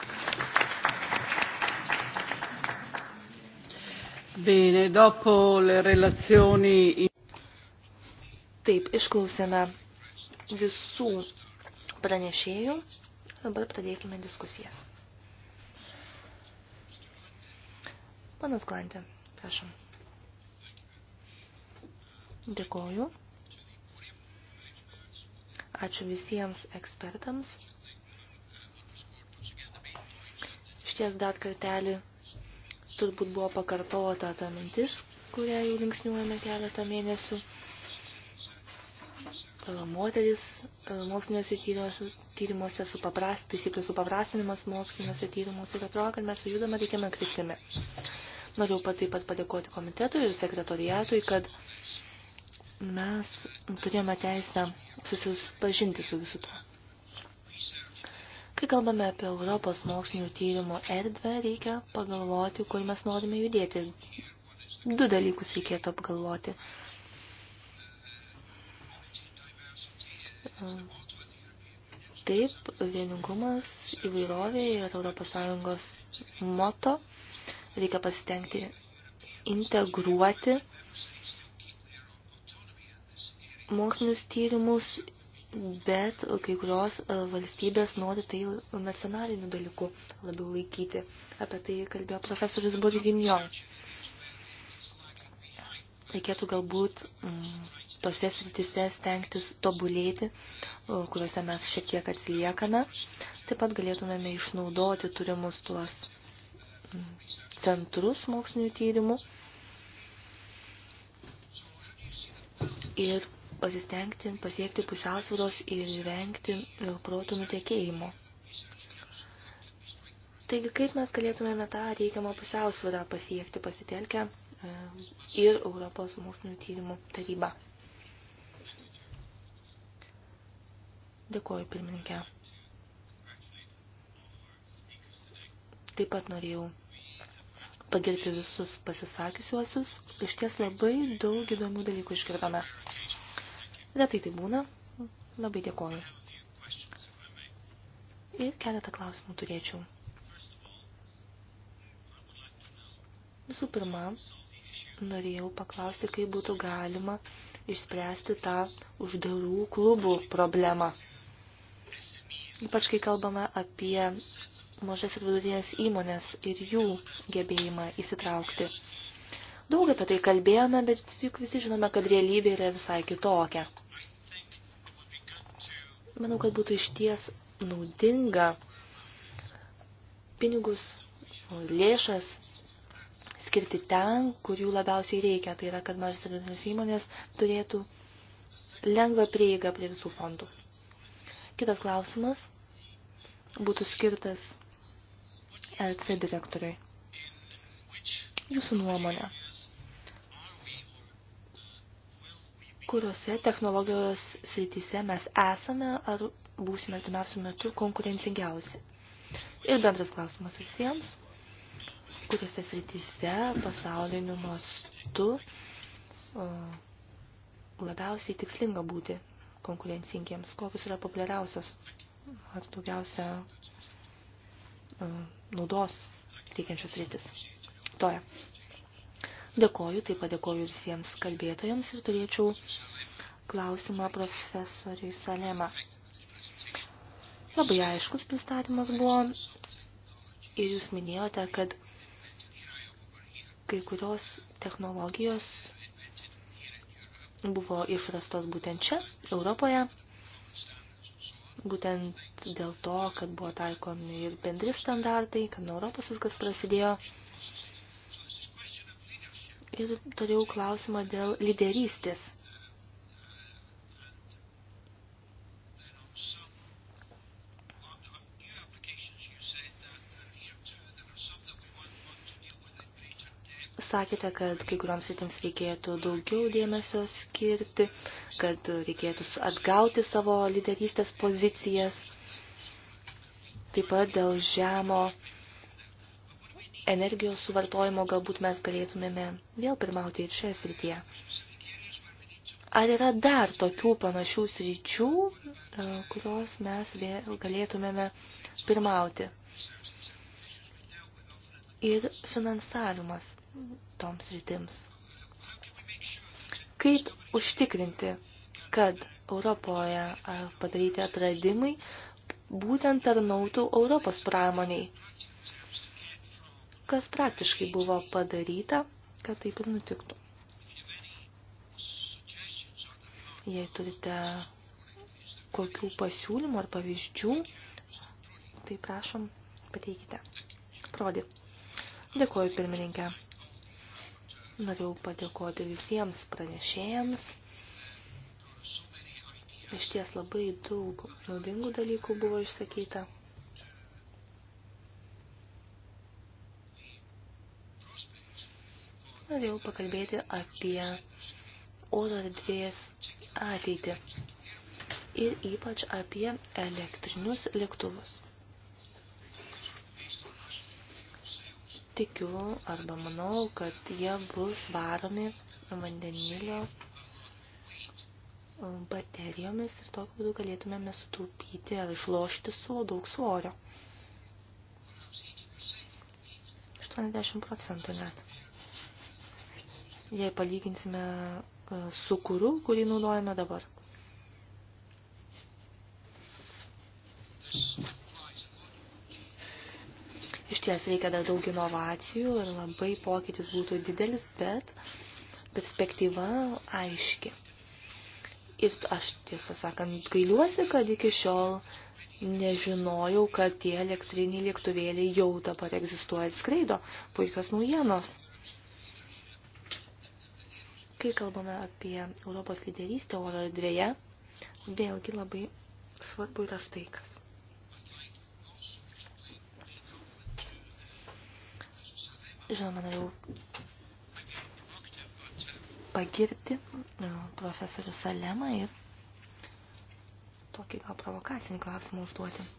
Bene, dopo le relazioni... Taip, išklausėme visų pranešėjų. Dabar pradėkime diskusijas. Panas Glantė, prašom. Dėkoju. Ačiū visiems ekspertams. Šties dar kartelį turbūt buvo pakartota ta mintis, kurią jau linksniuojame keletą mėnesių. Moteris e, moksliniuose tyrimuose su paprast, taisyklių supaprastinimas moksliniuose tyrimuose ir atrodo, kad mes sujudame reikiamą kryptimį. Noriu pat taip pat padėkoti komitetui ir sekretoriatui, kad mes turėjome teisę susipažinti su visu tuo. Kai kalbame apie Europos mokslinio tyrimo erdvę, reikia pagalvoti, kur mes norime judėti. Du dalykus reikėtų apgalvoti. Taip, vieningumas įvairovė ir Europos Sąjungos moto. Reikia pasitengti integruoti mokslinius tyrimus, bet kai kurios e, valstybės nori tai nacionaliniu dalyku labiau laikyti. Apie tai kalbėjo profesorius Borginjon. Reikėtų galbūt mm, tose sritise stengtis tobulėti, e, kuriuose mes šiek tiek atsiliekame. Taip pat galėtumėme išnaudoti turimus tuos mm, centrus mokslinių tyrimų. Ir pasistengti pasiekti pusiausvėros ir žvengti e, protų nutekėjimo. Taigi, kaip mes galėtumėme tą reikiamą pusiausvyrą pasiekti pasitelkę e, ir Europos mokslinių tyrimų tarybą. Dėkuoju, pirmininkė. Taip pat norėjau pagirti visus pasisakysiuosius. Iš ties labai daug įdomių dalykų išgirdome. Retai tai būna. Labai dėkoju. Ir keletą klausimų turėčiau. Visų pirma, norėjau paklausti, kaip būtų galima išspręsti tą uždarų klubų problemą. Ypač kai kalbame apie mažas ir vidutinės įmonės ir jų gebėjimą įsitraukti. Daug apie tai kalbėjome, bet juk visi žinome, kad realybė yra visai kitokia. Manau, kad būtų išties naudinga pinigus, lėšas skirti ten, kur jų labiausiai reikia. Tai yra, kad mažas ir vidutinės įmonės turėtų lengvą prieigą prie visų fondų. Kitas klausimas būtų skirtas LC direktoriui. Jūsų nuomonė, kuriuose technologijos srityse mes esame ar būsime artimiausių metų konkurencingiausi. Ir bendras klausimas visiems, kuriuose srityse pasauliniu mastu labiausiai tikslinga būti konkurencingiems, kokius yra populiariausios ar daugiausia naudos teikiančios rytis. Toja. Dėkoju, taip pat dėkoju visiems kalbėtojams ir turėčiau klausimą profesoriui Salema. Labai aiškus pristatymas buvo ir jūs minėjote, kad kai kurios technologijos buvo išrastos būtent čia, Europoje, būtent dėl to, kad buvo taikomi ir bendri standartai, kad nuo Europos viskas prasidėjo. Ir turėjau klausimą dėl lyderystės. sakėte, kad kai kurioms sritims reikėtų daugiau dėmesio skirti, kad reikėtų atgauti savo lyderystės pozicijas. Taip pat dėl žemo energijos suvartojimo galbūt mes galėtumėme vėl pirmauti ir šioje srityje. Ar yra dar tokių panašių sričių, e, kurios mes vėl galėtumėme pirmauti? Ir finansavimas toms rytims. Kaip užtikrinti, kad Europoje padaryti atradimai būtent tarnautų Europos pramoniai? kas praktiškai buvo padaryta, kad taip ir nutiktų. Jei turite kokių pasiūlymų ar pavyzdžių, tai prašom, pateikite. Prodi. Dėkuoju pirmininkę. Norėjau padėkoti visiems pranešėjams. Iš ties labai daug naudingų dalykų buvo išsakyta. norėjau pakalbėti apie oro erdvės ateitį ir ypač apie elektrinius lėktuvus. Tikiu arba manau, kad jie bus varomi vandenilio um, baterijomis ir tokiu būdu galėtumėme sutaupyti ar išlošti savo daug svorio. 80 procentų net jei palyginsime e, su kuru, kurį naudojame dabar. Iš ties reikia dar daug inovacijų ir labai pokytis būtų didelis, bet perspektyva aiški. Ir aš tiesą sakant gailiuosi, kad iki šiol nežinojau, kad tie elektriniai lėktuvėliai jau dabar egzistuoja ir skraido. Puikios naujienos. Kai kalbame apie Europos lyderystę oro erdvėje, vėlgi labai svarbu yra štai kas. Žinoma, norėjau pagirti e, profesorių Salemą ir tokį gal provokacinį klausimą užduoti.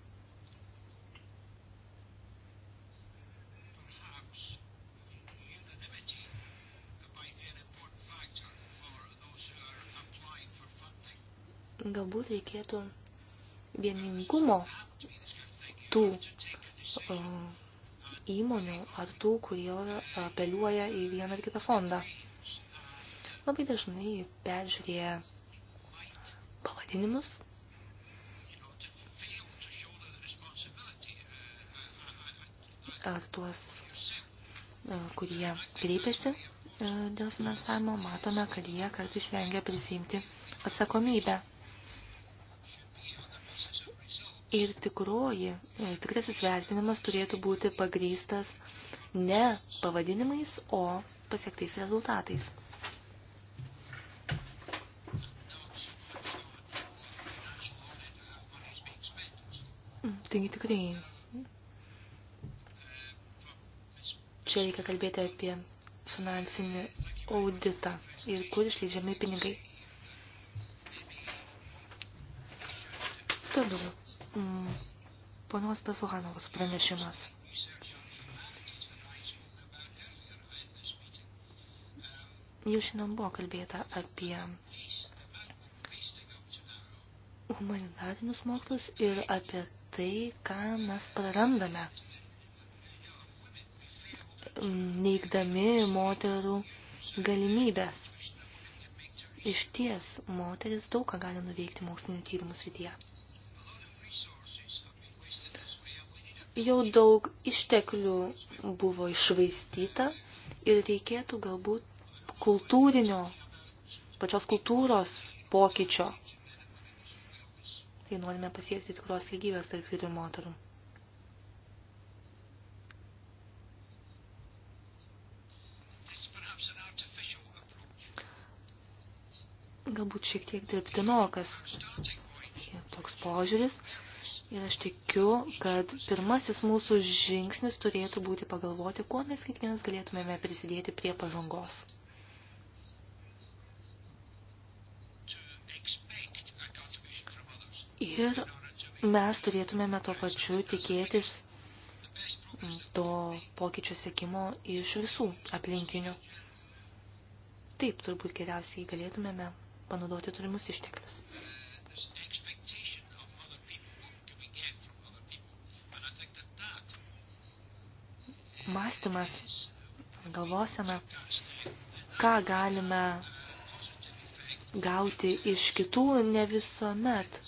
Galbūt reikėtų vieningumo tų o, įmonių ar tų, kurie apeliuoja į vieną ar kitą fondą. Labai dažnai peržiūrėję pavadinimus ar tuos, kurie kreipiasi dėl finansavimo, matome, kad jie kartais vengia prisimti atsakomybę. Ir tikroji, e, tikrasis vertinimas turėtų būti pagrystas ne pavadinimais, o pasiektais rezultatais. Mm, taigi tikrai čia reikia kalbėti apie finansinį auditą ir kur išleidžiami pinigai. Toliau mm, ponios Pesuhanovos pranešimas. Jau šiandien buvo kalbėta apie humanitarinius mokslus ir apie tai, ką mes prarandame, neigdami moterų galimybės. Iš ties, moteris daug ką gali nuveikti mokslinio tyrimų srityje. jau daug išteklių buvo išvaistyta ir reikėtų galbūt kultūrinio, pačios kultūros pokyčio, kai norime pasiekti tikros lygybės tarp vyrų ir moterų. Galbūt šiek tiek dirbtinokas toks požiūris, Ir aš tikiu, kad pirmasis mūsų žingsnis turėtų būti pagalvoti, kuo mes kiekvienas galėtumėme prisidėti prie pažangos. Ir mes turėtumėme to pačiu tikėtis to pokyčio sėkimo iš visų aplinkinių. Taip, turbūt geriausiai galėtumėme panaudoti turimus išteklius. mąstymas, galvosena, ką galime gauti iš kitų, ne visuomet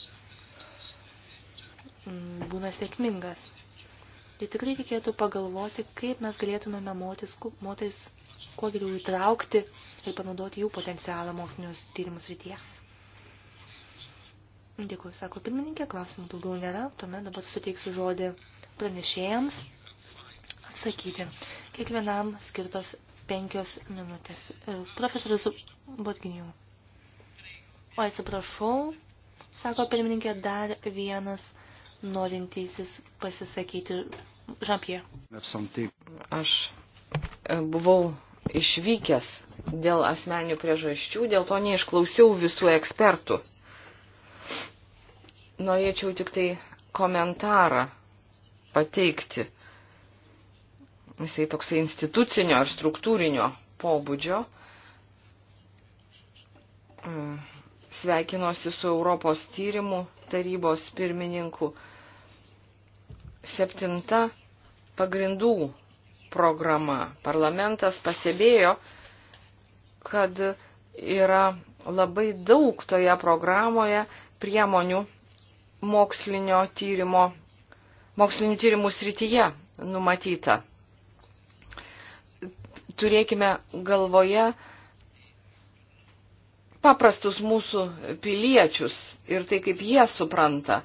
mm, būna sėkmingas. Tai tikrai reikėtų pagalvoti, kaip mes galėtumėme motis, moteris kuo geriau įtraukti ir panaudoti jų potencialą mokslinius tyrimus rytyje. Dėkui, sako pirmininkė, klausimų daugiau nėra, tuomet dabar suteiksiu žodį pranešėjams atsakyti. Kiekvienam skirtos penkios minutės. E, profesorius Borginijų. O atsiprašau, sako pirmininkė, dar vienas norintysis pasisakyti. Jean-Pierre. Aš e, buvau išvykęs dėl asmenių priežasčių, dėl to neišklausiau visų ekspertų. Norėčiau tik tai komentarą pateikti jisai toksai institucinio ar struktūrinio pobūdžio. Mm. Sveikinuosi su Europos tyrimų tarybos pirmininku. Septinta pagrindų programa. Parlamentas pastebėjo, kad yra labai daug toje programoje priemonių mokslinio tyrimo, mokslinio tyrimų srityje numatyta turėkime galvoje paprastus mūsų piliečius ir tai, kaip jie supranta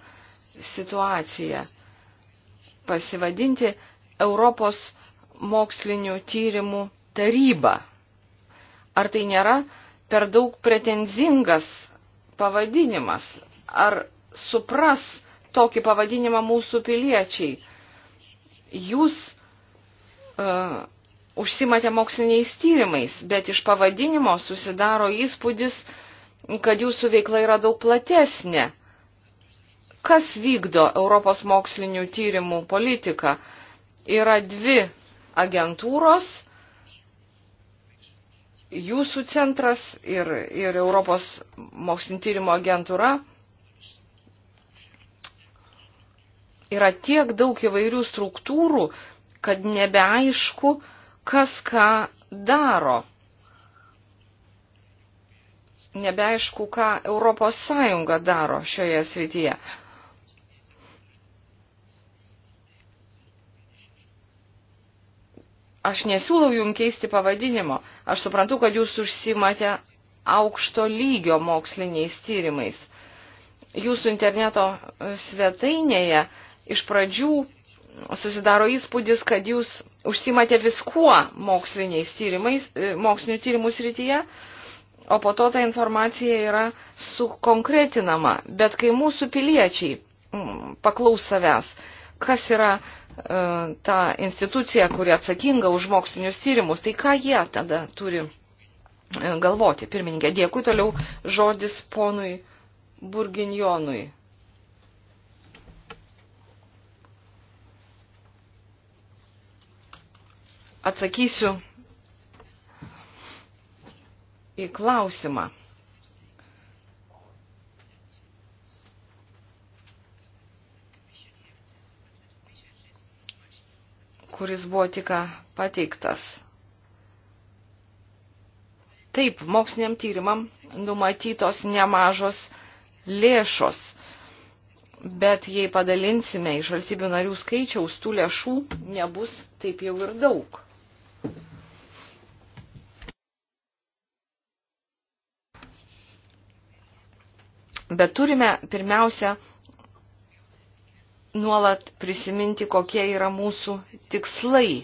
situaciją. Pasivadinti Europos mokslinių tyrimų taryba. Ar tai nėra per daug pretenzingas pavadinimas? Ar supras tokį pavadinimą mūsų piliečiai? Jūs uh, užsimate moksliniais tyrimais, bet iš pavadinimo susidaro įspūdis, kad jūsų veikla yra daug platesnė. Kas vykdo Europos mokslinių tyrimų politiką? Yra dvi agentūros, jūsų centras ir, ir Europos mokslinio tyrimo agentūra. Yra tiek daug įvairių struktūrų, kad nebeaišku, kas ką daro. Nebeaišku, ką Europos Sąjunga daro šioje srityje. Aš nesiūlau jum keisti pavadinimo. Aš suprantu, kad jūs užsimate aukšto lygio moksliniais tyrimais. Jūsų interneto svetainėje iš pradžių susidaro įspūdis, kad jūs užsimate viskuo moksliniais tyrimais, e, mokslinių tyrimų srityje, o po to ta informacija yra sukonkretinama. Bet kai mūsų piliečiai mm, paklaus savęs, kas yra e, ta institucija, kuri atsakinga už mokslinius tyrimus, tai ką jie tada turi e, galvoti. Pirmininkė, dėkui toliau žodis ponui Burginjonui. atsakysiu į klausimą. kuris buvo tik pateiktas. Taip, moksliniam tyrimam numatytos nemažos lėšos, bet jei padalinsime iš valstybių narių skaičiaus, tų lėšų nebus taip jau ir daug. Bet turime pirmiausia nuolat prisiminti, kokie yra mūsų tikslai,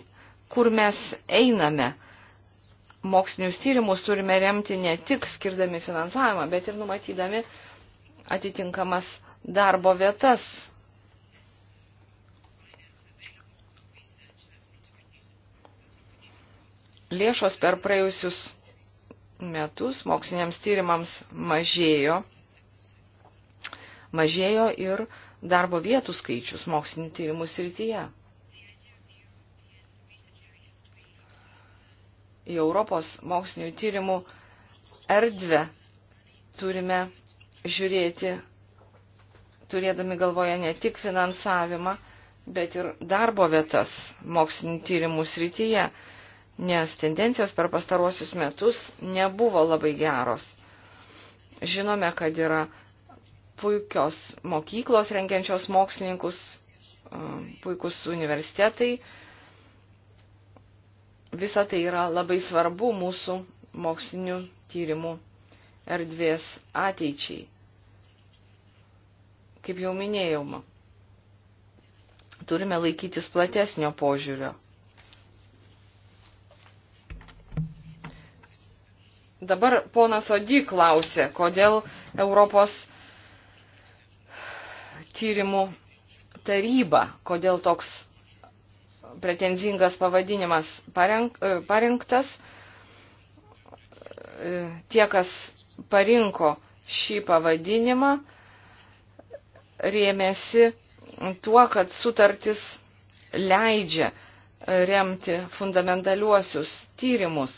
kur mes einame. Mokslinius tyrimus turime remti ne tik skirdami finansavimą, bet ir numatydami atitinkamas darbo vietas Lėšos per praėjusius metus moksliniams tyrimams mažėjo, mažėjo ir darbo vietų skaičius mokslinio tyrimų srityje. Į Europos mokslinio tyrimų erdvę turime žiūrėti, turėdami galvoje ne tik finansavimą, bet ir darbo vietas mokslinio tyrimų srityje nes tendencijos per pastaruosius metus nebuvo labai geros. Žinome, kad yra puikios mokyklos rengiančios mokslininkus, um, puikus universitetai. Visa tai yra labai svarbu mūsų mokslinių tyrimų erdvės ateičiai. Kaip jau minėjau, turime laikytis platesnio požiūrio. Dabar ponas Odi klausė, kodėl Europos tyrimų taryba, kodėl toks pretenzingas pavadinimas parenk, e, parinktas. E, tie, kas parinko šį pavadinimą, rėmėsi tuo, kad sutartis leidžia remti fundamentaliuosius tyrimus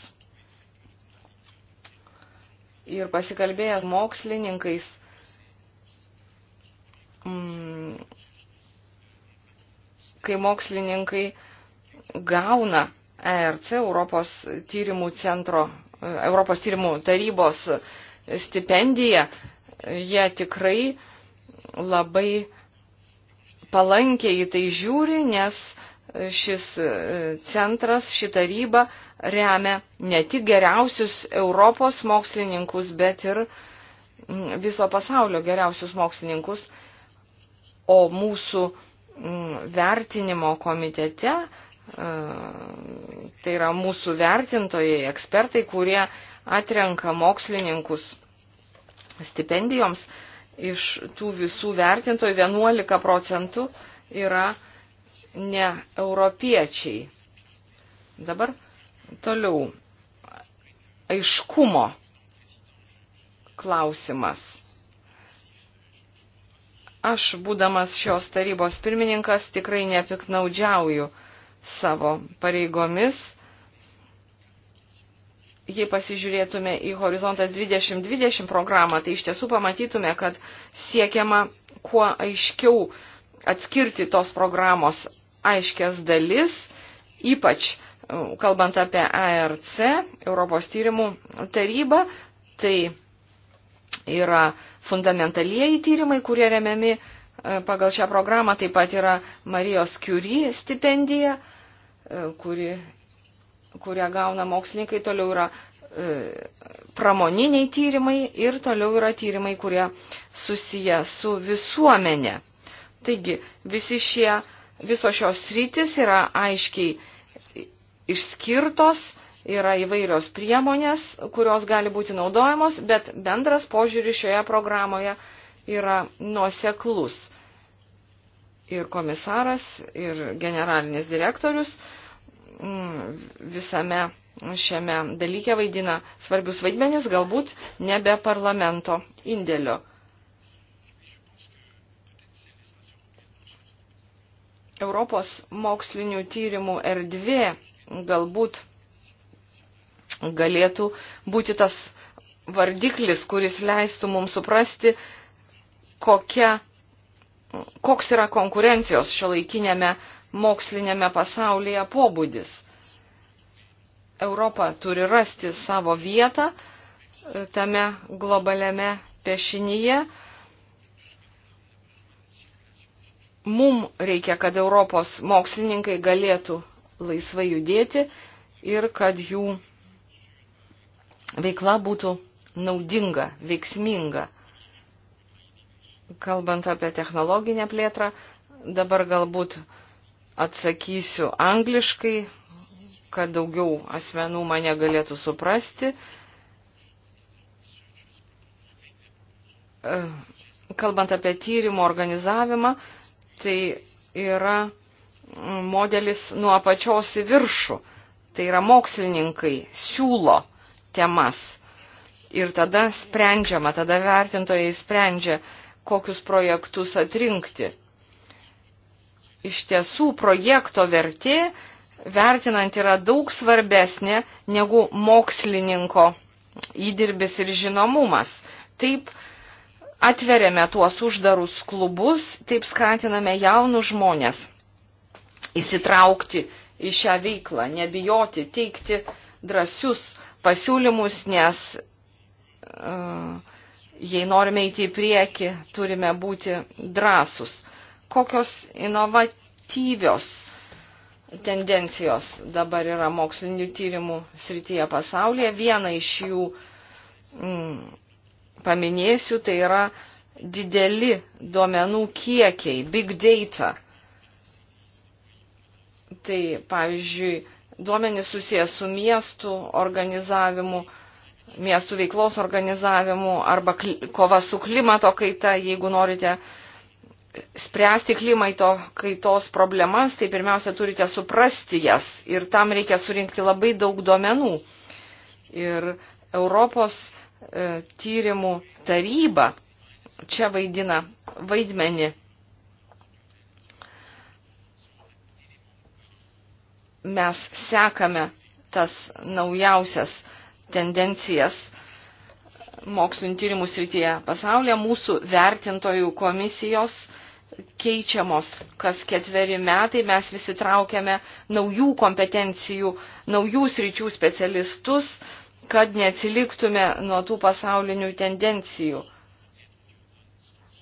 ir pasikalbėję mokslininkais mm, kai mokslininkai gauna ERC, Europos tyrimų centro, Europos tyrimų tarybos stipendiją, jie tikrai labai palankiai į tai žiūri, nes šis centras, ši taryba remia ne tik geriausius Europos mokslininkus, bet ir mm, viso pasaulio geriausius mokslininkus. O mūsų mm, vertinimo komitete, e, tai yra mūsų vertintojai, ekspertai, kurie atrenka mokslininkus stipendijoms, iš tų visų vertintojų 11 procentų yra ne europiečiai. Dabar Toliau. Aiškumo klausimas. Aš, būdamas šios tarybos pirmininkas, tikrai nepiknaudžiauju savo pareigomis. Jei pasižiūrėtume į Horizontas 2020 programą, tai iš tiesų pamatytume, kad siekiama kuo aiškiau atskirti tos programos aiškias dalis, ypač kalbant apie ARC, Europos tyrimų tarybą, tai yra fundamentalieji tyrimai, kurie remiami e, pagal šią programą, taip pat yra Marijos Curie stipendija, e, kuri, kurią gauna mokslininkai, toliau yra e, pramoniniai tyrimai ir toliau yra tyrimai, kurie susiję su visuomenė. Taigi visi šie, visos šios rytis yra aiškiai išskirtos, yra įvairios priemonės, kurios gali būti naudojamos, bet bendras požiūris šioje programoje yra nuoseklus. Ir komisaras, ir generalinis direktorius mm, visame šiame dalyke vaidina svarbius vaidmenis, galbūt nebe parlamento indėlio. Europos mokslinių tyrimų erdvė galbūt galėtų būti tas vardiklis, kuris leistų mums suprasti, kokia, koks yra konkurencijos šio laikinėme mokslinėme pasaulyje pobūdis. Europa turi rasti savo vietą e, tame globaliame piešinyje. Mums reikia, kad Europos mokslininkai galėtų laisvai judėti ir kad jų veikla būtų naudinga, veiksminga. Kalbant apie technologinę plėtrą, dabar galbūt atsakysiu angliškai, kad daugiau asmenų mane galėtų suprasti. Kalbant apie tyrimo organizavimą, tai yra modelis nuo apačios į viršų. Tai yra mokslininkai siūlo temas. Ir tada sprendžiama, tada vertintojai sprendžia, kokius projektus atrinkti. Iš tiesų, projekto vertė vertinant yra daug svarbesnė negu mokslininko įdirbis ir žinomumas. Taip atveriame tuos uždarus klubus, taip skatiname jaunus žmonės įsitraukti į šią veiklą, nebijoti teikti drąsius pasiūlymus, nes uh, jei norime įti į priekį, turime būti drąsus. Kokios inovatyvios tendencijos dabar yra mokslinių tyrimų srityje pasaulyje. Viena iš jų mm, paminėsiu, tai yra dideli duomenų kiekiai, big data. Tai pavyzdžiui, duomenys susijęs su miestų organizavimu, miestų veiklos organizavimu arba kova su klimato kaita, jeigu norite spręsti klimato kaitos problemas, tai pirmiausia turite suprasti jas ir tam reikia surinkti labai daug duomenų. Ir Europos e, tyrimų taryba čia vaidina vaidmenį mes sekame tas naujausias tendencijas mokslinio tyrimų srityje pasaulyje. Mūsų vertintojų komisijos keičiamos kas ketveri metai. Mes visi traukiame naujų kompetencijų, naujų sričių specialistus, kad neatsiliktume nuo tų pasaulinių tendencijų.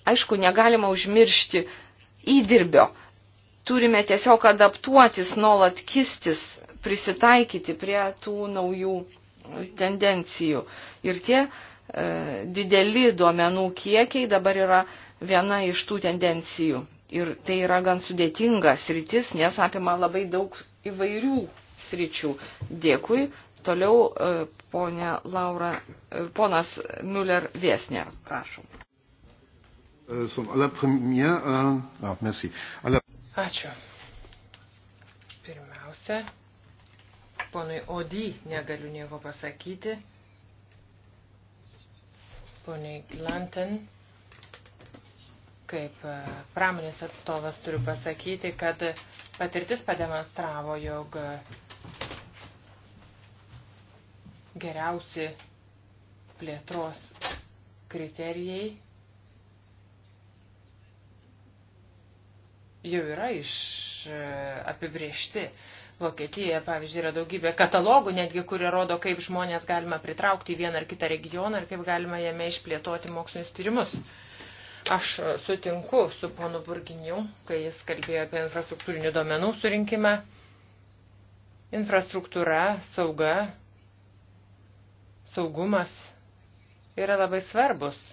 Aišku, negalima užmiršti įdirbio turime tiesiog adaptuotis, nuolat kistis, prisitaikyti prie tų naujų tendencijų. Ir tie e, dideli duomenų kiekiai dabar yra viena iš tų tendencijų. Ir tai yra gan sudėtingas rytis, nes apima labai daug įvairių sričių. Dėkui. Toliau e, ponia Laura, e, ponas Müller Viesner, prašom. Zum euh, allerpremier, äh, euh, ah, merci. Aller Ačiū. Pirmiausia, ponui Odį negaliu nieko pasakyti. Poniai Glanten, kaip e, pramonės atstovas turiu pasakyti, kad patirtis pademonstravo, jog geriausi plėtros kriterijai jau yra iš e, apibriešti. Vokietijoje, pavyzdžiui, yra daugybė katalogų, netgi kurie rodo, kaip žmonės galima pritraukti į vieną ar kitą regioną ir kaip galima jame išplėtoti mokslinius tyrimus. Aš sutinku su ponu Burginiu, kai jis kalbėjo apie infrastruktūrinių domenų surinkimą. Infrastruktūra, sauga, saugumas yra labai svarbus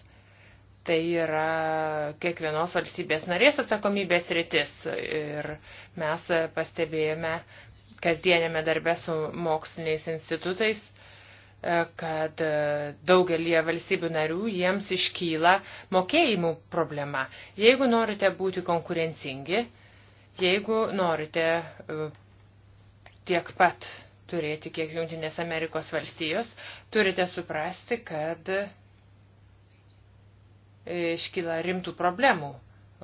tai yra kiekvienos valstybės narės atsakomybės rytis. Ir mes pastebėjome kasdienėme darbe su moksliniais institutais, kad daugelie valstybių narių jiems iškyla mokėjimų problema. Jeigu norite būti konkurencingi, jeigu norite e, tiek pat turėti kiek Junktinės Amerikos valstijos, turite suprasti, kad E, iškyla rimtų problemų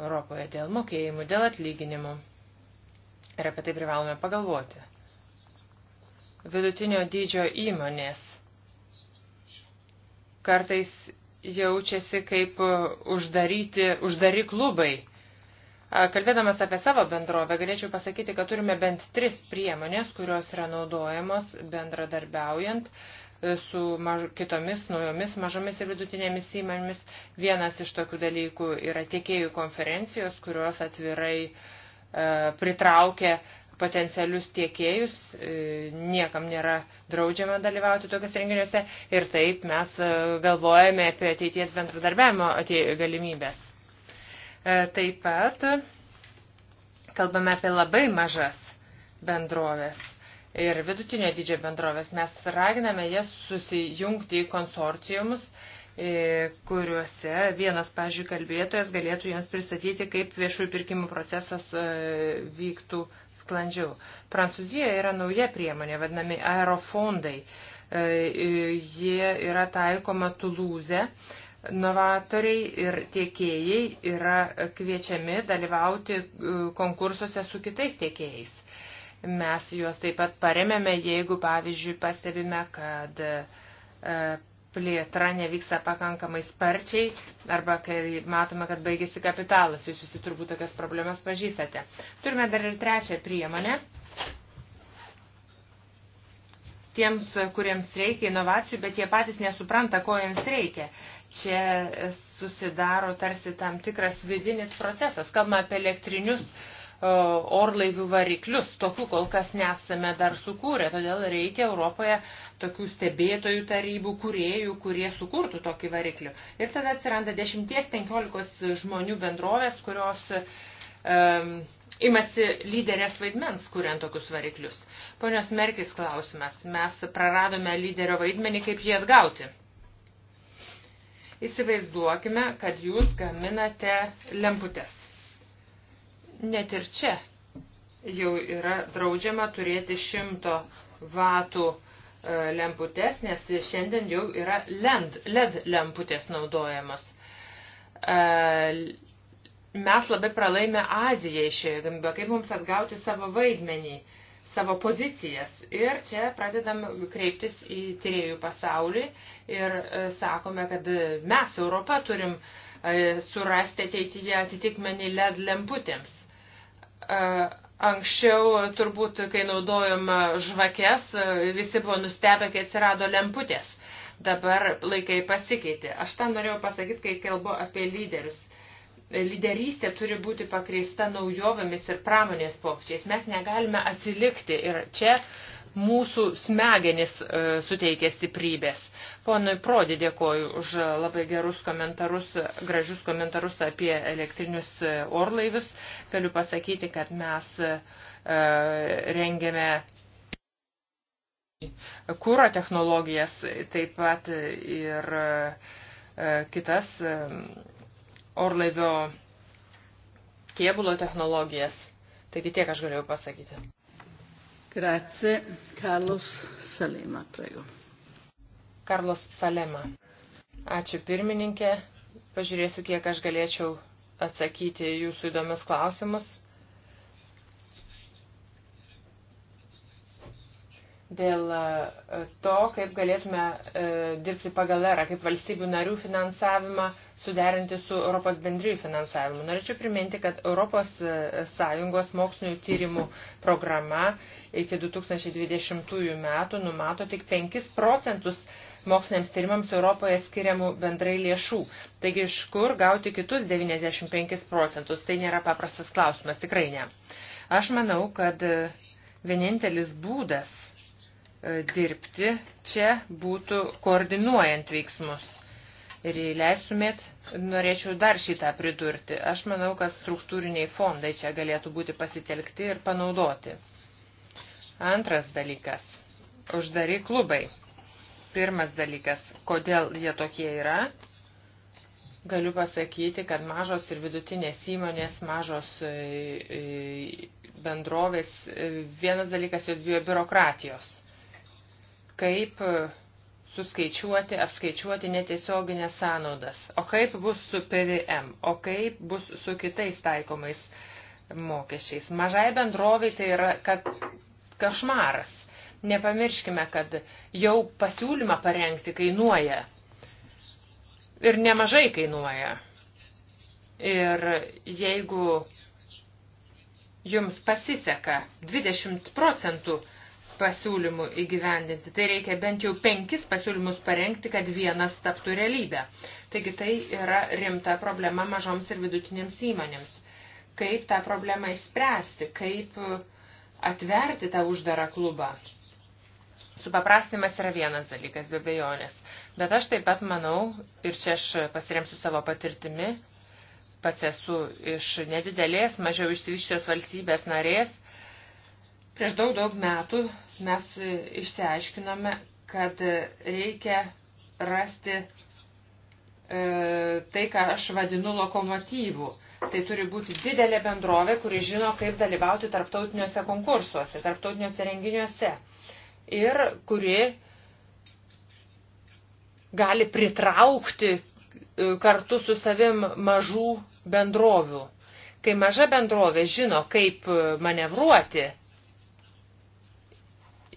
Europoje dėl mokėjimų, dėl atlyginimų. Ir apie tai privalome pagalvoti. Vidutinio dydžio įmonės kartais jaučiasi kaip uždaryti, uždari klubai. Kalbėdamas apie savo bendrovę, galėčiau pasakyti, kad turime bent tris priemonės, kurios yra naudojamos bendradarbiaujant su maž, kitomis naujomis mažomis ir vidutinėmis įmonėmis. Vienas iš tokių dalykų yra tiekėjų konferencijos, kurios atvirai e, pritraukia potencialius tiekėjus, e, niekam nėra draudžiama dalyvauti tokiuose renginiuose ir taip mes e, galvojame apie ateities bendradarbiavimo galimybės. E, taip pat kalbame apie labai mažas bendrovės ir vidutinio dydžio bendrovės. Mes raginame jas susijungti į konsorcijumus, e, kuriuose vienas, pažiūrėjau, kalbėtojas galėtų jiems pristatyti, kaip viešųjų pirkimų procesas e, vyktų sklandžiau. Prancūzijoje yra nauja priemonė, vadinami aerofondai. E, jie yra taikoma Tulūze. Novatoriai ir tiekėjai yra kviečiami dalyvauti konkursuose su kitais tiekėjais. Mes juos taip pat paremėme, jeigu, pavyzdžiui, pastebime, kad e, plėtra nevyksta pakankamai sparčiai arba kai matome, kad baigėsi kapitalas, jūs visi turbūt tokias problemas pažįstate. Turime dar ir trečią priemonę. Tiems, kuriems reikia inovacijų, bet jie patys nesupranta, ko jiems reikia. Čia susidaro tarsi tam tikras vidinis procesas. Kalbame apie elektrinius uh, orlaivių variklius. Tokių kol kas nesame dar sukūrę, todėl reikia Europoje tokių stebėtojų tarybų, kuriejų, kurie sukurtų tokį variklį. Ir tada atsiranda 10-15 žmonių bendrovės, kurios um, imasi lyderės vaidmens, kuriant tokius variklius. Ponios Merkis klausimas. Mes praradome lyderio vaidmenį, kaip jį atgauti. Įsivaizduokime, kad jūs gaminate lemputės. Net ir čia jau yra draudžiama turėti 100 vatų e, lemputės, nes šiandien jau yra LED, LED lemputės naudojamos. E, mes labai pralaimė Azijai šioje gamyboje, kaip mums atgauti savo vaidmenį, savo pozicijas. Ir čia pradedam kreiptis į tyriejų pasaulį ir e, sakome, kad mes Europą turim surasti ateityje atitikmenį LED lemputėms Anksčiau turbūt, kai naudojom žvakes, visi buvo nustebę, kai atsirado lemputės. Dabar laikai pasikeitė. Aš tą norėjau pasakyti, kai kalbu apie lyderius. Lyderystė turi būti pakreista naujovėmis ir pramonės pokčiais. Mes negalime atsilikti ir čia mūsų smegenis e, suteikia stiprybės. Ponui Prodi dėkoju už labai gerus komentarus, gražius komentarus apie elektrinius orlaivius. Galiu pasakyti, kad mes e, rengiame kūro technologijas, taip pat ir e, kitas e, orlaivio kėbulo technologijas. Taigi tiek aš galėjau pasakyti. Grazie, Carlos Salima, prego. Karlos Salema. Ačiū pirmininkė. Pažiūrėsiu, kiek aš galėčiau atsakyti jūsų įdomius klausimus. dėl e, to, kaip galėtume e, dirbti pagal erą, kaip valstybių narių finansavimą suderinti su Europos bendrijų finansavimu. Norėčiau priminti, kad Europos e, Sąjungos mokslinių tyrimų programa iki 2020 metų numato tik 5 procentus moksliniams tyrimams Europoje skiriamų bendrai lėšų. Taigi iš kur gauti kitus 95 procentus? Tai nėra paprastas klausimas, tikrai ne. Aš manau, kad vienintelis būdas E, dirbti čia būtų koordinuojant veiksmus. Ir jei leistumėt, norėčiau dar šitą pridurti. Aš manau, kad struktūriniai fondai čia galėtų būti pasitelkti ir panaudoti. Antras dalykas – uždari klubai. Pirmas dalykas – kodėl jie tokie yra? Galiu pasakyti, kad mažos ir vidutinės įmonės, mažos e, e, bendrovės, vienas dalykas jos bijo biurokratijos – kaip e, suskaičiuoti, apskaičiuoti netiesioginės sąnaudas, o kaip bus su PVM, o kaip bus su kitais taikomais mokesčiais. Mažai bendroviai tai yra kad, kašmaras. Nepamirškime, kad jau pasiūlymą parengti kainuoja. Ir nemažai kainuoja. Ir jeigu jums pasiseka 20 procentų pasiūlymų įgyvendinti. Tai reikia bent jau penkis pasiūlymus parengti, kad vienas taptų realybę. Taigi tai yra rimta problema mažoms ir vidutinėms įmonėms. Kaip tą problemą išspręsti, kaip atverti tą uždarą klubą. Supaprastimas yra vienas dalykas, be bejonės. Bet aš taip pat manau, ir čia aš pasiremsiu savo patirtimi, pats esu iš nedidelės, mažiau išsivyščios valstybės narės Prieš daug daug metų mes išsiaiškinome, kad reikia rasti e, tai, ką aš vadinu lokomotyvų. Tai turi būti didelė bendrovė, kuri žino, kaip dalyvauti tarptautiniuose konkursuose, tarptautiniuose renginiuose ir kuri gali pritraukti e, kartu su savim mažų bendrovių. Kai maža bendrovė žino, kaip e, manevruoti,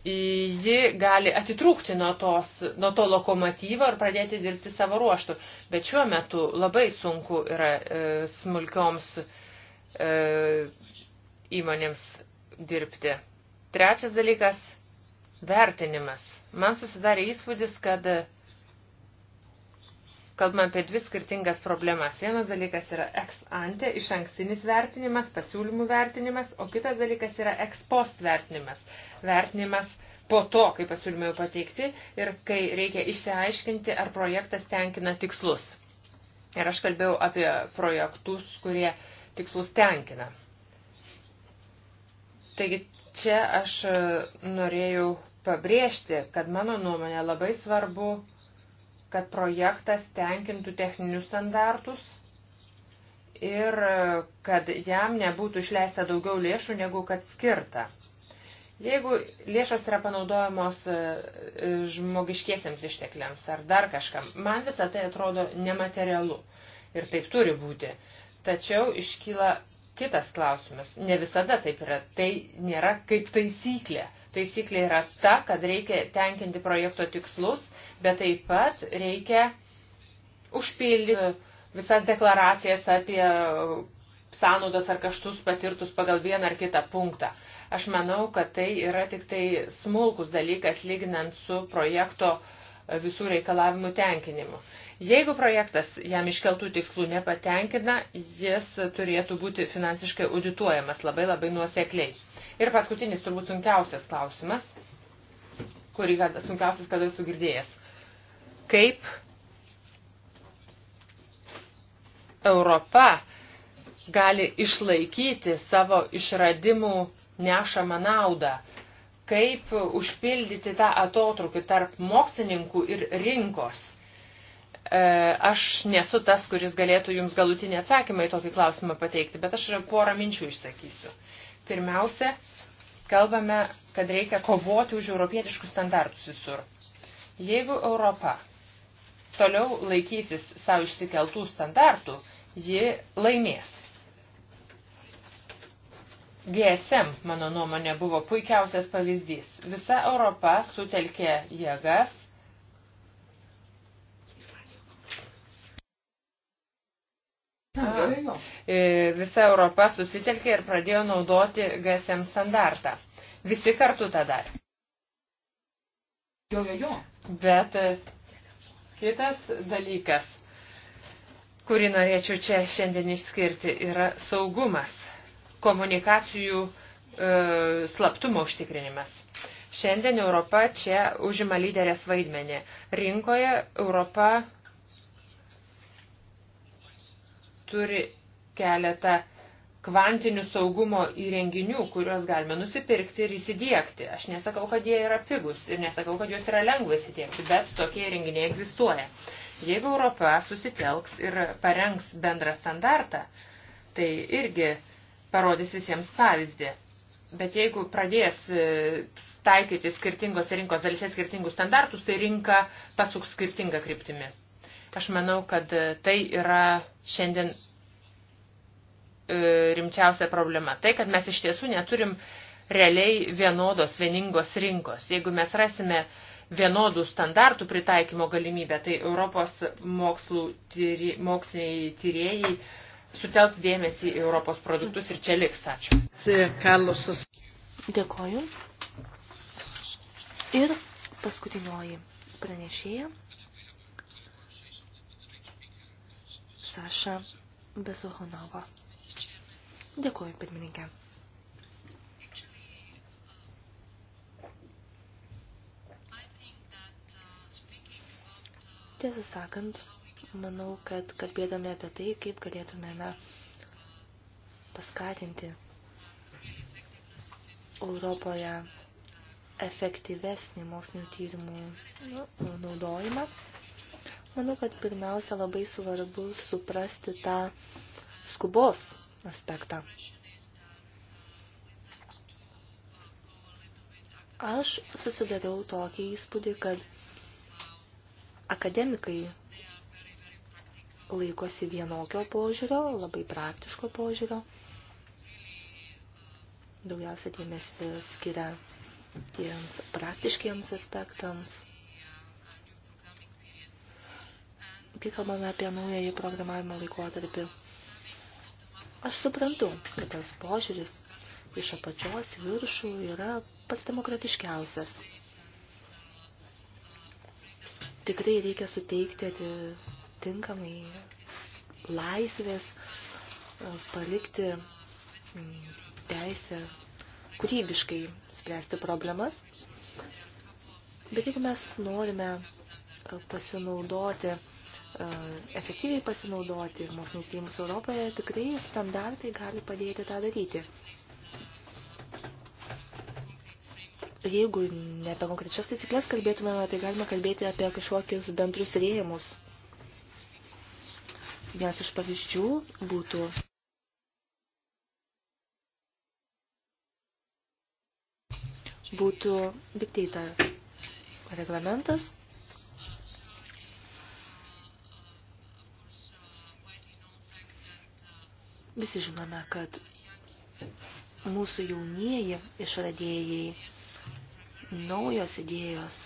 ji gali atitrūkti nuo, tos, nuo to lokomotyvo ir pradėti dirbti savo ruoštų. Bet šiuo metu labai sunku yra e, smulkioms e, įmonėms dirbti. Trečias dalykas - vertinimas. Man susidarė įspūdis, kad kalbame apie dvi skirtingas problemas. Vienas dalykas yra ex ante, iš ankstinis vertinimas, pasiūlymų vertinimas, o kitas dalykas yra ex post vertinimas. Vertinimas po to, kai pasiūlymai jau pateikti ir kai reikia išsiaiškinti, ar projektas tenkina tikslus. Ir aš kalbėjau apie projektus, kurie tikslus tenkina. Taigi čia aš norėjau pabrėžti, kad mano nuomonė labai svarbu kad projektas tenkintų techninius standartus ir kad jam nebūtų išleista daugiau lėšų, negu kad skirta. Jeigu lėšos yra panaudojamos e, e, žmogiškiesiams ištekliams ar dar kažkam, man visą tai atrodo nematerialu ir taip turi būti. Tačiau iškyla kitas klausimas. Ne visada taip yra. Tai nėra kaip taisyklė. Taisyklė yra ta, kad reikia tenkinti projekto tikslus, bet taip pat reikia užpildyti visas deklaracijas apie sąnaudas ar kaštus patirtus pagal vieną ar kitą punktą. Aš manau, kad tai yra tik tai smulkus dalykas lyginant su projekto visų reikalavimų tenkinimu. Jeigu projektas jam iškeltų tikslų nepatenkina, jis turėtų būti finansiškai audituojamas labai labai nuosekliai. Ir paskutinis, turbūt sunkiausias klausimas, kurį sunkiausias kada esu girdėjęs. Kaip Europa gali išlaikyti savo išradimų nešamą naudą, kaip užpildyti tą atotrukį tarp mokslininkų ir rinkos. E, aš nesu tas, kuris galėtų jums galutinį atsakymą į tokį klausimą pateikti, bet aš porą minčių išsakysiu. Pirmiausia, kalbame, kad reikia kovoti už europietiškus standartus visur. Jeigu Europa toliau laikysis savo išsikeltų standartų, ji laimės. GSM, mano nuomonė, buvo puikiausias pavyzdys. Visa Europa sutelkė jėgas E, visa Europa susitelkė ir pradėjo naudoti GSM standartą. Visi kartu tą darė. Jo, jo, jo. Bet e, kitas dalykas, kurį norėčiau čia šiandien išskirti, yra saugumas, komunikacijų e, slaptumo užtikrinimas. Šiandien Europa čia užima lyderės vaidmenį. Rinkoje Europa turi keletą kvantinių saugumo įrenginių, kuriuos galime nusipirkti ir įsidėkti. Aš nesakau, kad jie yra pigus ir nesakau, kad juos yra lengva įsidėkti, bet tokie įrenginiai egzistuoja. Jeigu Europa susitelks ir parengs bendrą standartą, tai irgi parodys visiems pavyzdį. Bet jeigu pradės e, taikyti skirtingos rinkos dalyse skirtingus standartus, tai rinka pasuks skirtingą kryptimį. Aš manau, kad e, tai yra šiandien e, rimčiausia problema. Tai, kad mes iš tiesų neturim realiai vienodos, vieningos rinkos. Jeigu mes rasime vienodų standartų pritaikymo galimybę, tai Europos mokslų, tyri, moksliniai tyrėjai sutelks dėmesį į Europos produktus ir čia liks. Ačiū. Karlosas. Dėkoju. Ir paskutinioji pranešėja Saša Besuhonova. Dėkuoju, pirmininkė. Tiesą sakant, manau, kad kalbėdami apie tai, kaip galėtumėme paskatinti Europoje efektyvesnį mokslinių tyrimų nu, naudojimą, Manau, kad pirmiausia labai svarbu suprasti tą skubos aspektą. Aš susidariau tokį įspūdį, kad akademikai laikosi vienokio požiūrio, labai praktiško požiūrio. Daugiausia dėmesį skiria tiems praktiškiams aspektams. kai kalbame apie naująjį programavimo laikotarpį. Aš suprantu, kad tas požiūris iš apačios viršų yra pats demokratiškiausias. Tikrai reikia suteikti atitinkamai laisvės, e, palikti teisę kūrybiškai spręsti problemas. Bet jeigu mes norime e, pasinaudoti E, efektyviai pasinaudoti ir moksliniais tyrimus Europoje, tikrai standartai gali padėti tą daryti. Jeigu ne apie konkrečias taisyklės kalbėtumėme, tai galima kalbėti apie kažkokius bendrus rėmus. Vienas iš pavyzdžių būtų būtų Big Data reglamentas, Visi žinome, kad mūsų jaunieji išradėjai, naujos idėjos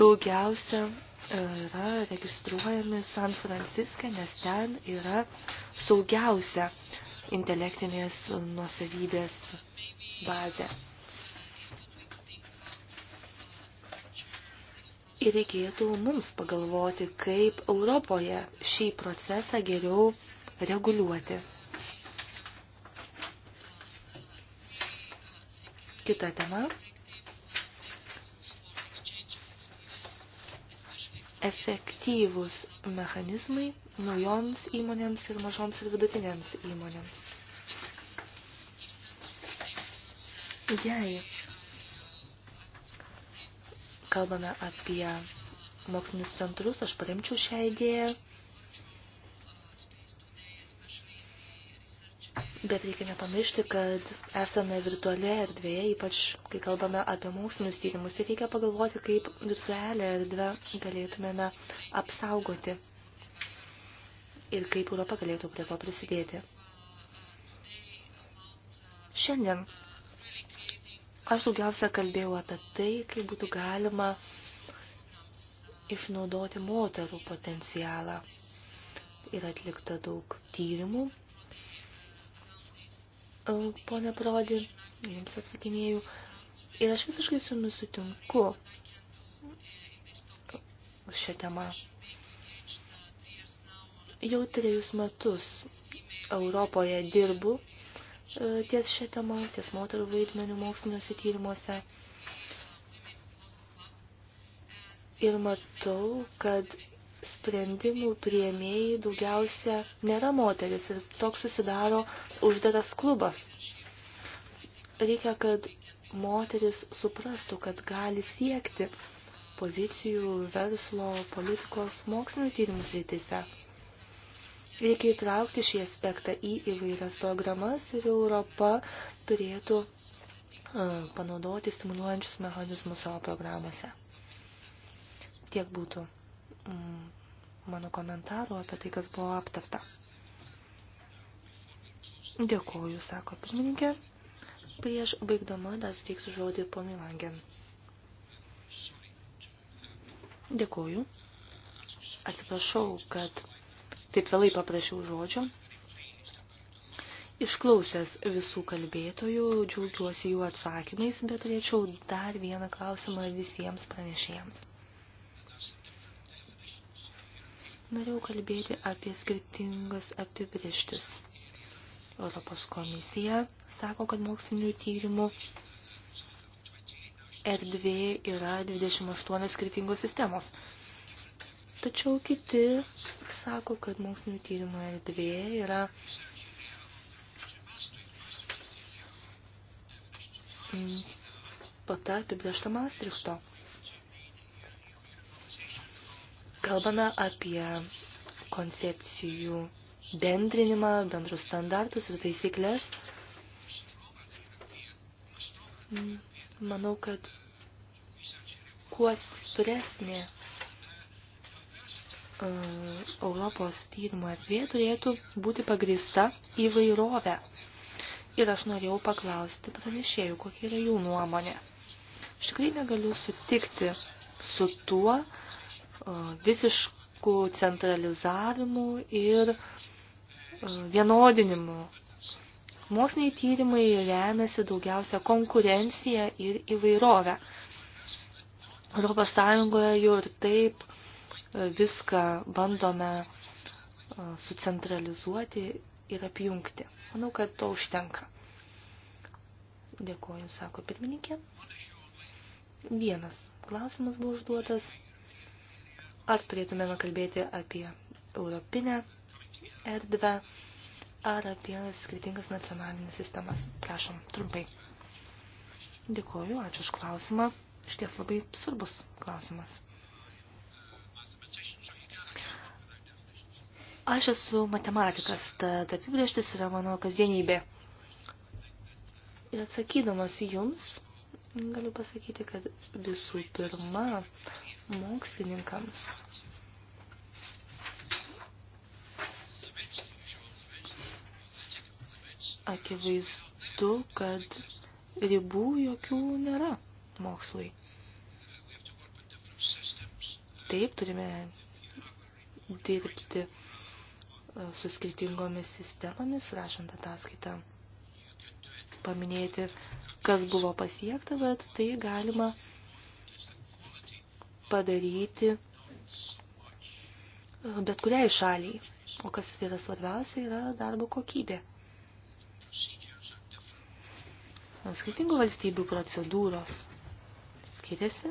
daugiausia e, yra registruojami San Franciske, nes ten yra saugiausia intelektinės nuosavybės bazė. Ir reikėtų mums pagalvoti, kaip Europoje šį procesą geriau reguliuoti. Kita tema. Efektyvus mechanizmai naujoms įmonėms ir mažoms ir vidutinėms įmonėms. Jei kalbame apie mokslinius centrus, aš paremčiau šią idėją. Bet reikia nepamiršti, kad esame virtualioje erdvėje, ypač kai kalbame apie mokslinius tyrimus, ir reikia pagalvoti, kaip virtualią erdvę galėtumėme apsaugoti ir kaip Europa galėtų prie to prisidėti. Šiandien Aš daugiausia kalbėjau apie tai, kaip būtų galima išnaudoti moterų potencialą. Ir atlikta daug tyrimų. Pone Prodi, jums atsakinėjau. Ir aš visiškai su jumis sutinku šią temą. Jau trejus metus Europoje dirbu ties šią temą, ties moterų vaidmenių moksliniuose tyrimuose. Ir matau, kad sprendimų prieimėjai daugiausia nėra moteris ir toks susidaro uždaras klubas. Reikia, kad moteris suprastų, kad gali siekti pozicijų verslo, politikos, mokslinių tyrimų srityse. Reikia įtraukti šį aspektą į įvairias programas ir Europa turėtų e, panaudoti stimuluojančius mechanizmus savo programuose. Tiek būtų mm, mano komentarų apie tai, kas buvo aptarta. Dėkuoju, sako pirmininkė. Prieš baigdama dar suteiksiu žodį po Milangen. Dėkuoju. Atsiprašau, kad taip vėlai paprašiau žodžio. Išklausęs visų kalbėtojų, džiaugiuosi jų atsakymais, bet turėčiau dar vieną klausimą visiems pranešėjams. Norėjau kalbėti apie skirtingas apibrieštis. Europos komisija sako, kad mokslinių tyrimų erdvė yra 28 skirtingos sistemos. Tačiau kiti sako, kad mokslinių tyrimų erdvė yra pata apibriešta Maastrichto. Kalbame apie koncepcijų bendrinimą, bendrus standartus ir taisyklės. Manau, kad kuo stipresnė E, Europos tyrimo erdvė turėtų būti pagrįsta įvairovę. Ir aš norėjau paklausti pranešėjų, kokia yra jų nuomonė. Aš tikrai negaliu sutikti su tuo e, visišku centralizavimu ir e, vienodinimu. Moksliniai tyrimai remiasi daugiausia konkurencija ir įvairovę. Europos Sąjungoje jau ir taip uh, viską bandome sucentralizuoti ir apjungti. Manau, kad to užtenka. Dėkuoju, sako pirmininkė. Vienas klausimas buvo užduotas. Ar turėtumėme kalbėti apie europinę erdvę ar apie skirtingas nacionalinės sistemas? Prašom, trumpai. Dėkuoju, ačiū už klausimą. Šties labai svarbus klausimas. Aš esu matematikas, tad apibrėžtis yra mano kasdienybė. Ir atsakydamas jums, galiu pasakyti, kad visų pirma, mokslininkams akivaizdu, kad ribų jokių nėra mokslui. Taip turime dirbti E, su skirtingomis sistemomis, rašant ataskaitą paminėti, kas buvo pasiekta, bet tai galima padaryti e, bet kuriai šaliai. O kas yra svarbiausia, yra darbo kokybė. Skirtingų valstybių procedūros skiriasi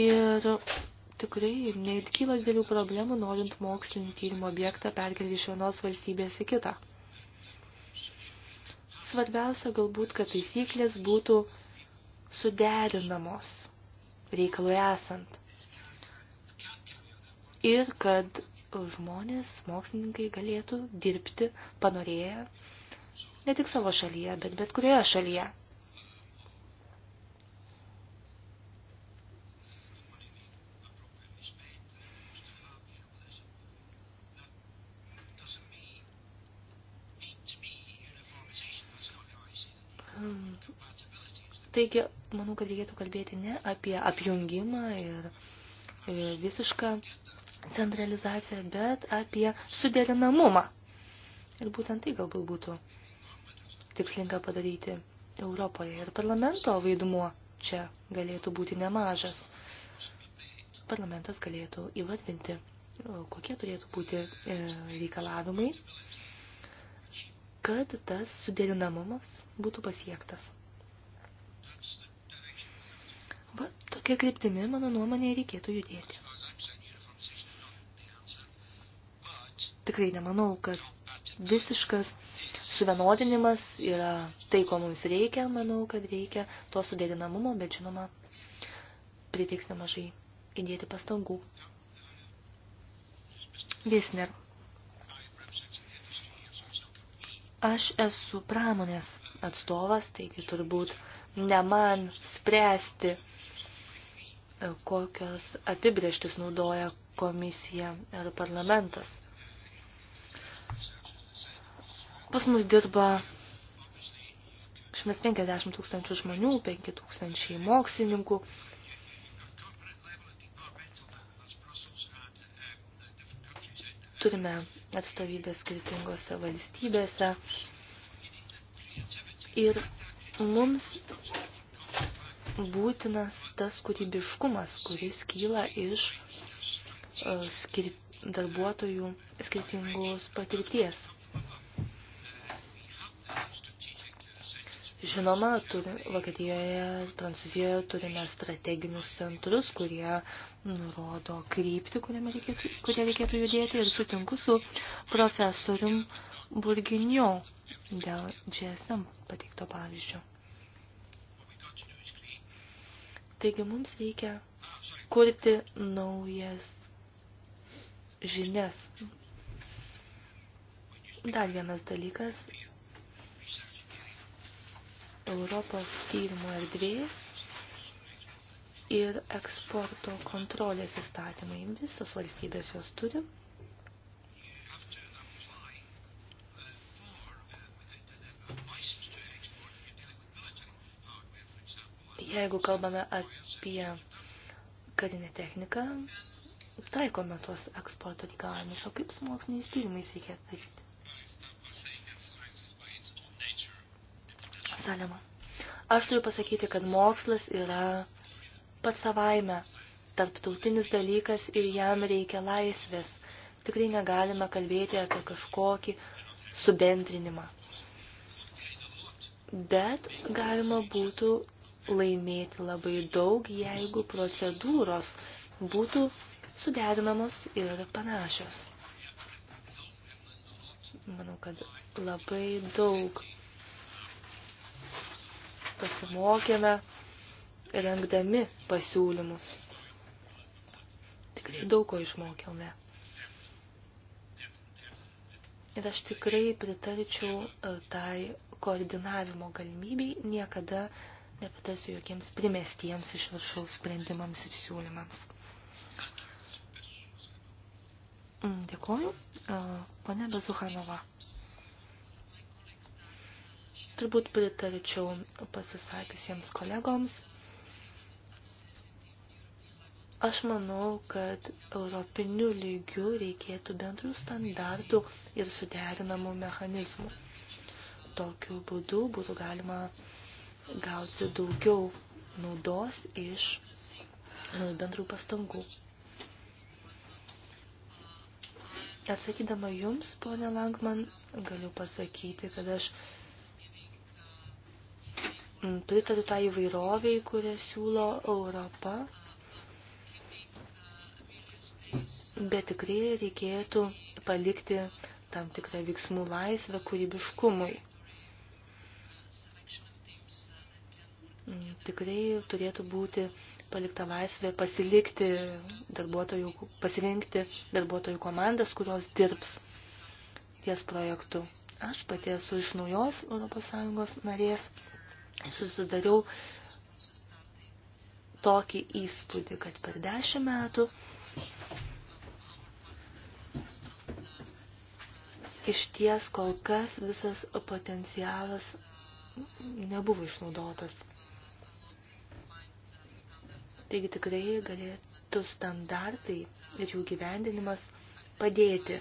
Ir tikrai neatkyla didelių problemų, norint mokslinį tyrimo objektą perkelti iš vienos valstybės į kitą. Svarbiausia galbūt, kad taisyklės būtų suderinamos reikalui esant. Ir kad žmonės, mokslininkai galėtų dirbti panorėję ne tik savo šalyje, bet bet kurioje šalyje. Taigi, manau, kad reikėtų kalbėti ne apie apjungimą ir e, visišką centralizaciją, bet apie suderinamumą. Ir būtent tai galbūt būtų tikslinga padaryti Europoje. Ir parlamento vaidmuo čia galėtų būti nemažas. Parlamentas galėtų įvardinti, kokie turėtų būti e, reikalavimai, kad tas suderinamumas būtų pasiektas. kokia kryptimi, mano nuomonė, reikėtų judėti. Tikrai nemanau, kad visiškas suvienodinimas yra tai, ko mums reikia. Manau, kad reikia to sudėdinamumo, bet žinoma, priteiks nemažai įdėti pastangų. Visner. Aš esu pramonės atstovas, taigi turbūt ne man spręsti kokios apibrieštis naudoja komisija ir parlamentas. Pas mus dirba 150 tūkstančių žmonių, 5 tūkstančiai mokslininkų. Turime atstovybę skirtingose valstybėse ir mums būtinas tas kūrybiškumas, kuris kyla iš e, skir darbuotojų skirtingos patirties. Žinoma, turi, Vokietijoje, Prancūzijoje turime strateginius centrus, kurie nurodo kryptį, reikėtų, kurie reikėtų judėti ir sutinku su profesorium Burginio dėl GSM pateikto pavyzdžio. Taigi mums reikia kurti naujas žinias. Dar vienas dalykas. Europos tyrimo erdvė ir eksporto kontrolės įstatymai. Visos valstybės jos turi. Jeigu kalbame apie karinę techniką, taikome tuos eksporto reikalavimus, o kaip su moksliniais tyrimais reikia daryti? Salema. Aš turiu pasakyti, kad mokslas yra pats savaime tarptautinis dalykas ir jam reikia laisvės. Tikrai negalime kalbėti apie kažkokį subendrinimą. Bet galima būtų laimėti labai daug, jeigu procedūros būtų suderinamos ir panašios. Manau, kad labai daug pasimokėme rengdami pasiūlymus. Tikrai daug ko išmokėme. Ir aš tikrai pritarčiau e, tai koordinavimo galimybei, niekada nepatarsiu jokiems primestiems iš viršaus sprendimams ir siūlymams. Mm, dėkoju. Pane Bezuhanova. Turbūt pritarčiau pasisakiusiems kolegoms. Aš manau, kad europiniu lygiu reikėtų bendrų standartų ir suderinamų mechanizmų. Tokiu būdu būtų galima uh, gauti daugiau naudos iš nu, bendrų pastangų. Atsakydama jums, ponė Langman, galiu pasakyti, kad aš pritariu tą tai įvairoviai, kurią siūlo Europa, bet tikrai reikėtų palikti tam tikrą veiksmų laisvę kūrybiškumui. tikrai turėtų būti palikta laisvė pasilikti darbuotojų, pasirinkti darbuotojų komandas, kurios dirbs ties projektu. Aš pati esu iš naujos ES narės, susidariau tokį įspūdį, kad per dešimt metų iš ties kol kas visas potencialas nebuvo išnaudotas. Taigi tikrai galėtų standartai ir jų gyvendinimas padėti.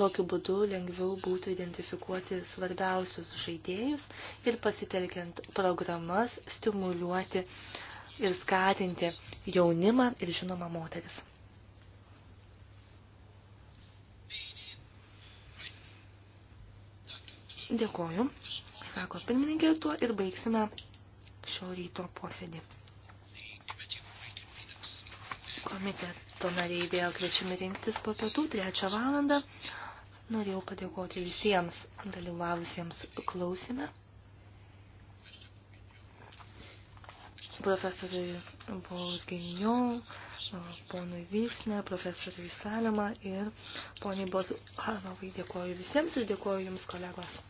Tokiu būdu lengviau būtų identifikuoti svarbiausius žaidėjus ir pasitelkiant programas stimuliuoti ir skatinti jaunimą ir žinoma moteris. Dėkoju, sako pirmininkė, tuo ir baigsime šio ryto posėdį. Komiteto nariai vėl kviečiami rinktis po pietų trečią valandą. Norėjau padėkoti visiems dalyvavusiems klausime. Profesoriui Borginio, ponui Vysne, profesoriui Salima ir poniai Bozuhanovai dėkoju visiems ir dėkoju jums kolegos.